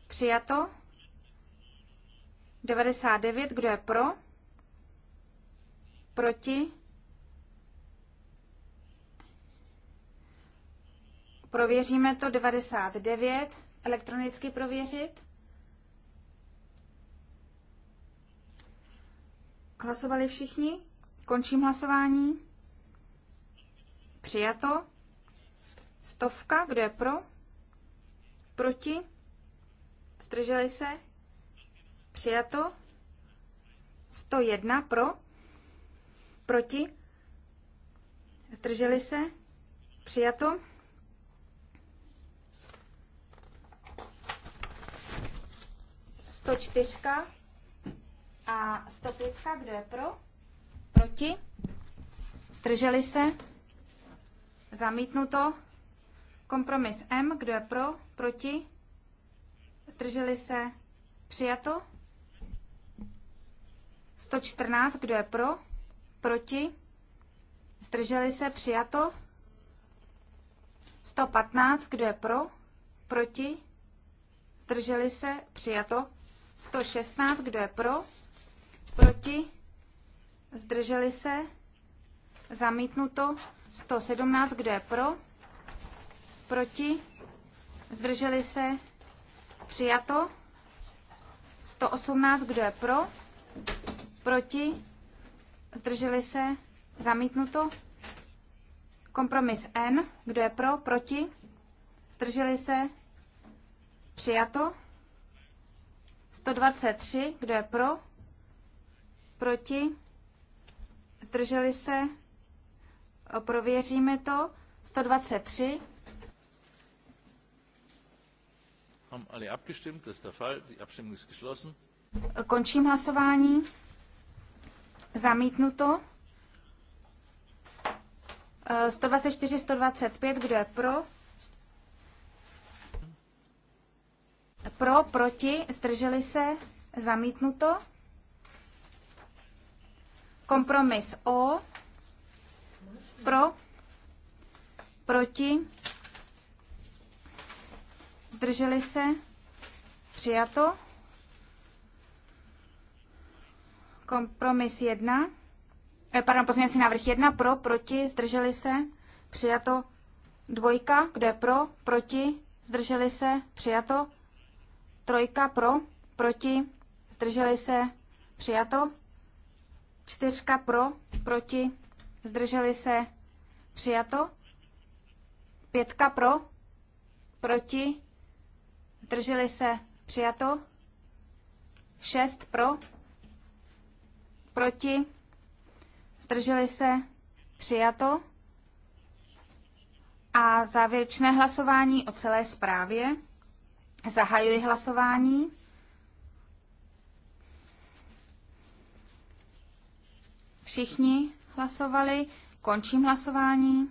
Přijato. 99. Kdo je pro? Proti? Prověříme to 99. Elektronicky prověřit. Hlasovali všichni? Končím hlasování. Přijato. Stovka, kdo je pro? Proti? Zdrželi se? Přijato. 101 pro? Proti? Zdrželi se? Přijato. Sto čtyřka a 105, kdo je pro? Proti? Zdrželi se? Zamítnuto. Kompromis M, kdo je pro? Proti? Zdrželi se? Přijato. 114, kdo je pro? Proti? Zdrželi se? Přijato. 115, kdo je pro? Proti? Zdrželi se? Přijato. 116, kdo je pro? proti, zdrželi se, zamítnuto, 117, kdo je pro, proti, zdrželi se, přijato, 118, kdo je pro, proti, zdrželi se, zamítnuto, kompromis N, kdo je pro, proti, zdrželi se, přijato, 123, kdo je pro, proti, zdrželi se, prověříme to, 123. Haben alle abgestimmt, das ist der Fall, die Abstimmung ist geschlossen. Končím hlasování. Zamítnuto. 124, 125, kdo je pro? Pro, proti, zdrželi se, zamítnuto. Kompromis O pro, proti, zdrželi se, přijato. Kompromis 1, eh, pardon, pozměňovací návrh 1, pro, proti, zdrželi se, přijato. Dvojka, kdo je pro, proti, zdrželi se, přijato. Trojka pro, proti, zdrželi se, přijato. Čtyřka pro, proti, zdrželi se, přijato. Pětka pro, proti, zdrželi se, přijato. Šest pro, proti, zdrželi se, přijato. A závěrečné hlasování o celé zprávě. Zahajuji hlasování. Všichni hlasovali, končím hlasování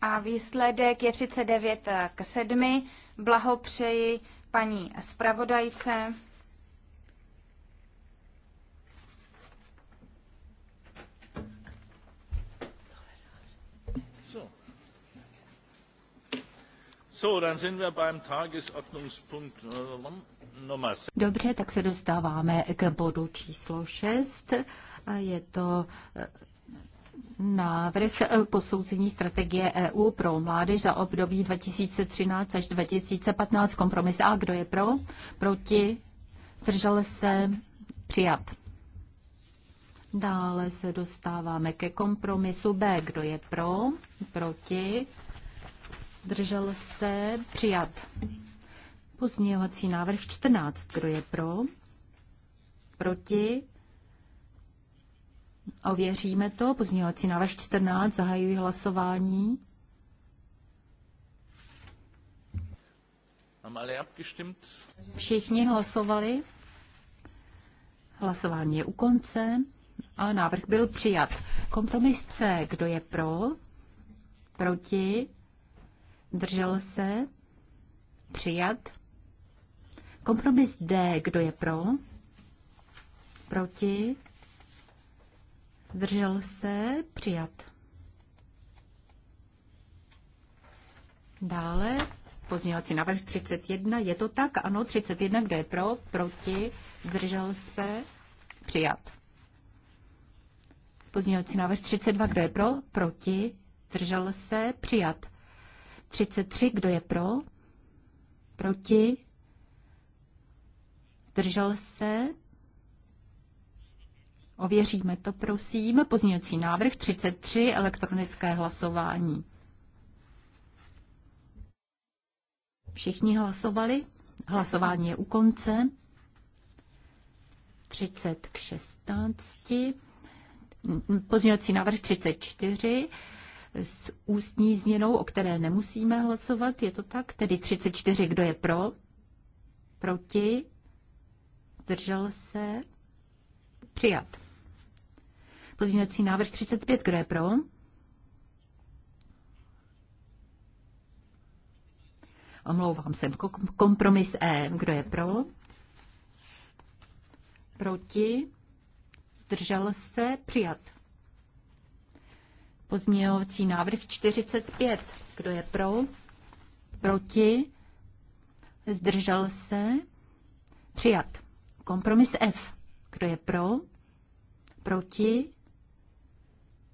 a výsledek je 39 k 7. Blahopřeji paní zpravodajce. Äh, Dobře, tak se dostáváme k bodu číslo 6 a je to eh, návrh eh, posouzení strategie EU pro mládež za období 2013 až 2015. Kompromis A. Kdo je pro? Proti? Držel se? Přijat. Dále se dostáváme ke kompromisu B. Kdo je pro? Proti? Držel se? Přijat. Pozměňovací návrh 14. Kdo je pro? Proti? Ověříme to. Pozměňovací návrh 14. Zahajuji hlasování. Všichni hlasovali. Hlasování je u konce a návrh byl přijat. Kompromis C. Kdo je pro? Proti? Držel se? Přijat. Kompromis D. Kdo je pro? Proti? Zdržel se? Přijat. Dále pozměňovací návrh 31. Je to tak? Ano, 31. Kdo je pro? Proti? Zdržel se? Přijat. Pozměňovací návrh 32. Kdo je pro? Proti? Zdržel se? Přijat. 33. Kdo je pro? Proti? Zdržel se? Ověříme to, prosím. Pozměňovací návrh 33, elektronické hlasování. Všichni hlasovali? Hlasování je u konce. 30 k 16. Pozměňovací návrh 34 s ústní změnou, o které nemusíme hlasovat, je to tak? Tedy 34, kdo je pro? Proti? Držel se? Přijat. Pozměňovací návrh 35, kdo je pro? Omlouvám se, kompromis E, kdo je pro? Proti? Zdržel se? Přijat. Pozměňovací návrh 45. Kdo je pro? Proti? Zdržel se? Přijat. Kompromis F. Kdo je pro? Proti?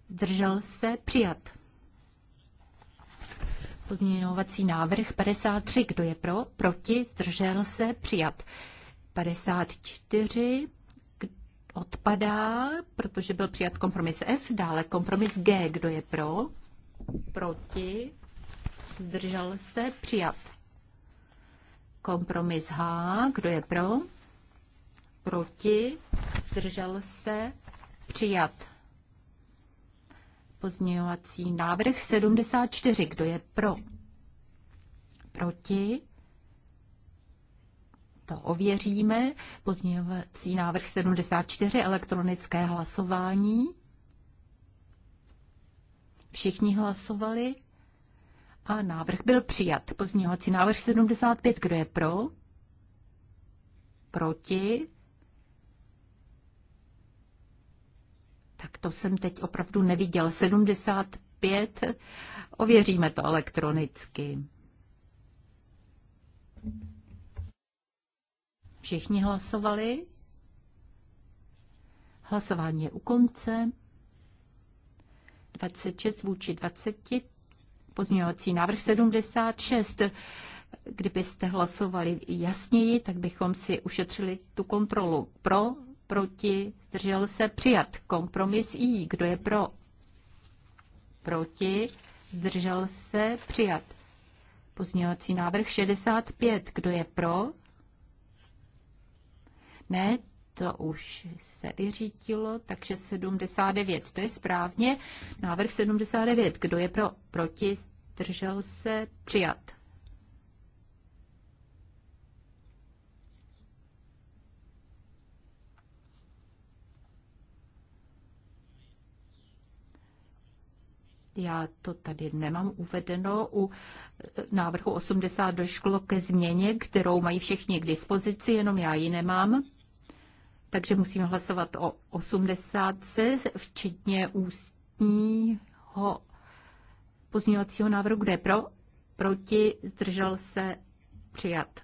Zdržel se? Přijat. Pozměňovací návrh 53. Kdo je pro? Proti? Zdržel se? Přijat. 54 odpadá, protože byl přijat kompromis F. Dále kompromis G. Kdo je pro? Proti? Zdržel se? Přijat. Kompromis H. Kdo je pro? Proti? Zdržel se? Přijat. Pozměňovací návrh 74. Kdo je pro? Proti? To ověříme. Pozměňovací návrh 74. Elektronické hlasování. Všichni hlasovali a návrh byl přijat. Pozměňovací návrh 75. Kdo je pro? Proti? Tak to jsem teď opravdu neviděl. 75. Ověříme to elektronicky. Všichni hlasovali? Hlasování je u konce. 26 vůči 20. Pozměňovací návrh 76. Kdybyste hlasovali jasněji, tak bychom si ušetřili tu kontrolu. Pro proti, zdržel se přijat. Kompromis I, kdo je pro, proti, zdržel se přijat. Pozměňovací návrh 65, kdo je pro? Ne, to už se vyřítilo, takže 79, to je správně. Návrh 79, kdo je pro, proti, zdržel se přijat. Já to tady nemám uvedeno. U e, návrhu 80 došlo ke změně, kterou mají všichni k dispozici, jenom já ji nemám. Takže musím hlasovat o 80, včetně ústního pozměňovacího návrhu, kde pro, proti, zdržel se, přijat.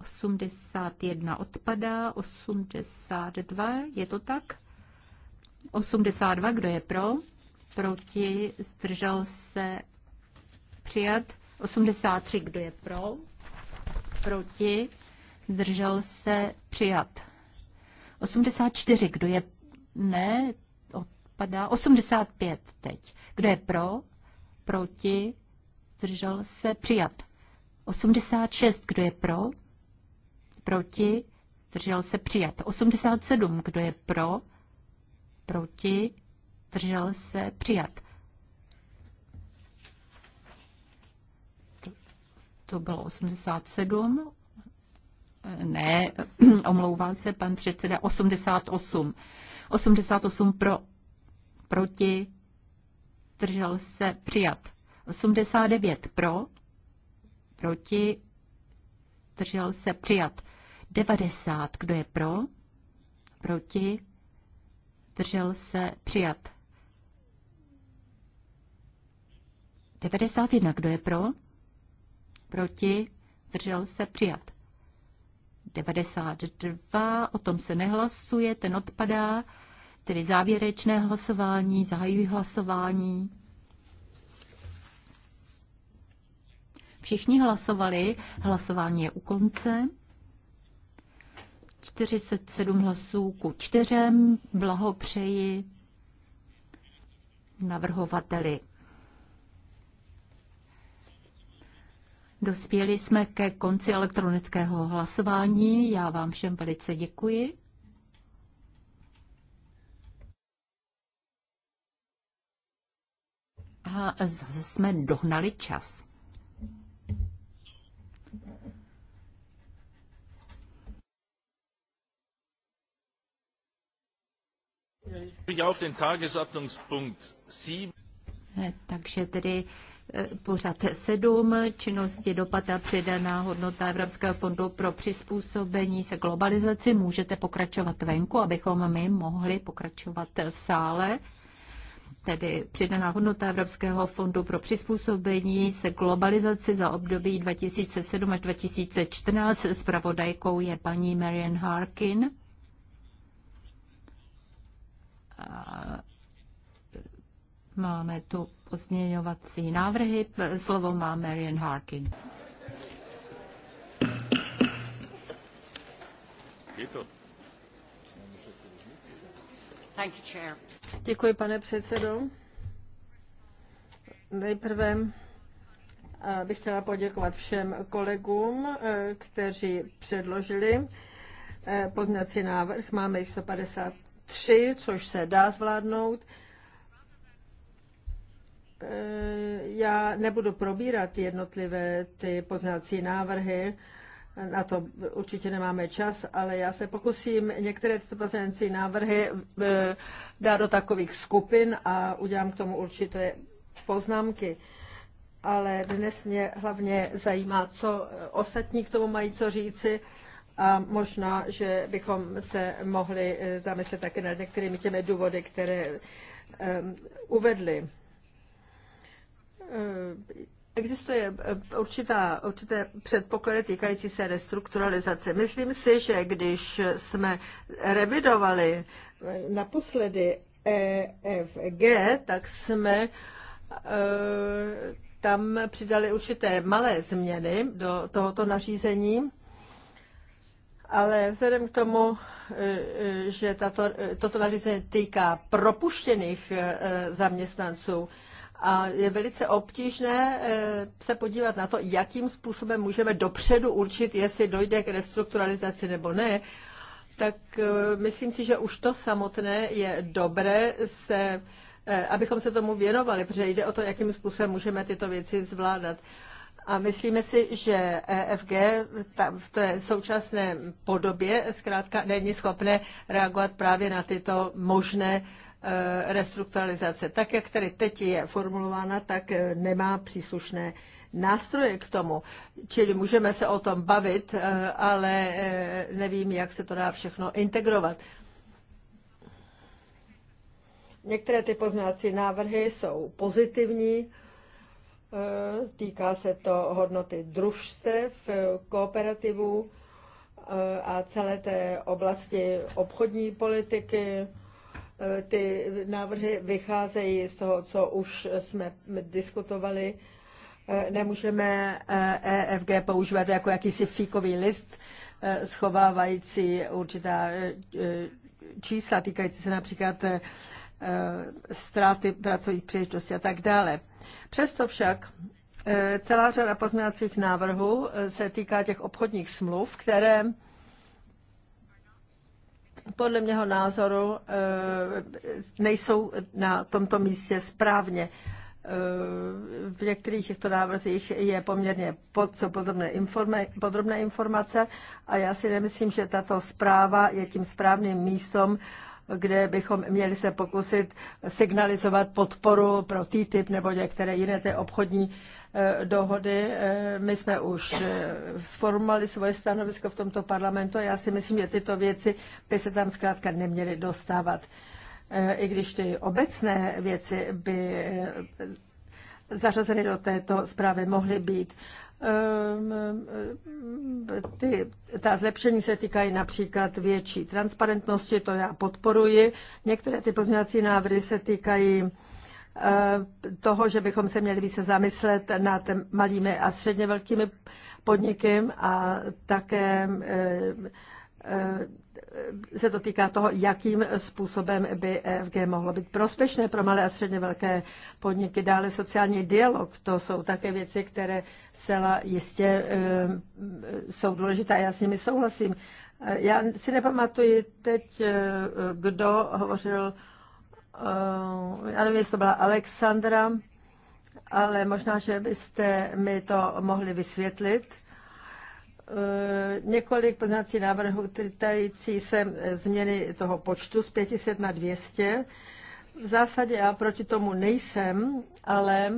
81 odpadá, 82, je to tak? 82, kdo je pro? proti, zdržel se přijat. 83, kdo je pro, proti, zdržel se přijat. 84, kdo je ne, odpadá. 85 teď. Kdo je pro, proti, zdržel se přijat. 86, kdo je pro, proti, zdržel se přijat. 87, kdo je pro, proti, zdržel se, přijat. To bylo 87, ne, omlouvá se pan předseda, 88. 88 pro, proti, Držel se, přijat. 89 pro, proti, Držel se, přijat. 90, kdo je pro, proti, Držel se, přijat. 91. Kdo je pro? Proti? Držel se přijat. 92. O tom se nehlasuje, ten odpadá. Tedy závěrečné hlasování, zahajují hlasování. Všichni hlasovali, hlasování je u konce. 47 hlasů ku čtyřem, blahopřeji navrhovateli. Dospěli jsme ke konci elektronického hlasování. Já vám všem velice děkuji. A zase jsme dohnali čas. den Tagesordnungspunkt 7. Eh, takže tedy pořad 7, činnosti dopad a přidaná hodnota Evropského fondu pro přizpůsobení se globalizaci. Můžete pokračovat venku, abychom my mohli pokračovat v sále. Tedy přidaná hodnota Evropského fondu pro přizpůsobení se globalizaci za období 2007 až 2014. Spravodajkou je paní Marian Harkin. A Máme tu pozměňovací návrhy. Slovo má Marian Harkin. Děkuji, pane předsedo. Nejprve eh, bych chtěla poděkovat všem kolegům, eh, kteří předložili eh, poznací návrh. Máme jich 153, což se dá zvládnout. Eh, já nebudu probírat jednotlivé ty poznací návrhy, na to určitě nemáme čas, ale já se pokusím některé tyto pozměňovací návrhy eh, dát do takových skupin a udělám k tomu určité poznámky. Ale dnes mě hlavně zajímá, co ostatní k tomu mají co říci a možná, že bychom se mohli eh, zamyslet také nad některými těmi důvody, které um, uvedli. Eh, existuje eh, určitá, určité předpoklady týkající se restrukturalizace. Myslím si, že když jsme revidovali eh, naposledy EFG, tak jsme tam přidali určité malé změny do tohoto nařízení, ale vzhledem k tomu, že tato, toto nařízení týká propuštěných zaměstnanců, a je velice obtížné eh, se podívat na to, jakým způsobem můžeme dopředu určit, jestli dojde k restrukturalizaci nebo ne, tak eh, myslím si, že už to samotné je dobré se, eh, abychom se tomu věnovali, protože jde o to, jakým způsobem můžeme tyto věci zvládat. A myslíme si, že EFG v té současné podobě zkrátka není schopné reagovat právě na tyto možné Eh, restrukturalizace. Tak, jak tady teď je formulována, tak eh, nemá příslušné nástroje k tomu. Čili můžeme se o tom bavit, eh, ale nevím, jak se to dá všechno integrovat. Některé ty poznávací návrhy jsou pozitivní, týká se to hodnoty družstev, kooperativů a celé té oblasti obchodní politiky, Eh, ty návrhy vycházejí z toho, co už jsme diskutovali. Eh, nemůžeme EFG eh, e používat jako jakýsi fíkový list, schovávající určitá čísla, týkající se například ztráty pracovních příležitostí a tak dále. Přesto však celá řada pozměňovacích návrhů se týká těch obchodních smluv, které podle mého názoru eh, nejsou na tomto místě správně. Eh, v některých těchto návrzích je poměrně pod, jsou podrobné, informe, podrobné informace a já si nemyslím, že tato zpráva je tím správným místem, kde bychom měli se pokusit signalizovat podporu pro TTIP nebo některé jiné té obchodní uh, Eh, dohody. Eh, my jsme už eh, formovali svoje stanovisko v tomto parlamentu a já si myslím, že tyto věci by se tam zkrátka neměly dostávat. I když ty obecné věci by zařazeny do této zprávy mohly být. Ehm, ty, ta zlepšení se týkají například větší transparentnosti, to já podporuji. Některé ty pozměňovací návrhy se týkají Eh, toho, že bychom se měli více zamyslet nad malými a středně velkými podniky a také eh, eh, se to týká toho, jakým způsobem by EFG mohlo být prospěšné pro malé a středně velké podniky. Dále sociální dialog, to jsou také věci, které zcela jistě jsou důležité a já s nimi souhlasím. Já si nepamatuji teď, kdo hovořil Eh, já nevím, jestli to byla Alexandra, ale možná, že byste mi to mohli vysvětlit. Eh, několik poznací návrhů týkající se změny toho počtu z 500 na 200. V zásadě já proti tomu nejsem, ale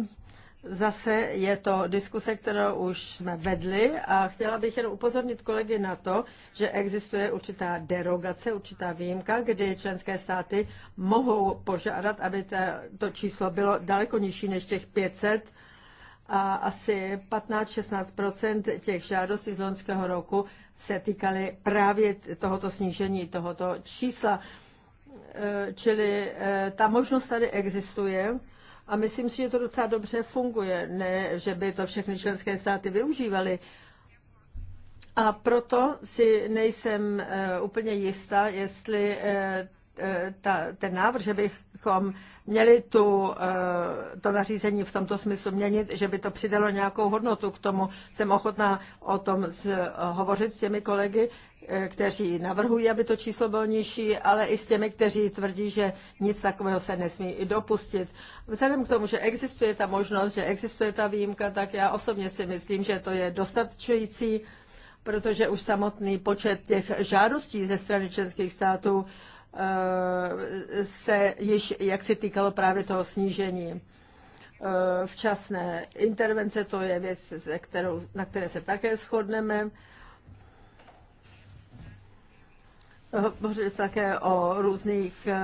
Zase je to diskuse, kterou už jsme vedli a chtěla bych jen upozornit kolegy na to, že existuje určitá derogace, určitá výjimka, kdy členské státy mohou požádat, aby to číslo bylo daleko nižší než těch 500 a asi 15-16 těch žádostí z loňského roku se týkaly právě tohoto snížení, tohoto čísla. E, čili e, ta možnost tady existuje a myslím si, že to docela dobře funguje. Ne, že by to všechny členské státy využívaly, a proto si nejsem eh, úplně jistá, jestli eh, eh, ta, ten návrh, že bychom měli tu, to nařízení v tomto smyslu měnit, že by to přidalo nějakou hodnotu k tomu. Jsem ochotná o tom hovořit s těmi kolegy, kteří navrhují, aby to číslo bylo nižší, ale i s těmi, kteří tvrdí, že nic takového se nesmí i dopustit. Vzhledem k tomu, že existuje ta možnost, že existuje ta výjimka, tak já osobně si myslím, že to je dostatčující, protože už samotný počet těch žádostí ze strany členských států eh, se již, jak se týkalo právě toho snížení eh, včasné intervence, to je věc, kterou, na které se také shodneme. Hovořili jste také o různých eh,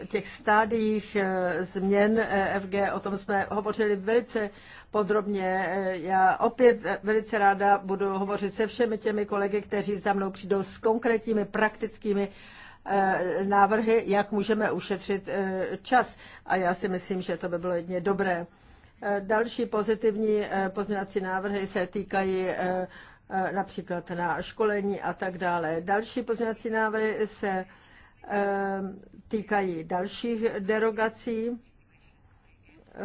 eh, těch stádích eh, změn FG, o tom jsme hovořili velice podrobně. Já opět velice ráda budu hovořit se všemi těmi kolegy, kteří za mnou přijdou s konkrétními praktickými návrhy, jak můžeme ušetřit čas. A já si myslím, že to by bylo jedně dobré. Další pozitivní pozměňovací návrhy se týkají Eh, například na školení a tak dále. Další pozměňovací návrhy se eh, týkají dalších derogací eh,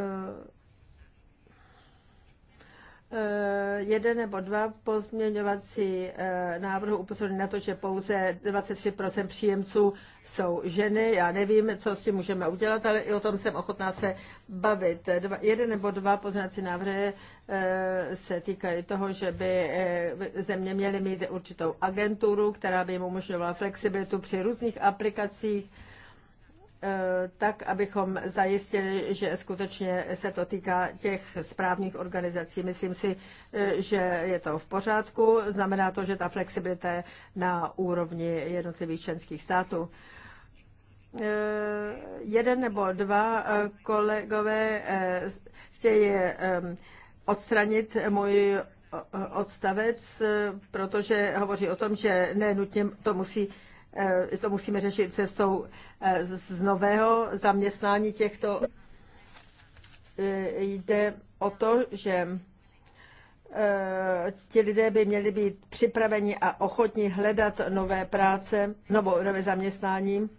Eh, jeden nebo dva pozměňovací eh, návrhy upozorňují na to, že pouze 23% příjemců jsou ženy. Já nevím, co si můžeme udělat, ale i o tom jsem ochotná se bavit. Dva, jeden nebo dva pozměňovací návrhy eh, se týkají toho, že by země měly mít určitou agenturu, která by jim umožňovala flexibilitu při různých aplikacích Eh, tak, abychom zajistili, že skutečně se to týká těch správných organizací. Myslím si, eh, že je to v pořádku. Znamená to, že ta flexibilita je na úrovni jednotlivých členských států. Eh, jeden nebo dva kolegové chtějí odstranit můj odstavec, protože hovoří o tom, že nenutně to musí Eh, to musíme řešit cestou eh, z nového zaměstnání těchto. Eh, jde o to, že ti lidé by měli být připraveni a ochotní hledat nové práce, nebo nové zaměstnání.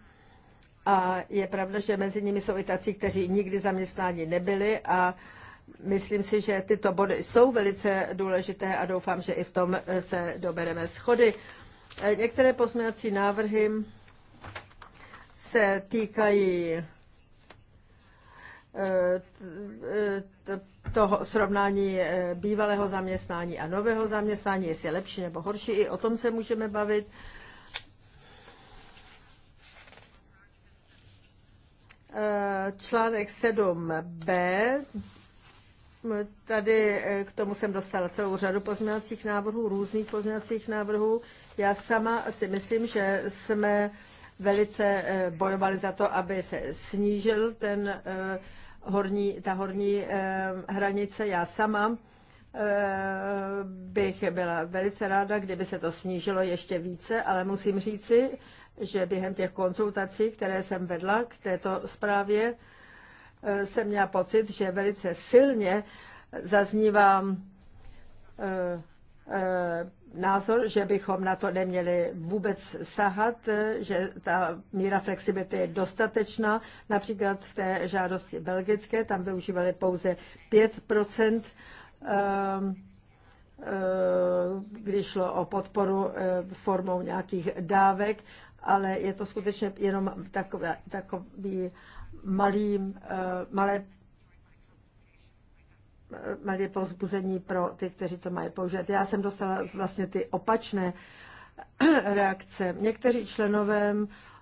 A je pravda, že mezi nimi jsou i tací, kteří nikdy zaměstnání nebyli a myslím si, že tyto body jsou velice důležité a doufám, že i v tom se dobereme schody. Eh, některé pozměňovací návrhy se týkají eh, toho srovnání eh, bývalého zaměstnání a nového zaměstnání, jestli je lepší nebo horší, i o tom se můžeme bavit. Článek 7b, tady k tomu jsem dostala celou řadu pozměňovacích návrhů, různých pozměňovacích návrhů. Já sama si myslím, že jsme velice eh, bojovali za to, aby se snížil ten eh, horní, ta horní eh, hranice. Já sama bych byla velice ráda, kdyby se to snížilo ještě více, ale musím říci, že během těch konzultací, které jsem vedla k této zprávě, jsem měla pocit, že velice silně zaznívám názor, že bychom na to neměli vůbec sahat, že ta míra flexibility je dostatečná. Například v té žádosti belgické, tam využívali pouze 5 ehm, ehm, když šlo o podporu ehm, formou nějakých dávek, ale je to skutečně jenom takový, takový malý, malé malé povzbuzení pro ty, kteří to mají použít. Já jsem dostala vlastně ty opačné reakce. Někteří členové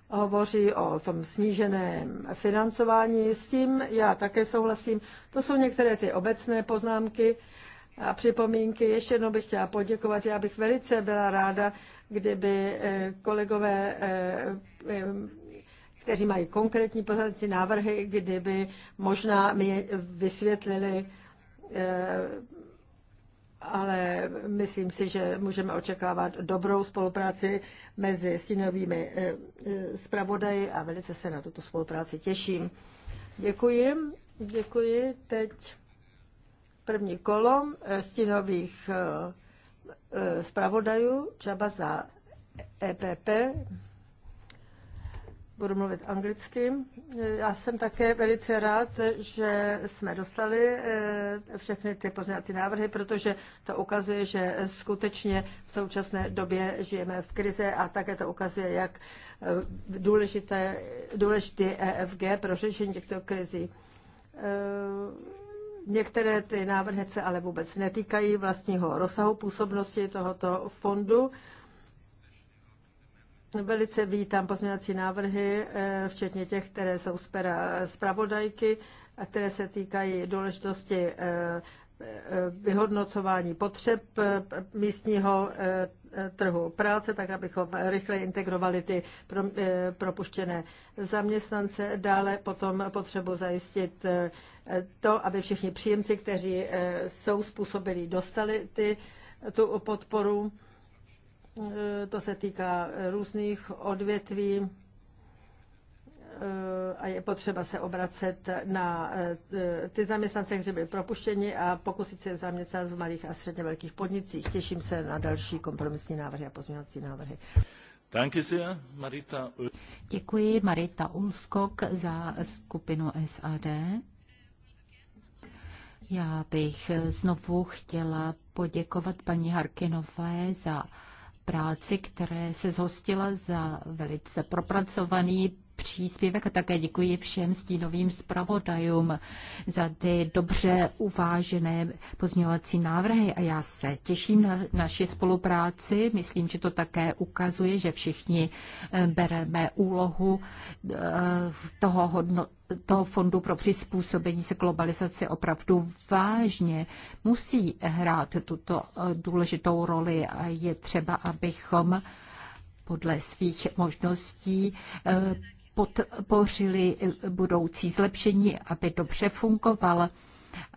hovoří o tom sníženém financování. S tím já také souhlasím. To jsou některé ty obecné poznámky a připomínky. Ještě jednou bych chtěla poděkovat. Já bych velice byla ráda, kdyby eh, kolegové, eh, eh, kteří mají konkrétní pozornici návrhy, kdyby možná mi vysvětlili, Eh, ale myslím si, že můžeme očekávat dobrou spolupráci mezi stínovými eh, eh, zpravodaji a velice se na tuto spolupráci těším. Děkuji, děkuji. Teď první kolo stínových zpravodajů, třeba za EPP budu mluvit anglicky. Já jsem také velice rád, že jsme dostali eh, všechny ty pozměňovací návrhy, protože to ukazuje, že skutečně v současné době žijeme v krize a také to ukazuje, jak eh, důležité, důležité EFG pro řešení těchto krizí. Eh, některé ty návrhy se ale vůbec netýkají vlastního rozsahu působnosti tohoto fondu. Velice vítám pozměňovací návrhy, eh, včetně těch, které jsou z pera eh, zpravodajky a které se týkají důležitosti eh, vyhodnocování potřeb místního trhu práce, tak abychom rychle integrovali ty propuštěné zaměstnance. Dále potom potřebu zajistit to, aby všichni příjemci, kteří jsou způsobili, dostali ty, tu podporu. E, to se týká e, různých odvětví e, a je potřeba se obracet na ty zaměstnance, kteří byli propuštěni a pokusit se zaměstnat v malých a středně velkých podnicích. Těším se na další kompromisní návrhy a pozměňovací návrhy. Děkuji Marita Ulskok za skupinu SAD. Já bych znovu chtěla poděkovat paní Harkinové za práci, které se zhostila za velice propracovaný příspěvek a také děkuji všem stínovým zpravodajům za ty dobře uvážené pozměňovací návrhy a já se těším na naši spolupráci. Myslím, že to také ukazuje, že všichni eh, bereme úlohu eh, toho hodnot toho fondu pro přizpůsobení se globalizaci opravdu vážně musí hrát tuto eh, důležitou roli a je třeba, abychom podle svých možností podpořili budoucí zlepšení, aby dobře fungoval.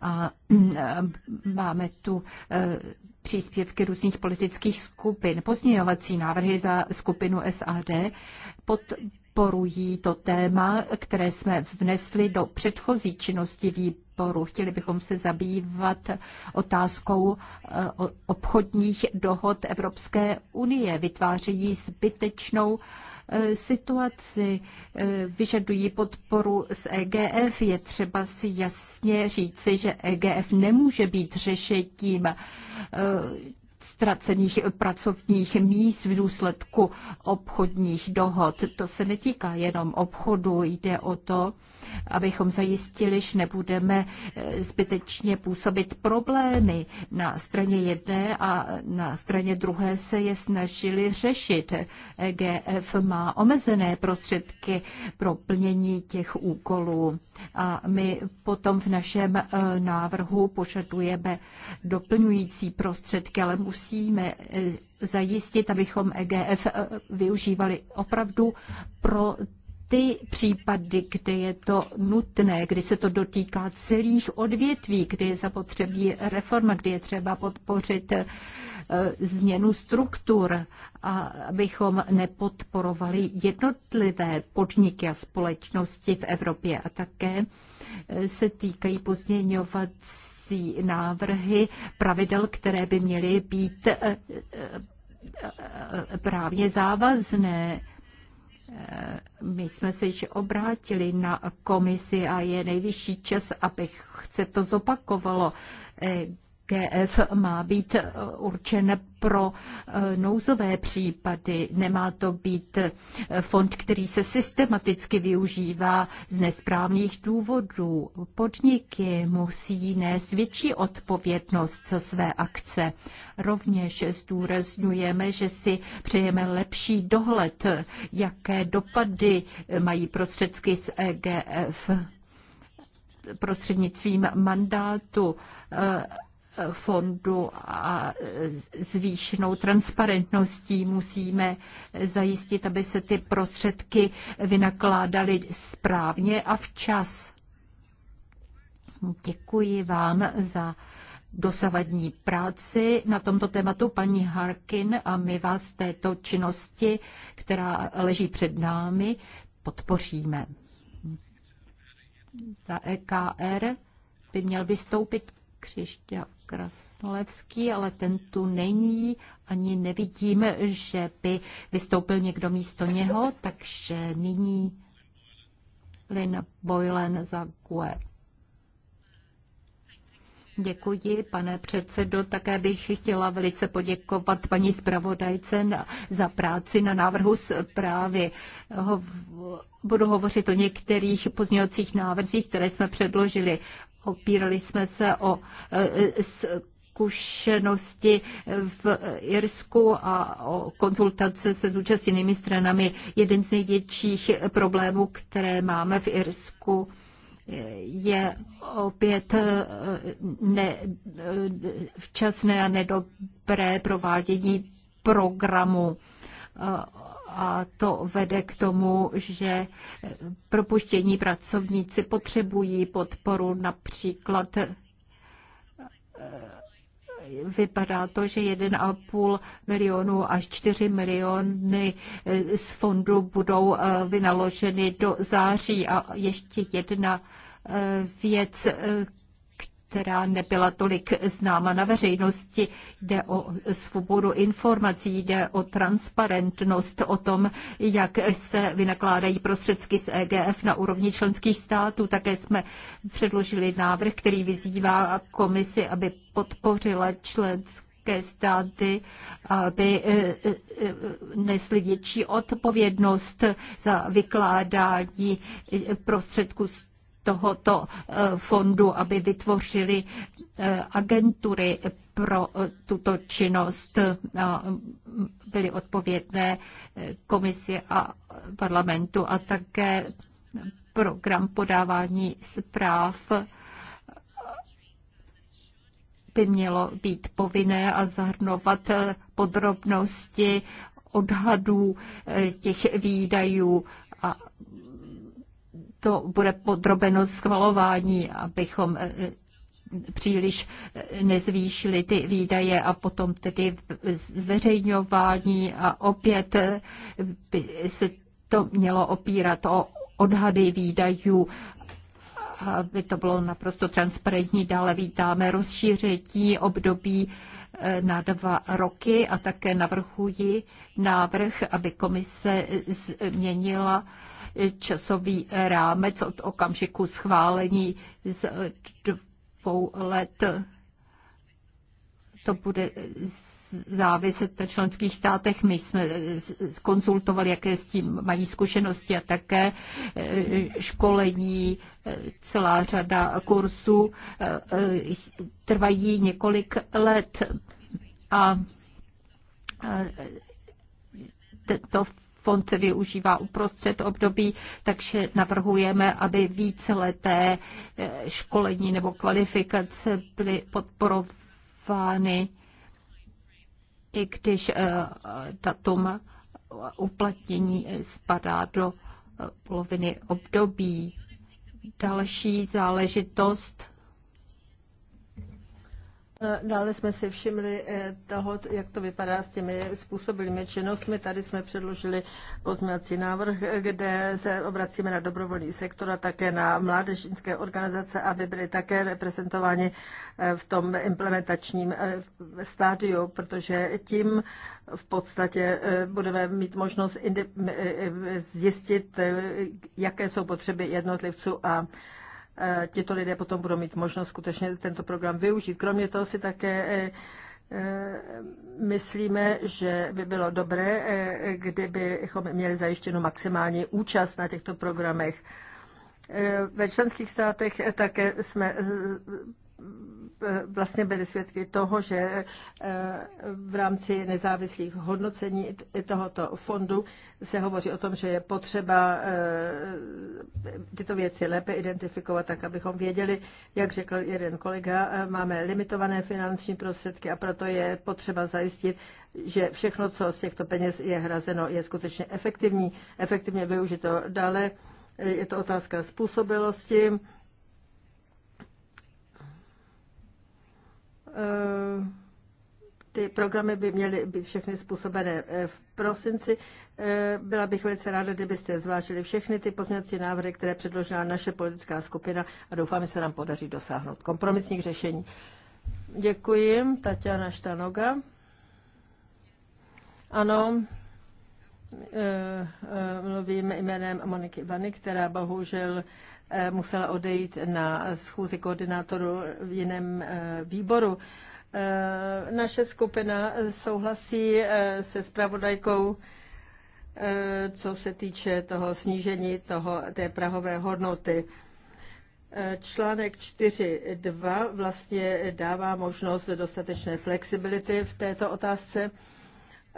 A mm, e, máme tu e, příspěvky různých politických skupin. Pozměňovací návrhy za skupinu SAD podporují to téma, které jsme vnesli do předchozí činnosti výboru. Chtěli bychom se zabývat otázkou e, obchodních dohod Evropské unie. Vytvářejí zbytečnou Eh, situaci. Eh, vyžadují podporu z EGF. Je třeba si jasně říci, že EGF nemůže být řešením eh, ztracených pracovních míst v důsledku obchodních dohod. To se netýká jenom obchodu, jde o to, abychom zajistili, že nebudeme eh, zbytečně působit problémy. Na straně jedné a na straně druhé se je snažili řešit. EGF má omezené prostředky pro plnění těch úkolů. A my potom v našem eh, návrhu požadujeme doplňující prostředky, ale musí musíme e, zajistit, abychom EGF e, využívali opravdu pro ty případy, kde je to nutné, kdy se to dotýká celých odvětví, kdy je zapotřebí reforma, kdy je třeba podpořit e, změnu struktur, a abychom nepodporovali jednotlivé podniky a společnosti v Evropě. A také se týkají pozměňovací pozměňovací návrhy pravidel, které by měly být eh, eh, právně závazné. Eh, my jsme se již obrátili na komisi a je nejvyšší čas, abych se to zopakovalo. GF má být eh, určen pro eh, nouzové případy. Nemá to být eh, fond, který se systematicky využívá z nesprávných důvodů. Podniky musí nést větší odpovědnost za své akce. Rovněž zdůrazňujeme, že si přejeme lepší dohled, jaké dopady mají prostředky z EGF prostřednictvím mandátu fondu a zvýšenou transparentností musíme zajistit, aby se ty prostředky vynakládaly správně a včas. Děkuji vám za dosavadní práci na tomto tématu paní Harkin a my vás v této činnosti, která leží před námi, podpoříme. Za EKR by měl vystoupit Křišťák. Krasnolevský, ale ten tu není, ani nevidím, že by vystoupil někdo místo něho, takže nyní Lynn Boylen za GUE. Děkuji, pane předsedo. Také bych chtěla velice poděkovat paní zpravodajce za práci na návrhu zprávy. Ho, budu hovořit o některých pozměňovacích návrzích, které jsme předložili opírali jsme se o e, e, zkušenosti v Irsku a o konzultace se zúčastněnými stranami. Jeden z největších problémů, které máme v Irsku, je opět e, ne, včasné a nedobré provádění programu a to vede k tomu, že propuštění pracovníci potřebují podporu například eh, vypadá to, že 1,5 milionu až 4 miliony eh, z fondu budou eh, vynaloženy do září. A ještě jedna věc, která nebyla tolik známa na veřejnosti. Jde o svobodu informací, jde o transparentnost, o tom, jak se vynakládají prostředky z EGF na úrovni členských států. Také jsme předložili návrh, který vyzývá komisi, aby podpořila členské státy, aby e, e, nesly větší odpovědnost za vykládání prostředků z tohoto eh, fondu, aby vytvořili eh, agentury pro eh, tuto činnost byly odpovědné komisi a parlamentu a také program podávání zpráv by mělo být povinné a zahrnovat podrobnosti odhadů těch výdajů a to bude podrobeno schvalování, abychom eh, příliš eh, nezvýšili ty výdaje a potom tedy zveřejňování a opět eh, by se to mělo opírat o odhady výdajů aby to bylo naprosto transparentní. Dále vítáme rozšíření období na dva roky a také navrhuji návrh, aby komise změnila časový rámec od okamžiku schválení z dvou let. To bude záviset na členských státech. My jsme konzultovali, jaké s tím mají zkušenosti a také školení, celá řada kursů eh, trvají několik let a eh, tento fond se využívá uprostřed období, takže navrhujeme, aby víceleté eh, školení nebo kvalifikace byly podporovány, i když eh, datum uplatnění eh, spadá do poloviny období. Další záležitost Eh, dále jsme si všimli eh, toho, jak to vypadá s těmi způsobilými činnostmi. Tady jsme předložili pozměňovací návrh, kde se obracíme na dobrovolný sektor a také na mládežnické organizace, aby byly také reprezentováni eh, v tom implementačním stádiu, protože tím v podstatě budeme mít možnost zjistit, jaké jsou potřeby jednotlivců a Eh, tito lidé potom budou mít možnost skutečně tento program využít. Kromě toho si také eh, eh, myslíme, že by bylo dobré, kdybychom měli zajištěnu maximální účast na těchto programech. Ve členských státech také jsme vlastně byli svědky toho, že eh, v rámci nezávislých hodnocení tohoto fondu se hovoří o tom, že je potřeba eh, tyto věci lépe identifikovat, tak abychom věděli, jak řekl jeden kolega, eh, máme limitované finanční prostředky a proto je potřeba zajistit, že všechno, co z těchto peněz je hrazeno, je skutečně efektivní, efektivně využito. Dále je to otázka způsobilosti Eh, ty programy by měly být všechny způsobené eh, v prosinci. Eh, byla bych velice ráda, kdybyste zvážili všechny ty pozměňovací návrhy, které předložila naše politická skupina a doufám, že se nám podaří dosáhnout kompromisních řešení. Děkuji, Tatiana Štanoga. Ano, mluvím jménem Moniky Vany, která bohužel Eh, musela odejít na schůzi koordinátoru v jiném eh, výboru. Eh, naše skupina souhlasí se zpravodajkou, co se týče toho snížení toho, té prahové hodnoty. Článek 4.2 vlastně dává možnost dostatečné flexibility v této otázce.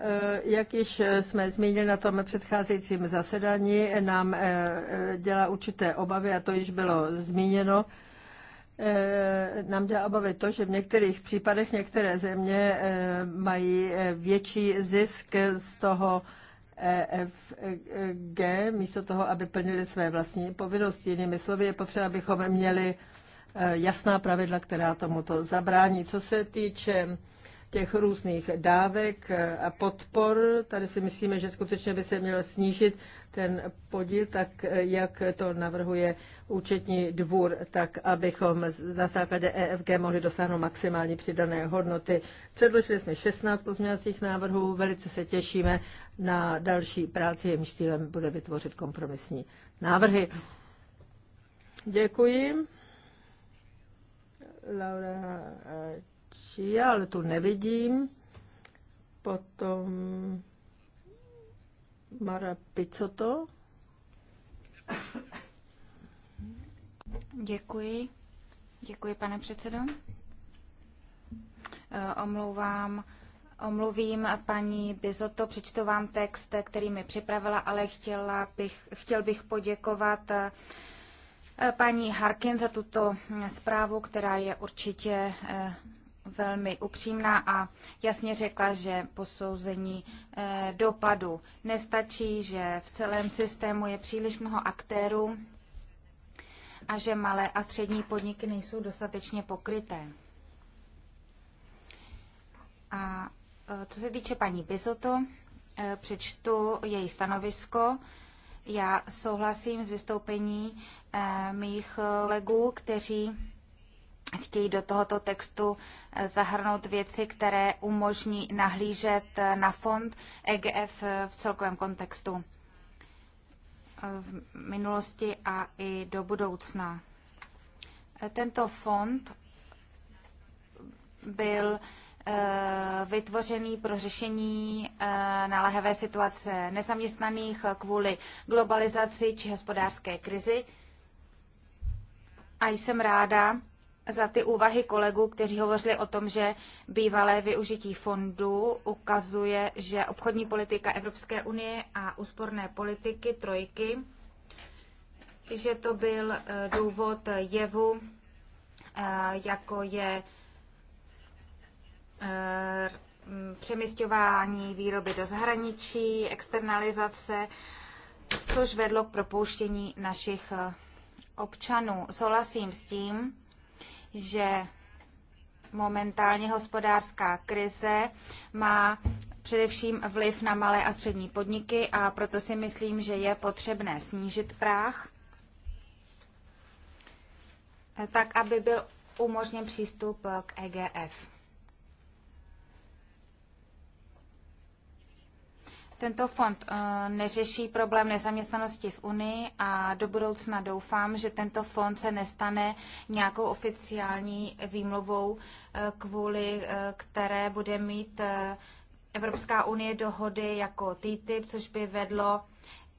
Eh, jak již eh, jsme zmínili na tom předcházejícím zasedání, eh, nám dělá určité obavy, a to již bylo zmíněno, nám dělá obavy to, že v některých případech některé země mají větší zisk z toho EFG, místo toho, aby plnili své vlastní povinnosti. Jinými slovy, je potřeba, abychom měli jasná pravidla, která tomuto zabrání. Co se týče těch různých dávek a podpor. Tady si myslíme, že skutečně by se měl snížit ten podíl, tak jak to navrhuje účetní dvůr, tak abychom na základě EFG mohli dosáhnout maximální přidané hodnoty. Předložili jsme 16 pozměňovacích návrhů, velice se těšíme na další práci, jejímž cílem bude vytvořit kompromisní návrhy. Děkuji. Laura eh, rozhodnutí, ale tu nevidím. Potom Mara Picoto. Děkuji. Děkuji, pane předsedo. Eh, omlouvám, omluvím paní Bizoto, přečtu vám text, který mi připravila, ale chtěla bych, chtěl bych poděkovat eh, paní Harkin za tuto hm, zprávu, která je určitě eh, velmi upřímná a jasně řekla, že posouzení eh, dopadu nestačí, že v celém systému je příliš mnoho aktérů a že malé a střední podniky nejsou dostatečně pokryté. A eh, co se týče paní Bizoto, eh, přečtu její stanovisko. Já souhlasím s vystoupení mých kolegů, kteří chtějí do tohoto textu eh, zahrnout věci, které umožní nahlížet eh, na fond EGF eh, v celkovém kontextu v minulosti a i do budoucna. Tento fond byl vytvořený pro řešení naléhavé situace nezaměstnaných kvůli globalizaci či hospodářské krizi. A jsem ráda, za ty úvahy kolegů, kteří hovořili o tom, že bývalé využití fondů ukazuje, že obchodní politika Evropské unie a úsporné politiky trojky, že to byl eh, důvod jevu, eh, jako je eh, přeměstňování výroby do zahraničí, externalizace, což vedlo k propouštění našich občanů. Souhlasím s tím, že momentálně hospodářská krize má především vliv na malé a střední podniky a proto si myslím, že je potřebné snížit práh, tak aby byl umožněn přístup k EGF. Tento fond eh, neřeší problém nezaměstnanosti v Unii a do budoucna doufám, že tento fond se nestane nějakou oficiální výmluvou, eh, kvůli eh, které bude mít Evropská unie dohody jako TTIP, což by vedlo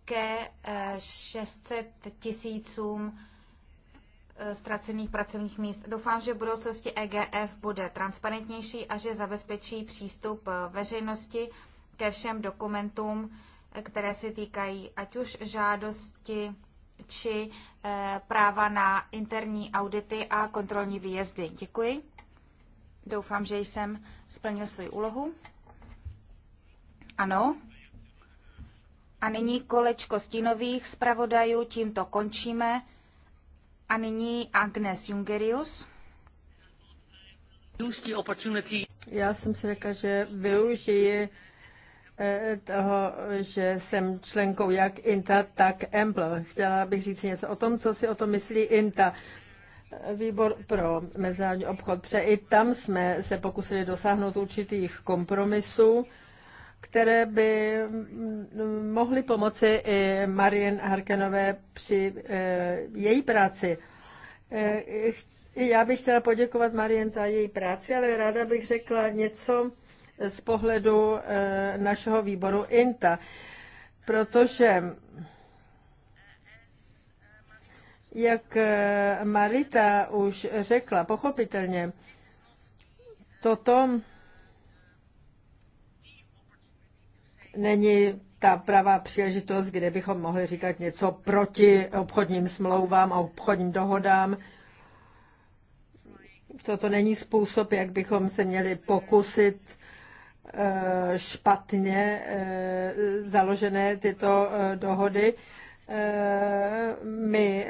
ke 600 tisícům ztracených pracovních míst. Doufám, že v budoucnosti EGF bude transparentnější a že zabezpečí přístup veřejnosti ke všem dokumentům, které se týkají ať už žádosti či eh, práva na interní audity a kontrolní výjezdy. Děkuji. Doufám, že jsem splnil svoji úlohu. Ano. A nyní kolečko stínových zpravodajů, tímto končíme. A nyní Agnes Jungerius. Já jsem si řekla, že využiji Eh, toho, že jsem členkou jak INTA, tak EMBL. Chtěla bych říct něco o tom, co si o tom myslí INTA. Výbor pro mezinárodní obchod. Pře i tam jsme se pokusili dosáhnout určitých kompromisů, které by mm, mohly pomoci i Marien Harkenové při eh, její práci. Eh, já bych chtěla poděkovat Marien za její práci, ale ráda bych řekla něco z pohledu eh, našeho výboru INTA, protože jak eh, Marita už řekla, pochopitelně, toto není ta pravá příležitost, kde bychom mohli říkat něco proti obchodním smlouvám a obchodním dohodám. Toto není způsob, jak bychom se měli pokusit Eh, špatně eh, založené tyto eh, dohody. My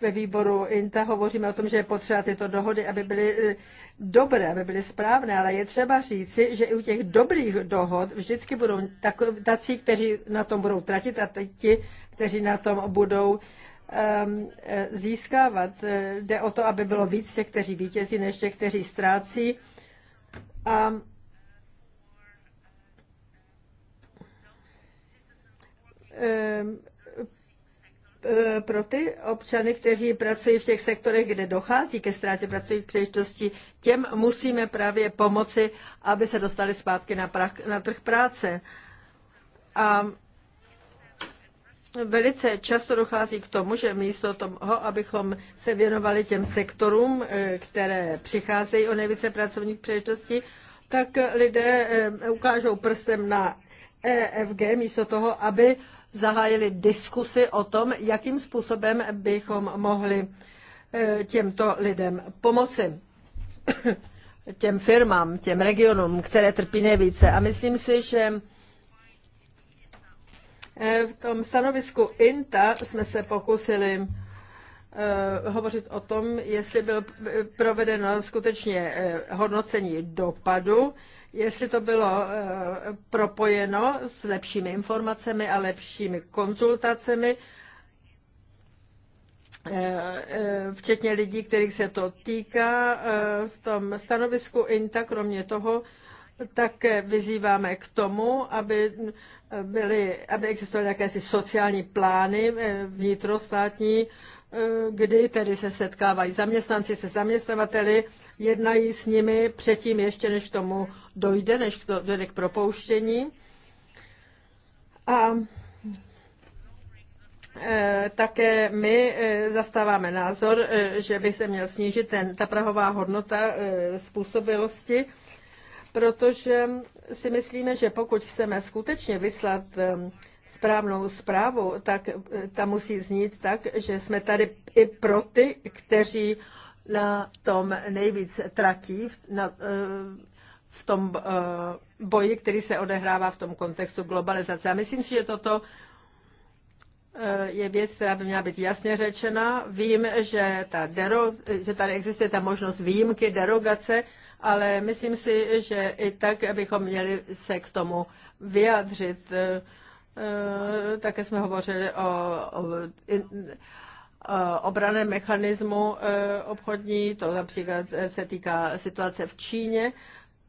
ve výboru INTA hovoříme o tom, že je potřeba tyto dohody, aby byly dobré, aby byly správné, ale je třeba říci, že i u těch dobrých dohod vždycky budou tací, kteří na tom budou tratit a ti, kteří na tom budou ehm, získávat. Jde o to, aby bylo víc těch, kteří vítězí, než těch, kteří ztrácí. A Ehm, e, pro ty občany, kteří pracují v těch sektorech, kde dochází ke ztrátě pracovních příležitostí, těm musíme právě pomoci, aby se dostali zpátky na, prach, na trh práce. A velice často dochází k tomu, že místo toho, abychom se věnovali těm sektorům, e, které přicházejí o nejvíce pracovních příležitostí, tak lidé e, ukážou prstem na EFG místo toho, aby zahájili diskusy o tom, jakým způsobem bychom mohli eh, těmto lidem pomoci těm firmám, těm regionům, které trpí nejvíce. A myslím si, že eh, v tom stanovisku INTA jsme se pokusili eh, hovořit o tom, jestli byl provedeno skutečně hodnocení dopadu, jestli to bylo eh, propojeno s lepšími informacemi a lepšími konzultacemi, eh, eh, včetně lidí, kterých se to týká. V tom stanovisku INTA, kromě toho, také vyzýváme k tomu, aby, byly, aby existovaly jakési sociální plány vnitrostátní, kdy tedy se setkávají zaměstnanci se zaměstnavateli, jednají s nimi předtím, ještě než k tomu dojde, než k to, dojde k propouštění. A e, také my e, zastáváme názor, e, že by se měl snížit ten, ta prahová hodnota způsobilosti, protože si myslíme, že pokud chceme skutečně vyslat správnou zprávu, tak ta musí znít tak, že jsme tady i pro ty, kteří na tom nejvíc tratí, na, eh, v tom eh, boji, který se odehrává v tom kontextu globalizace. A myslím si, že toto eh, je věc, která by měla být jasně řečena. Vím, že, ta dero, že tady existuje ta možnost výjimky, derogace, ale myslím si, že i tak bychom měli se k tomu vyjádřit. Také jsme hovořili o, o Eh, obrané mechanismu eh, obchodní, to například eh, se týká situace v Číně,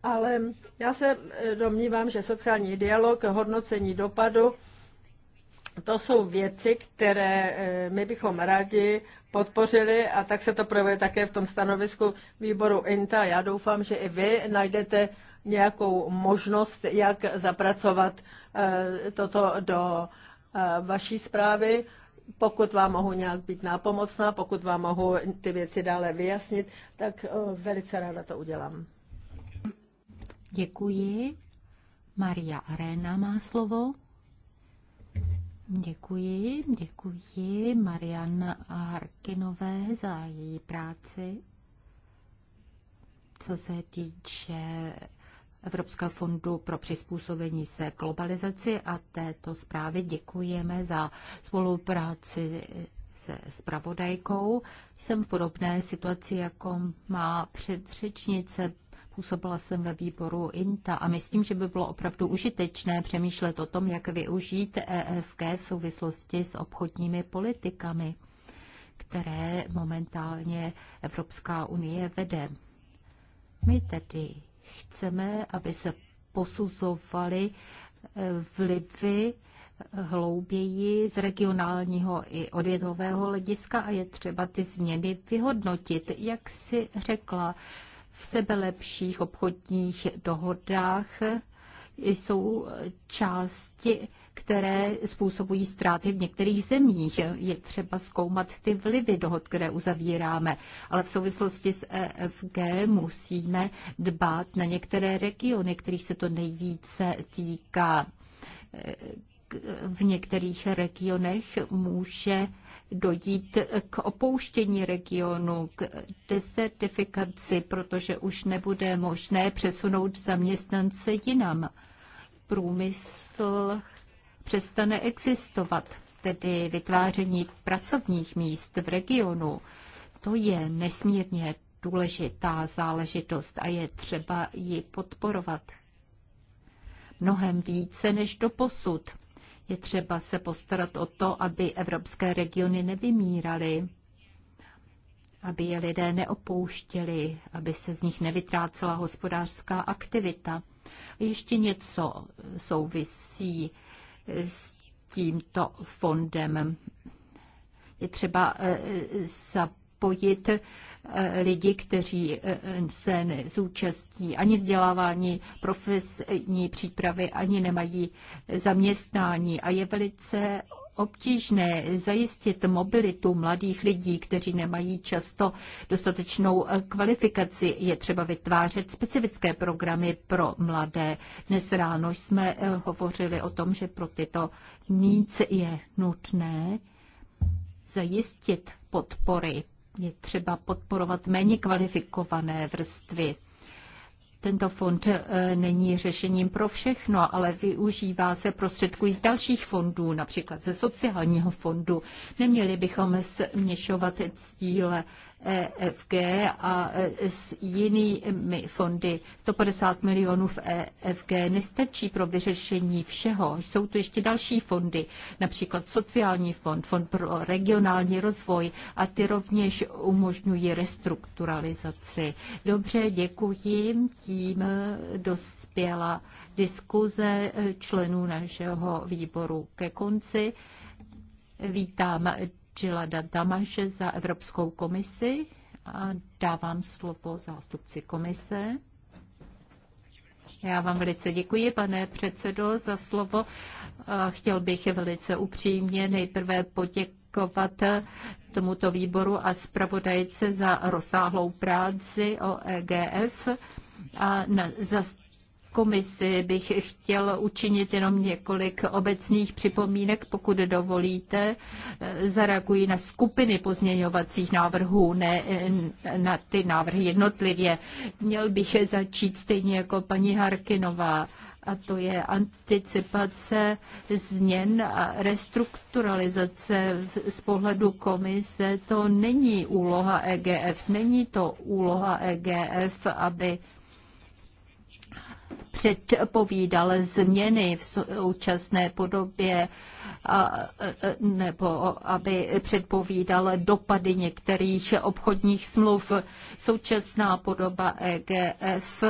ale já se domnívám, že sociální dialog, hodnocení dopadu, to jsou věci, které my bychom rádi podpořili a tak se to projevuje také v tom stanovisku výboru INTA. Já doufám, že i vy najdete nějakou možnost, jak zapracovat toto do vaší zprávy pokud vám mohu nějak být nápomocná, pokud vám mohu ty věci dále vyjasnit, tak eh, velice ráda to udělám. Děkuji. Maria Arena má slovo. Děkuji, děkuji Marian Harkinové za její práci. Co se týče Evropského fondu pro přizpůsobení se globalizaci a této zprávy děkujeme za spolupráci se spravodajkou. Jsem v podobné situaci, jako má předřečnice. Působila jsem ve výboru INTA a myslím, že by bylo opravdu užitečné přemýšlet o tom, jak využít EFG v souvislosti s obchodními politikami, které momentálně Evropská unie vede. My tedy Chceme, aby se posuzovaly eh, vlivy eh, hlouběji z regionálního i odjedového hlediska a je třeba ty změny vyhodnotit. Jak si řekla, v sebelepších obchodních dohodách jsou části, které způsobují ztráty v některých zemích. Je třeba zkoumat ty vlivy dohod, které uzavíráme, ale v souvislosti s EFG musíme dbát na některé regiony, kterých se to nejvíce týká v některých regionech může dojít k opouštění regionu, k desertifikaci, protože už nebude možné přesunout zaměstnance jinam průmysl přestane existovat, tedy vytváření pracovních míst v regionu. To je nesmírně důležitá záležitost a je třeba ji podporovat mnohem více než do posud. Je třeba se postarat o to, aby evropské regiony nevymíraly, aby je lidé neopouštěli, aby se z nich nevytrácela hospodářská aktivita. Ještě něco souvisí s tímto fondem. Je třeba eh, zapojit eh, lidi, kteří eh, se nezúčastní ani vzdělávání profesní přípravy, ani nemají zaměstnání. A je velice obtížné zajistit mobilitu mladých lidí, kteří nemají často dostatečnou eh, kvalifikaci. Je třeba vytvářet specifické programy pro mladé. Dnes ráno jsme eh, hovořili o tom, že pro tyto nic je nutné zajistit podpory. Je třeba podporovat méně kvalifikované vrstvy tento fond eh, není řešením pro všechno, ale využívá se prostředků z dalších fondů, například ze sociálního fondu. Neměli bychom směšovat cíle EFG a e, s jinými fondy. 150 milionů v EFG nestačí pro vyřešení všeho. Jsou tu ještě další fondy, například sociální fond, fond pro regionální rozvoj a ty rovněž umožňují restrukturalizaci. Dobře, děkuji. Tím dospěla diskuze členů našeho výboru ke konci. Vítám Gilada Damaše za Evropskou komisi a dávám slovo zástupci komise. Já vám velice děkuji, pane předsedo, za slovo. Chtěl bych velice upřímně nejprve poděkovat tomuto výboru a zpravodajce za rozsáhlou práci o EGF a na, za komisi bych chtěl učinit jenom několik obecných připomínek, pokud dovolíte. Zareaguji na skupiny pozměňovacích návrhů, ne na ty návrhy jednotlivě. Měl bych je začít stejně jako paní Harkinová a to je anticipace změn a restrukturalizace z pohledu komise. To není úloha EGF, není to úloha EGF, aby předpovídal změny v současné podobě a, nebo aby předpovídal dopady některých obchodních smluv. Současná podoba EGF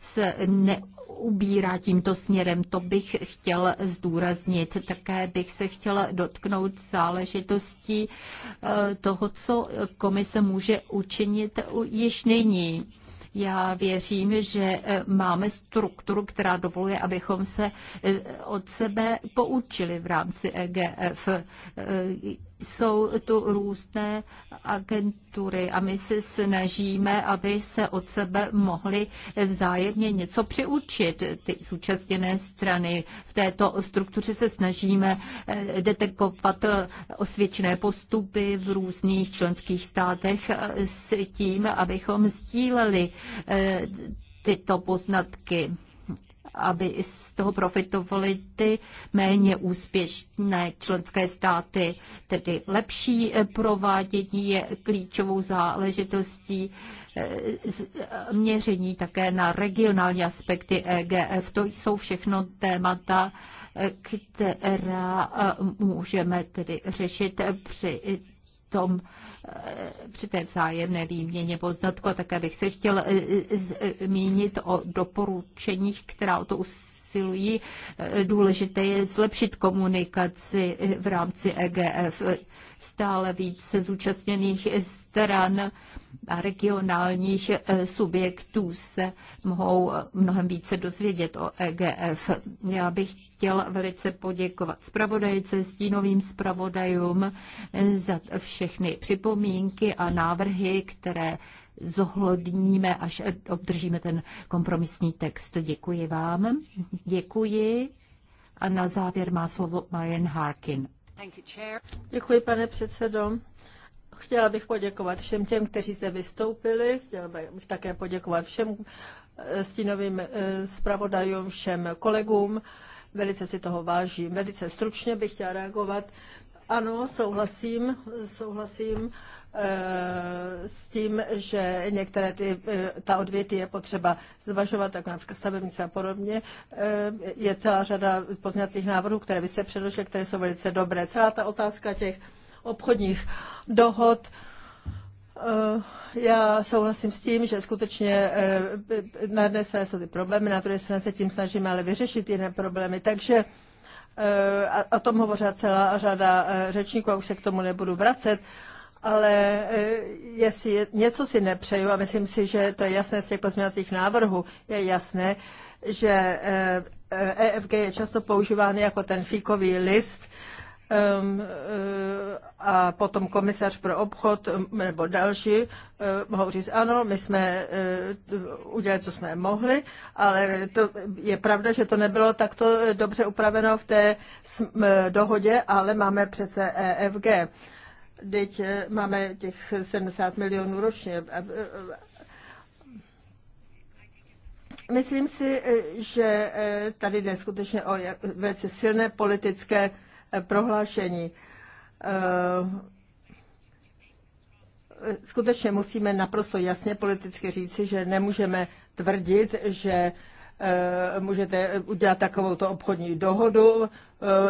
se neubírá tímto směrem. To bych chtěl zdůraznit. Také bych se chtěla dotknout záležitostí e, toho, co komise může učinit již nyní já věřím, že eh, máme strukturu, která dovoluje, abychom se eh, od sebe poučili v rámci EGF. Eh, jsou tu různé agentury a my se snažíme, aby se od sebe mohly vzájemně něco přiučit. Ty zúčastněné strany v této struktuře se snažíme eh, detekovat eh, osvědčené postupy v různých členských státech eh, s tím, abychom sdíleli tyto poznatky aby z toho profitovaly ty méně úspěšné členské státy. Tedy lepší eh, provádění je klíčovou záležitostí eh, eh, měření také na regionální aspekty EGF. To jsou všechno témata, která můžeme tedy řešit při tom eh, při té vzájemné výměně poznatku. A také bych se chtěl eh, eh, zmínit o doporučeních, která o to usilují posilují. Eh, důležité je zlepšit komunikaci eh, v rámci EGF. Stále více zúčastněných stran a regionálních eh, subjektů se mohou mnohem více dozvědět o EGF. Já bych chtěl velice poděkovat zpravodajce, stínovým zpravodajům za všechny připomínky a návrhy, které zohlodníme, až obdržíme ten kompromisní text. Děkuji vám. Děkuji. A na závěr má slovo Marian Harkin. Děkuji, pane předsedo. Chtěla bych poděkovat všem těm, kteří se vystoupili. Chtěla bych také poděkovat všem eh, stínovým eh, zpravodajům, všem kolegům. Velice si toho vážím. Velice stručně bych chtěla reagovat. Ano, souhlasím, souhlasím Eh, s tím, že některé ty, eh, ta odvěty je potřeba zvažovat, tak jako například stavebnice a podobně. Eh, je celá řada pozměňovacích návrhů, které vy jste předložili, které jsou velice dobré. Celá ta otázka těch obchodních dohod, já souhlasím s tím, že skutečně na jedné straně jsou ty problémy, na druhé straně se tím snažíme ale vyřešit jiné problémy. Takže a o tom hovořila celá řada řečníků, a už se k tomu nebudu vracet ale e, jestli něco si nepřeju, a myslím si, že to je jasné z těch pozměňovacích návrhů, je jasné, že EFG e, e je často používán jako ten fíkový list a potom komisař pro obchod nebo další mohou říct, ano, my jsme udělali, co jsme mohli, ale to je pravda, že to nebylo takto dobře upraveno v té dohodě, ale máme přece EFG. Teď eh, máme těch 70 milionů ročně. Eh, eh, myslím si, že tady jde skutečně o velice silné politické prohlášení. Skutečně musíme naprosto jasně politicky říci, že nemůžeme tvrdit, že můžete udělat takovouto obchodní dohodu.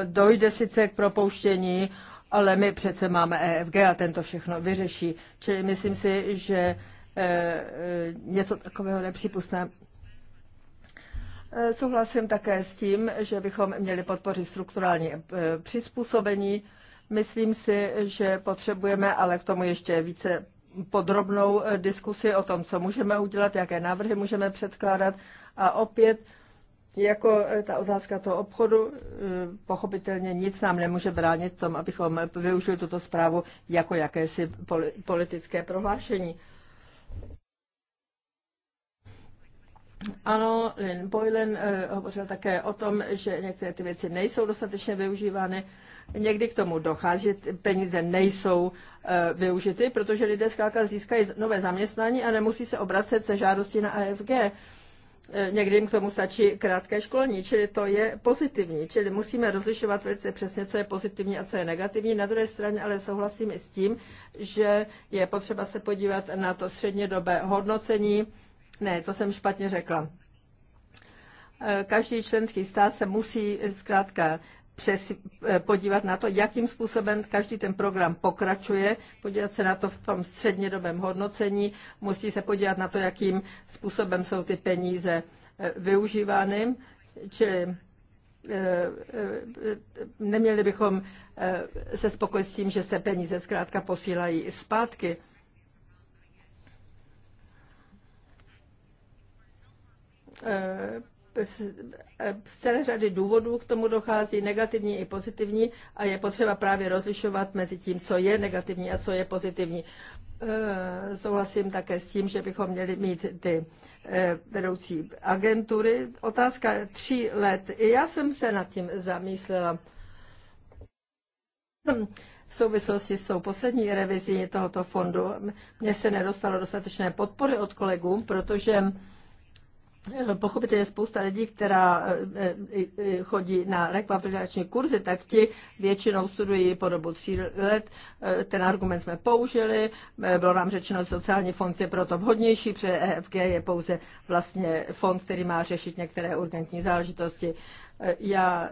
Dojde sice k propouštění ale my přece máme EFG a tento všechno vyřeší. Čili myslím si, že e, e, něco takového nepřípustné. E, souhlasím také s tím, že bychom měli podpořit strukturální přizpůsobení. Myslím si, že potřebujeme ale k tomu ještě více podrobnou diskusi o tom, co můžeme udělat, jaké návrhy můžeme předkládat. A opět jako eh, ta otázka toho obchodu, eh, pochopitelně nic nám nemůže bránit tom, abychom využili tuto zprávu jako jakési politické prohlášení. Ano, Lynn Boylan eh, hovořil také o tom, že některé ty věci nejsou dostatečně využívány. Někdy k tomu dochází, že peníze nejsou využity, protože lidé zkrátka získají nové zaměstnání a nemusí se obracet se žádostí na AFG. Eh, někdy jim k tomu stačí krátké školní, čili to je pozitivní, čili musíme rozlišovat velice přesně, co je pozitivní a co je negativní. Na druhé straně ale souhlasím i s tím, že je potřeba se podívat na to střednědobé hodnocení. Ne, to jsem špatně řekla. Eh, každý členský stát se musí zkrátka přes, eh, podívat na to, jakým způsobem každý ten program pokračuje, podívat se na to v tom střednědobém hodnocení, musí se podívat na to, jakým způsobem jsou ty peníze eh, využívány, čili eh, neměli bychom se spokojit s tím, že se peníze zkrátka posílají zpátky. E, z celé řady důvodů k tomu dochází, negativní i pozitivní, a je potřeba právě rozlišovat mezi tím, co je negativní a co je pozitivní. E, souhlasím také s tím, že bychom měli mít ty e, vedoucí agentury. Otázka tří let. I já jsem se nad tím zamýšlela v souvislosti s tou poslední revizí tohoto fondu. Mně se nedostalo dostatečné podpory od kolegů, protože Pochopitelně spousta lidí, která eh, eh, eh, chodí na rekvalifikační kurzy, tak ti většinou studují po dobu tří let. Ten argument jsme použili. Bylo nám řečeno, že sociální fond je proto vhodnější, protože EFG je pouze vlastně fond, který má řešit některé urgentní záležitosti. Já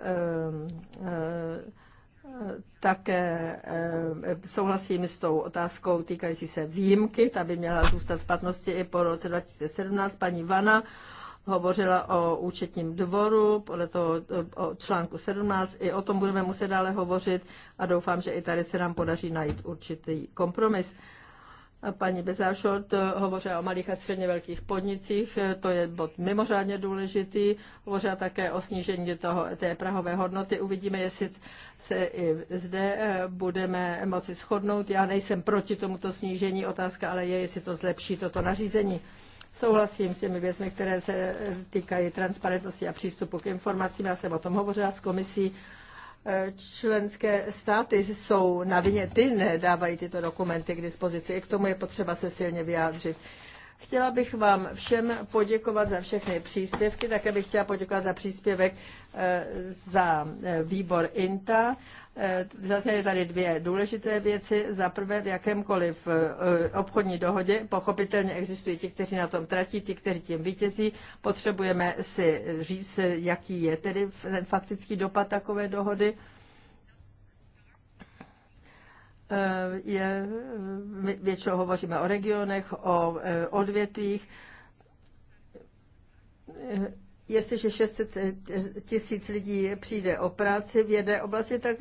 také souhlasím s tou otázkou týkající se výjimky, ta by měla zůstat v platnosti i po roce 2017. Paní Vana hovořila o účetním dvoru, podle toho o článku 17. I o tom budeme muset dále hovořit a doufám, že i tady se nám podaří najít určitý kompromis. Paní Bezášot hovořila o malých a středně velkých podnicích, to je bod mimořádně důležitý. Hovořila také o snížení toho, té prahové hodnoty. Uvidíme, jestli se i zde budeme moci shodnout. Já nejsem proti tomuto snížení, otázka ale je, jestli to zlepší toto nařízení. Souhlasím s těmi věcmi, které se týkají transparentnosti a přístupu k informacím. Já jsem o tom hovořila s komisí. E, Členské státy jsou na vině, ty nedávají tyto dokumenty k dispozici. I k tomu je potřeba se silně vyjádřit. Chtěla bych vám všem poděkovat za všechny příspěvky, také bych chtěla poděkovat za příspěvek e, za e, výbor INTA. Eh, zase je tady dvě důležité věci. Za prvé, v jakémkoliv eh, obchodní dohodě pochopitelně existují ti, kteří na tom tratí, ti, kteří tím vítězí. Potřebujeme si říct, jaký je tedy ten faktický dopad takové dohody. Eh, je, většinou hovoříme o regionech, o odvětvích jestliže 600 eh, tisíc lidí přijde o práci v jedné oblasti, tak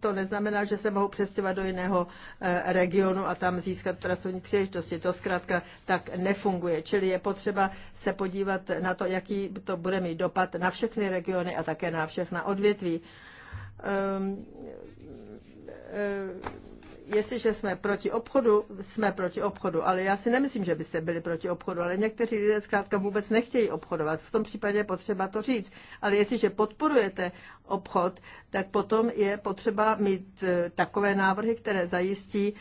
to neznamená, že se mohou přestěhovat do jiného eh, regionu a tam získat pracovní příležitosti. To zkrátka tak nefunguje. Čili je potřeba se podívat na to, jaký to bude mít dopad na všechny regiony a také na všechna odvětví. Um, um, jestliže jsme proti obchodu, jsme proti obchodu, ale já si nemyslím, že byste byli proti obchodu, ale někteří lidé zkrátka vůbec nechtějí obchodovat. V tom případě je potřeba to říct. Ale jestliže podporujete obchod, tak potom je potřeba mít eh, takové návrhy, které zajistí,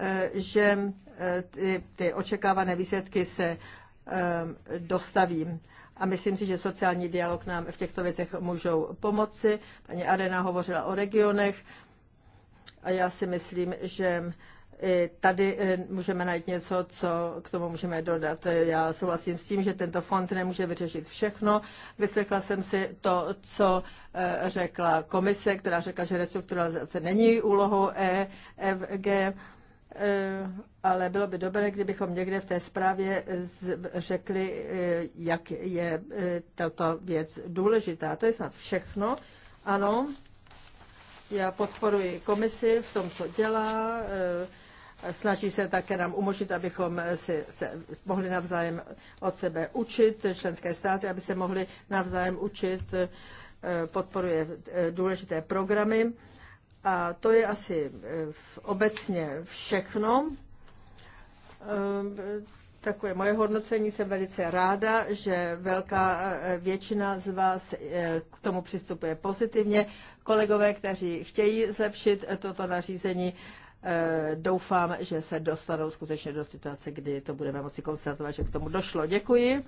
eh, že eh, ty, ty očekávané výsledky se dostaví a myslím si, že sociální dialog nám v těchto věcech můžou pomoci. Paní Arena hovořila o regionech, a já si myslím, že eh, tady eh, můžeme najít něco, co k tomu můžeme dodat. Já souhlasím s tím, že tento fond nemůže vyřešit všechno. Vyslechla jsem si to, co eh, řekla komise, která řekla, že restrukturalizace není úlohou EFG, ale bylo by dobré, kdybychom někde v té zprávě řekli, jak je tato věc důležitá. To je snad všechno. Ano. Já podporuji komisi v tom, co dělá. Eh, snaží se také nám umožnit, abychom si se mohli navzájem od sebe učit, členské státy, aby se mohli navzájem učit. Eh, podporuje eh, důležité programy. A to je asi obecně všechno. Takové moje hodnocení jsem velice ráda, že velká většina z vás k tomu přistupuje pozitivně. Kolegové, kteří chtějí zlepšit toto nařízení, eh, doufám, že se dostanou skutečně do situace, kdy to budeme moci konstatovat, že k tomu došlo. Děkuji.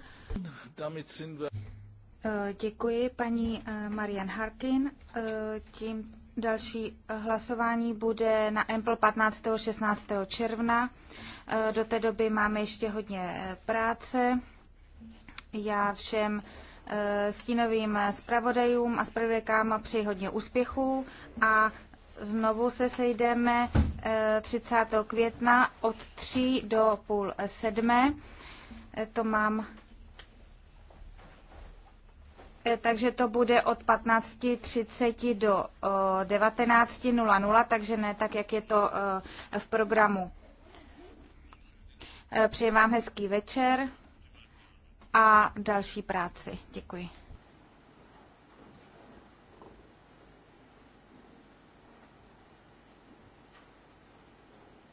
Eh, děkuji paní eh, Marian Harkin. Tím další hlasování bude na Empl 15. 16. června. Do té doby máme ještě hodně práce. Já všem Eh, stínovým zpravodajům a zpravodajkám přeji hodně úspěchů a znovu se sejdeme 30. Eh, května od 3 do půl sedmé. Eh, to mám takže to bude od 15.30 do 19.00, takže ne tak, jak je to v programu. Přeji vám hezký večer a další práci. Děkuji.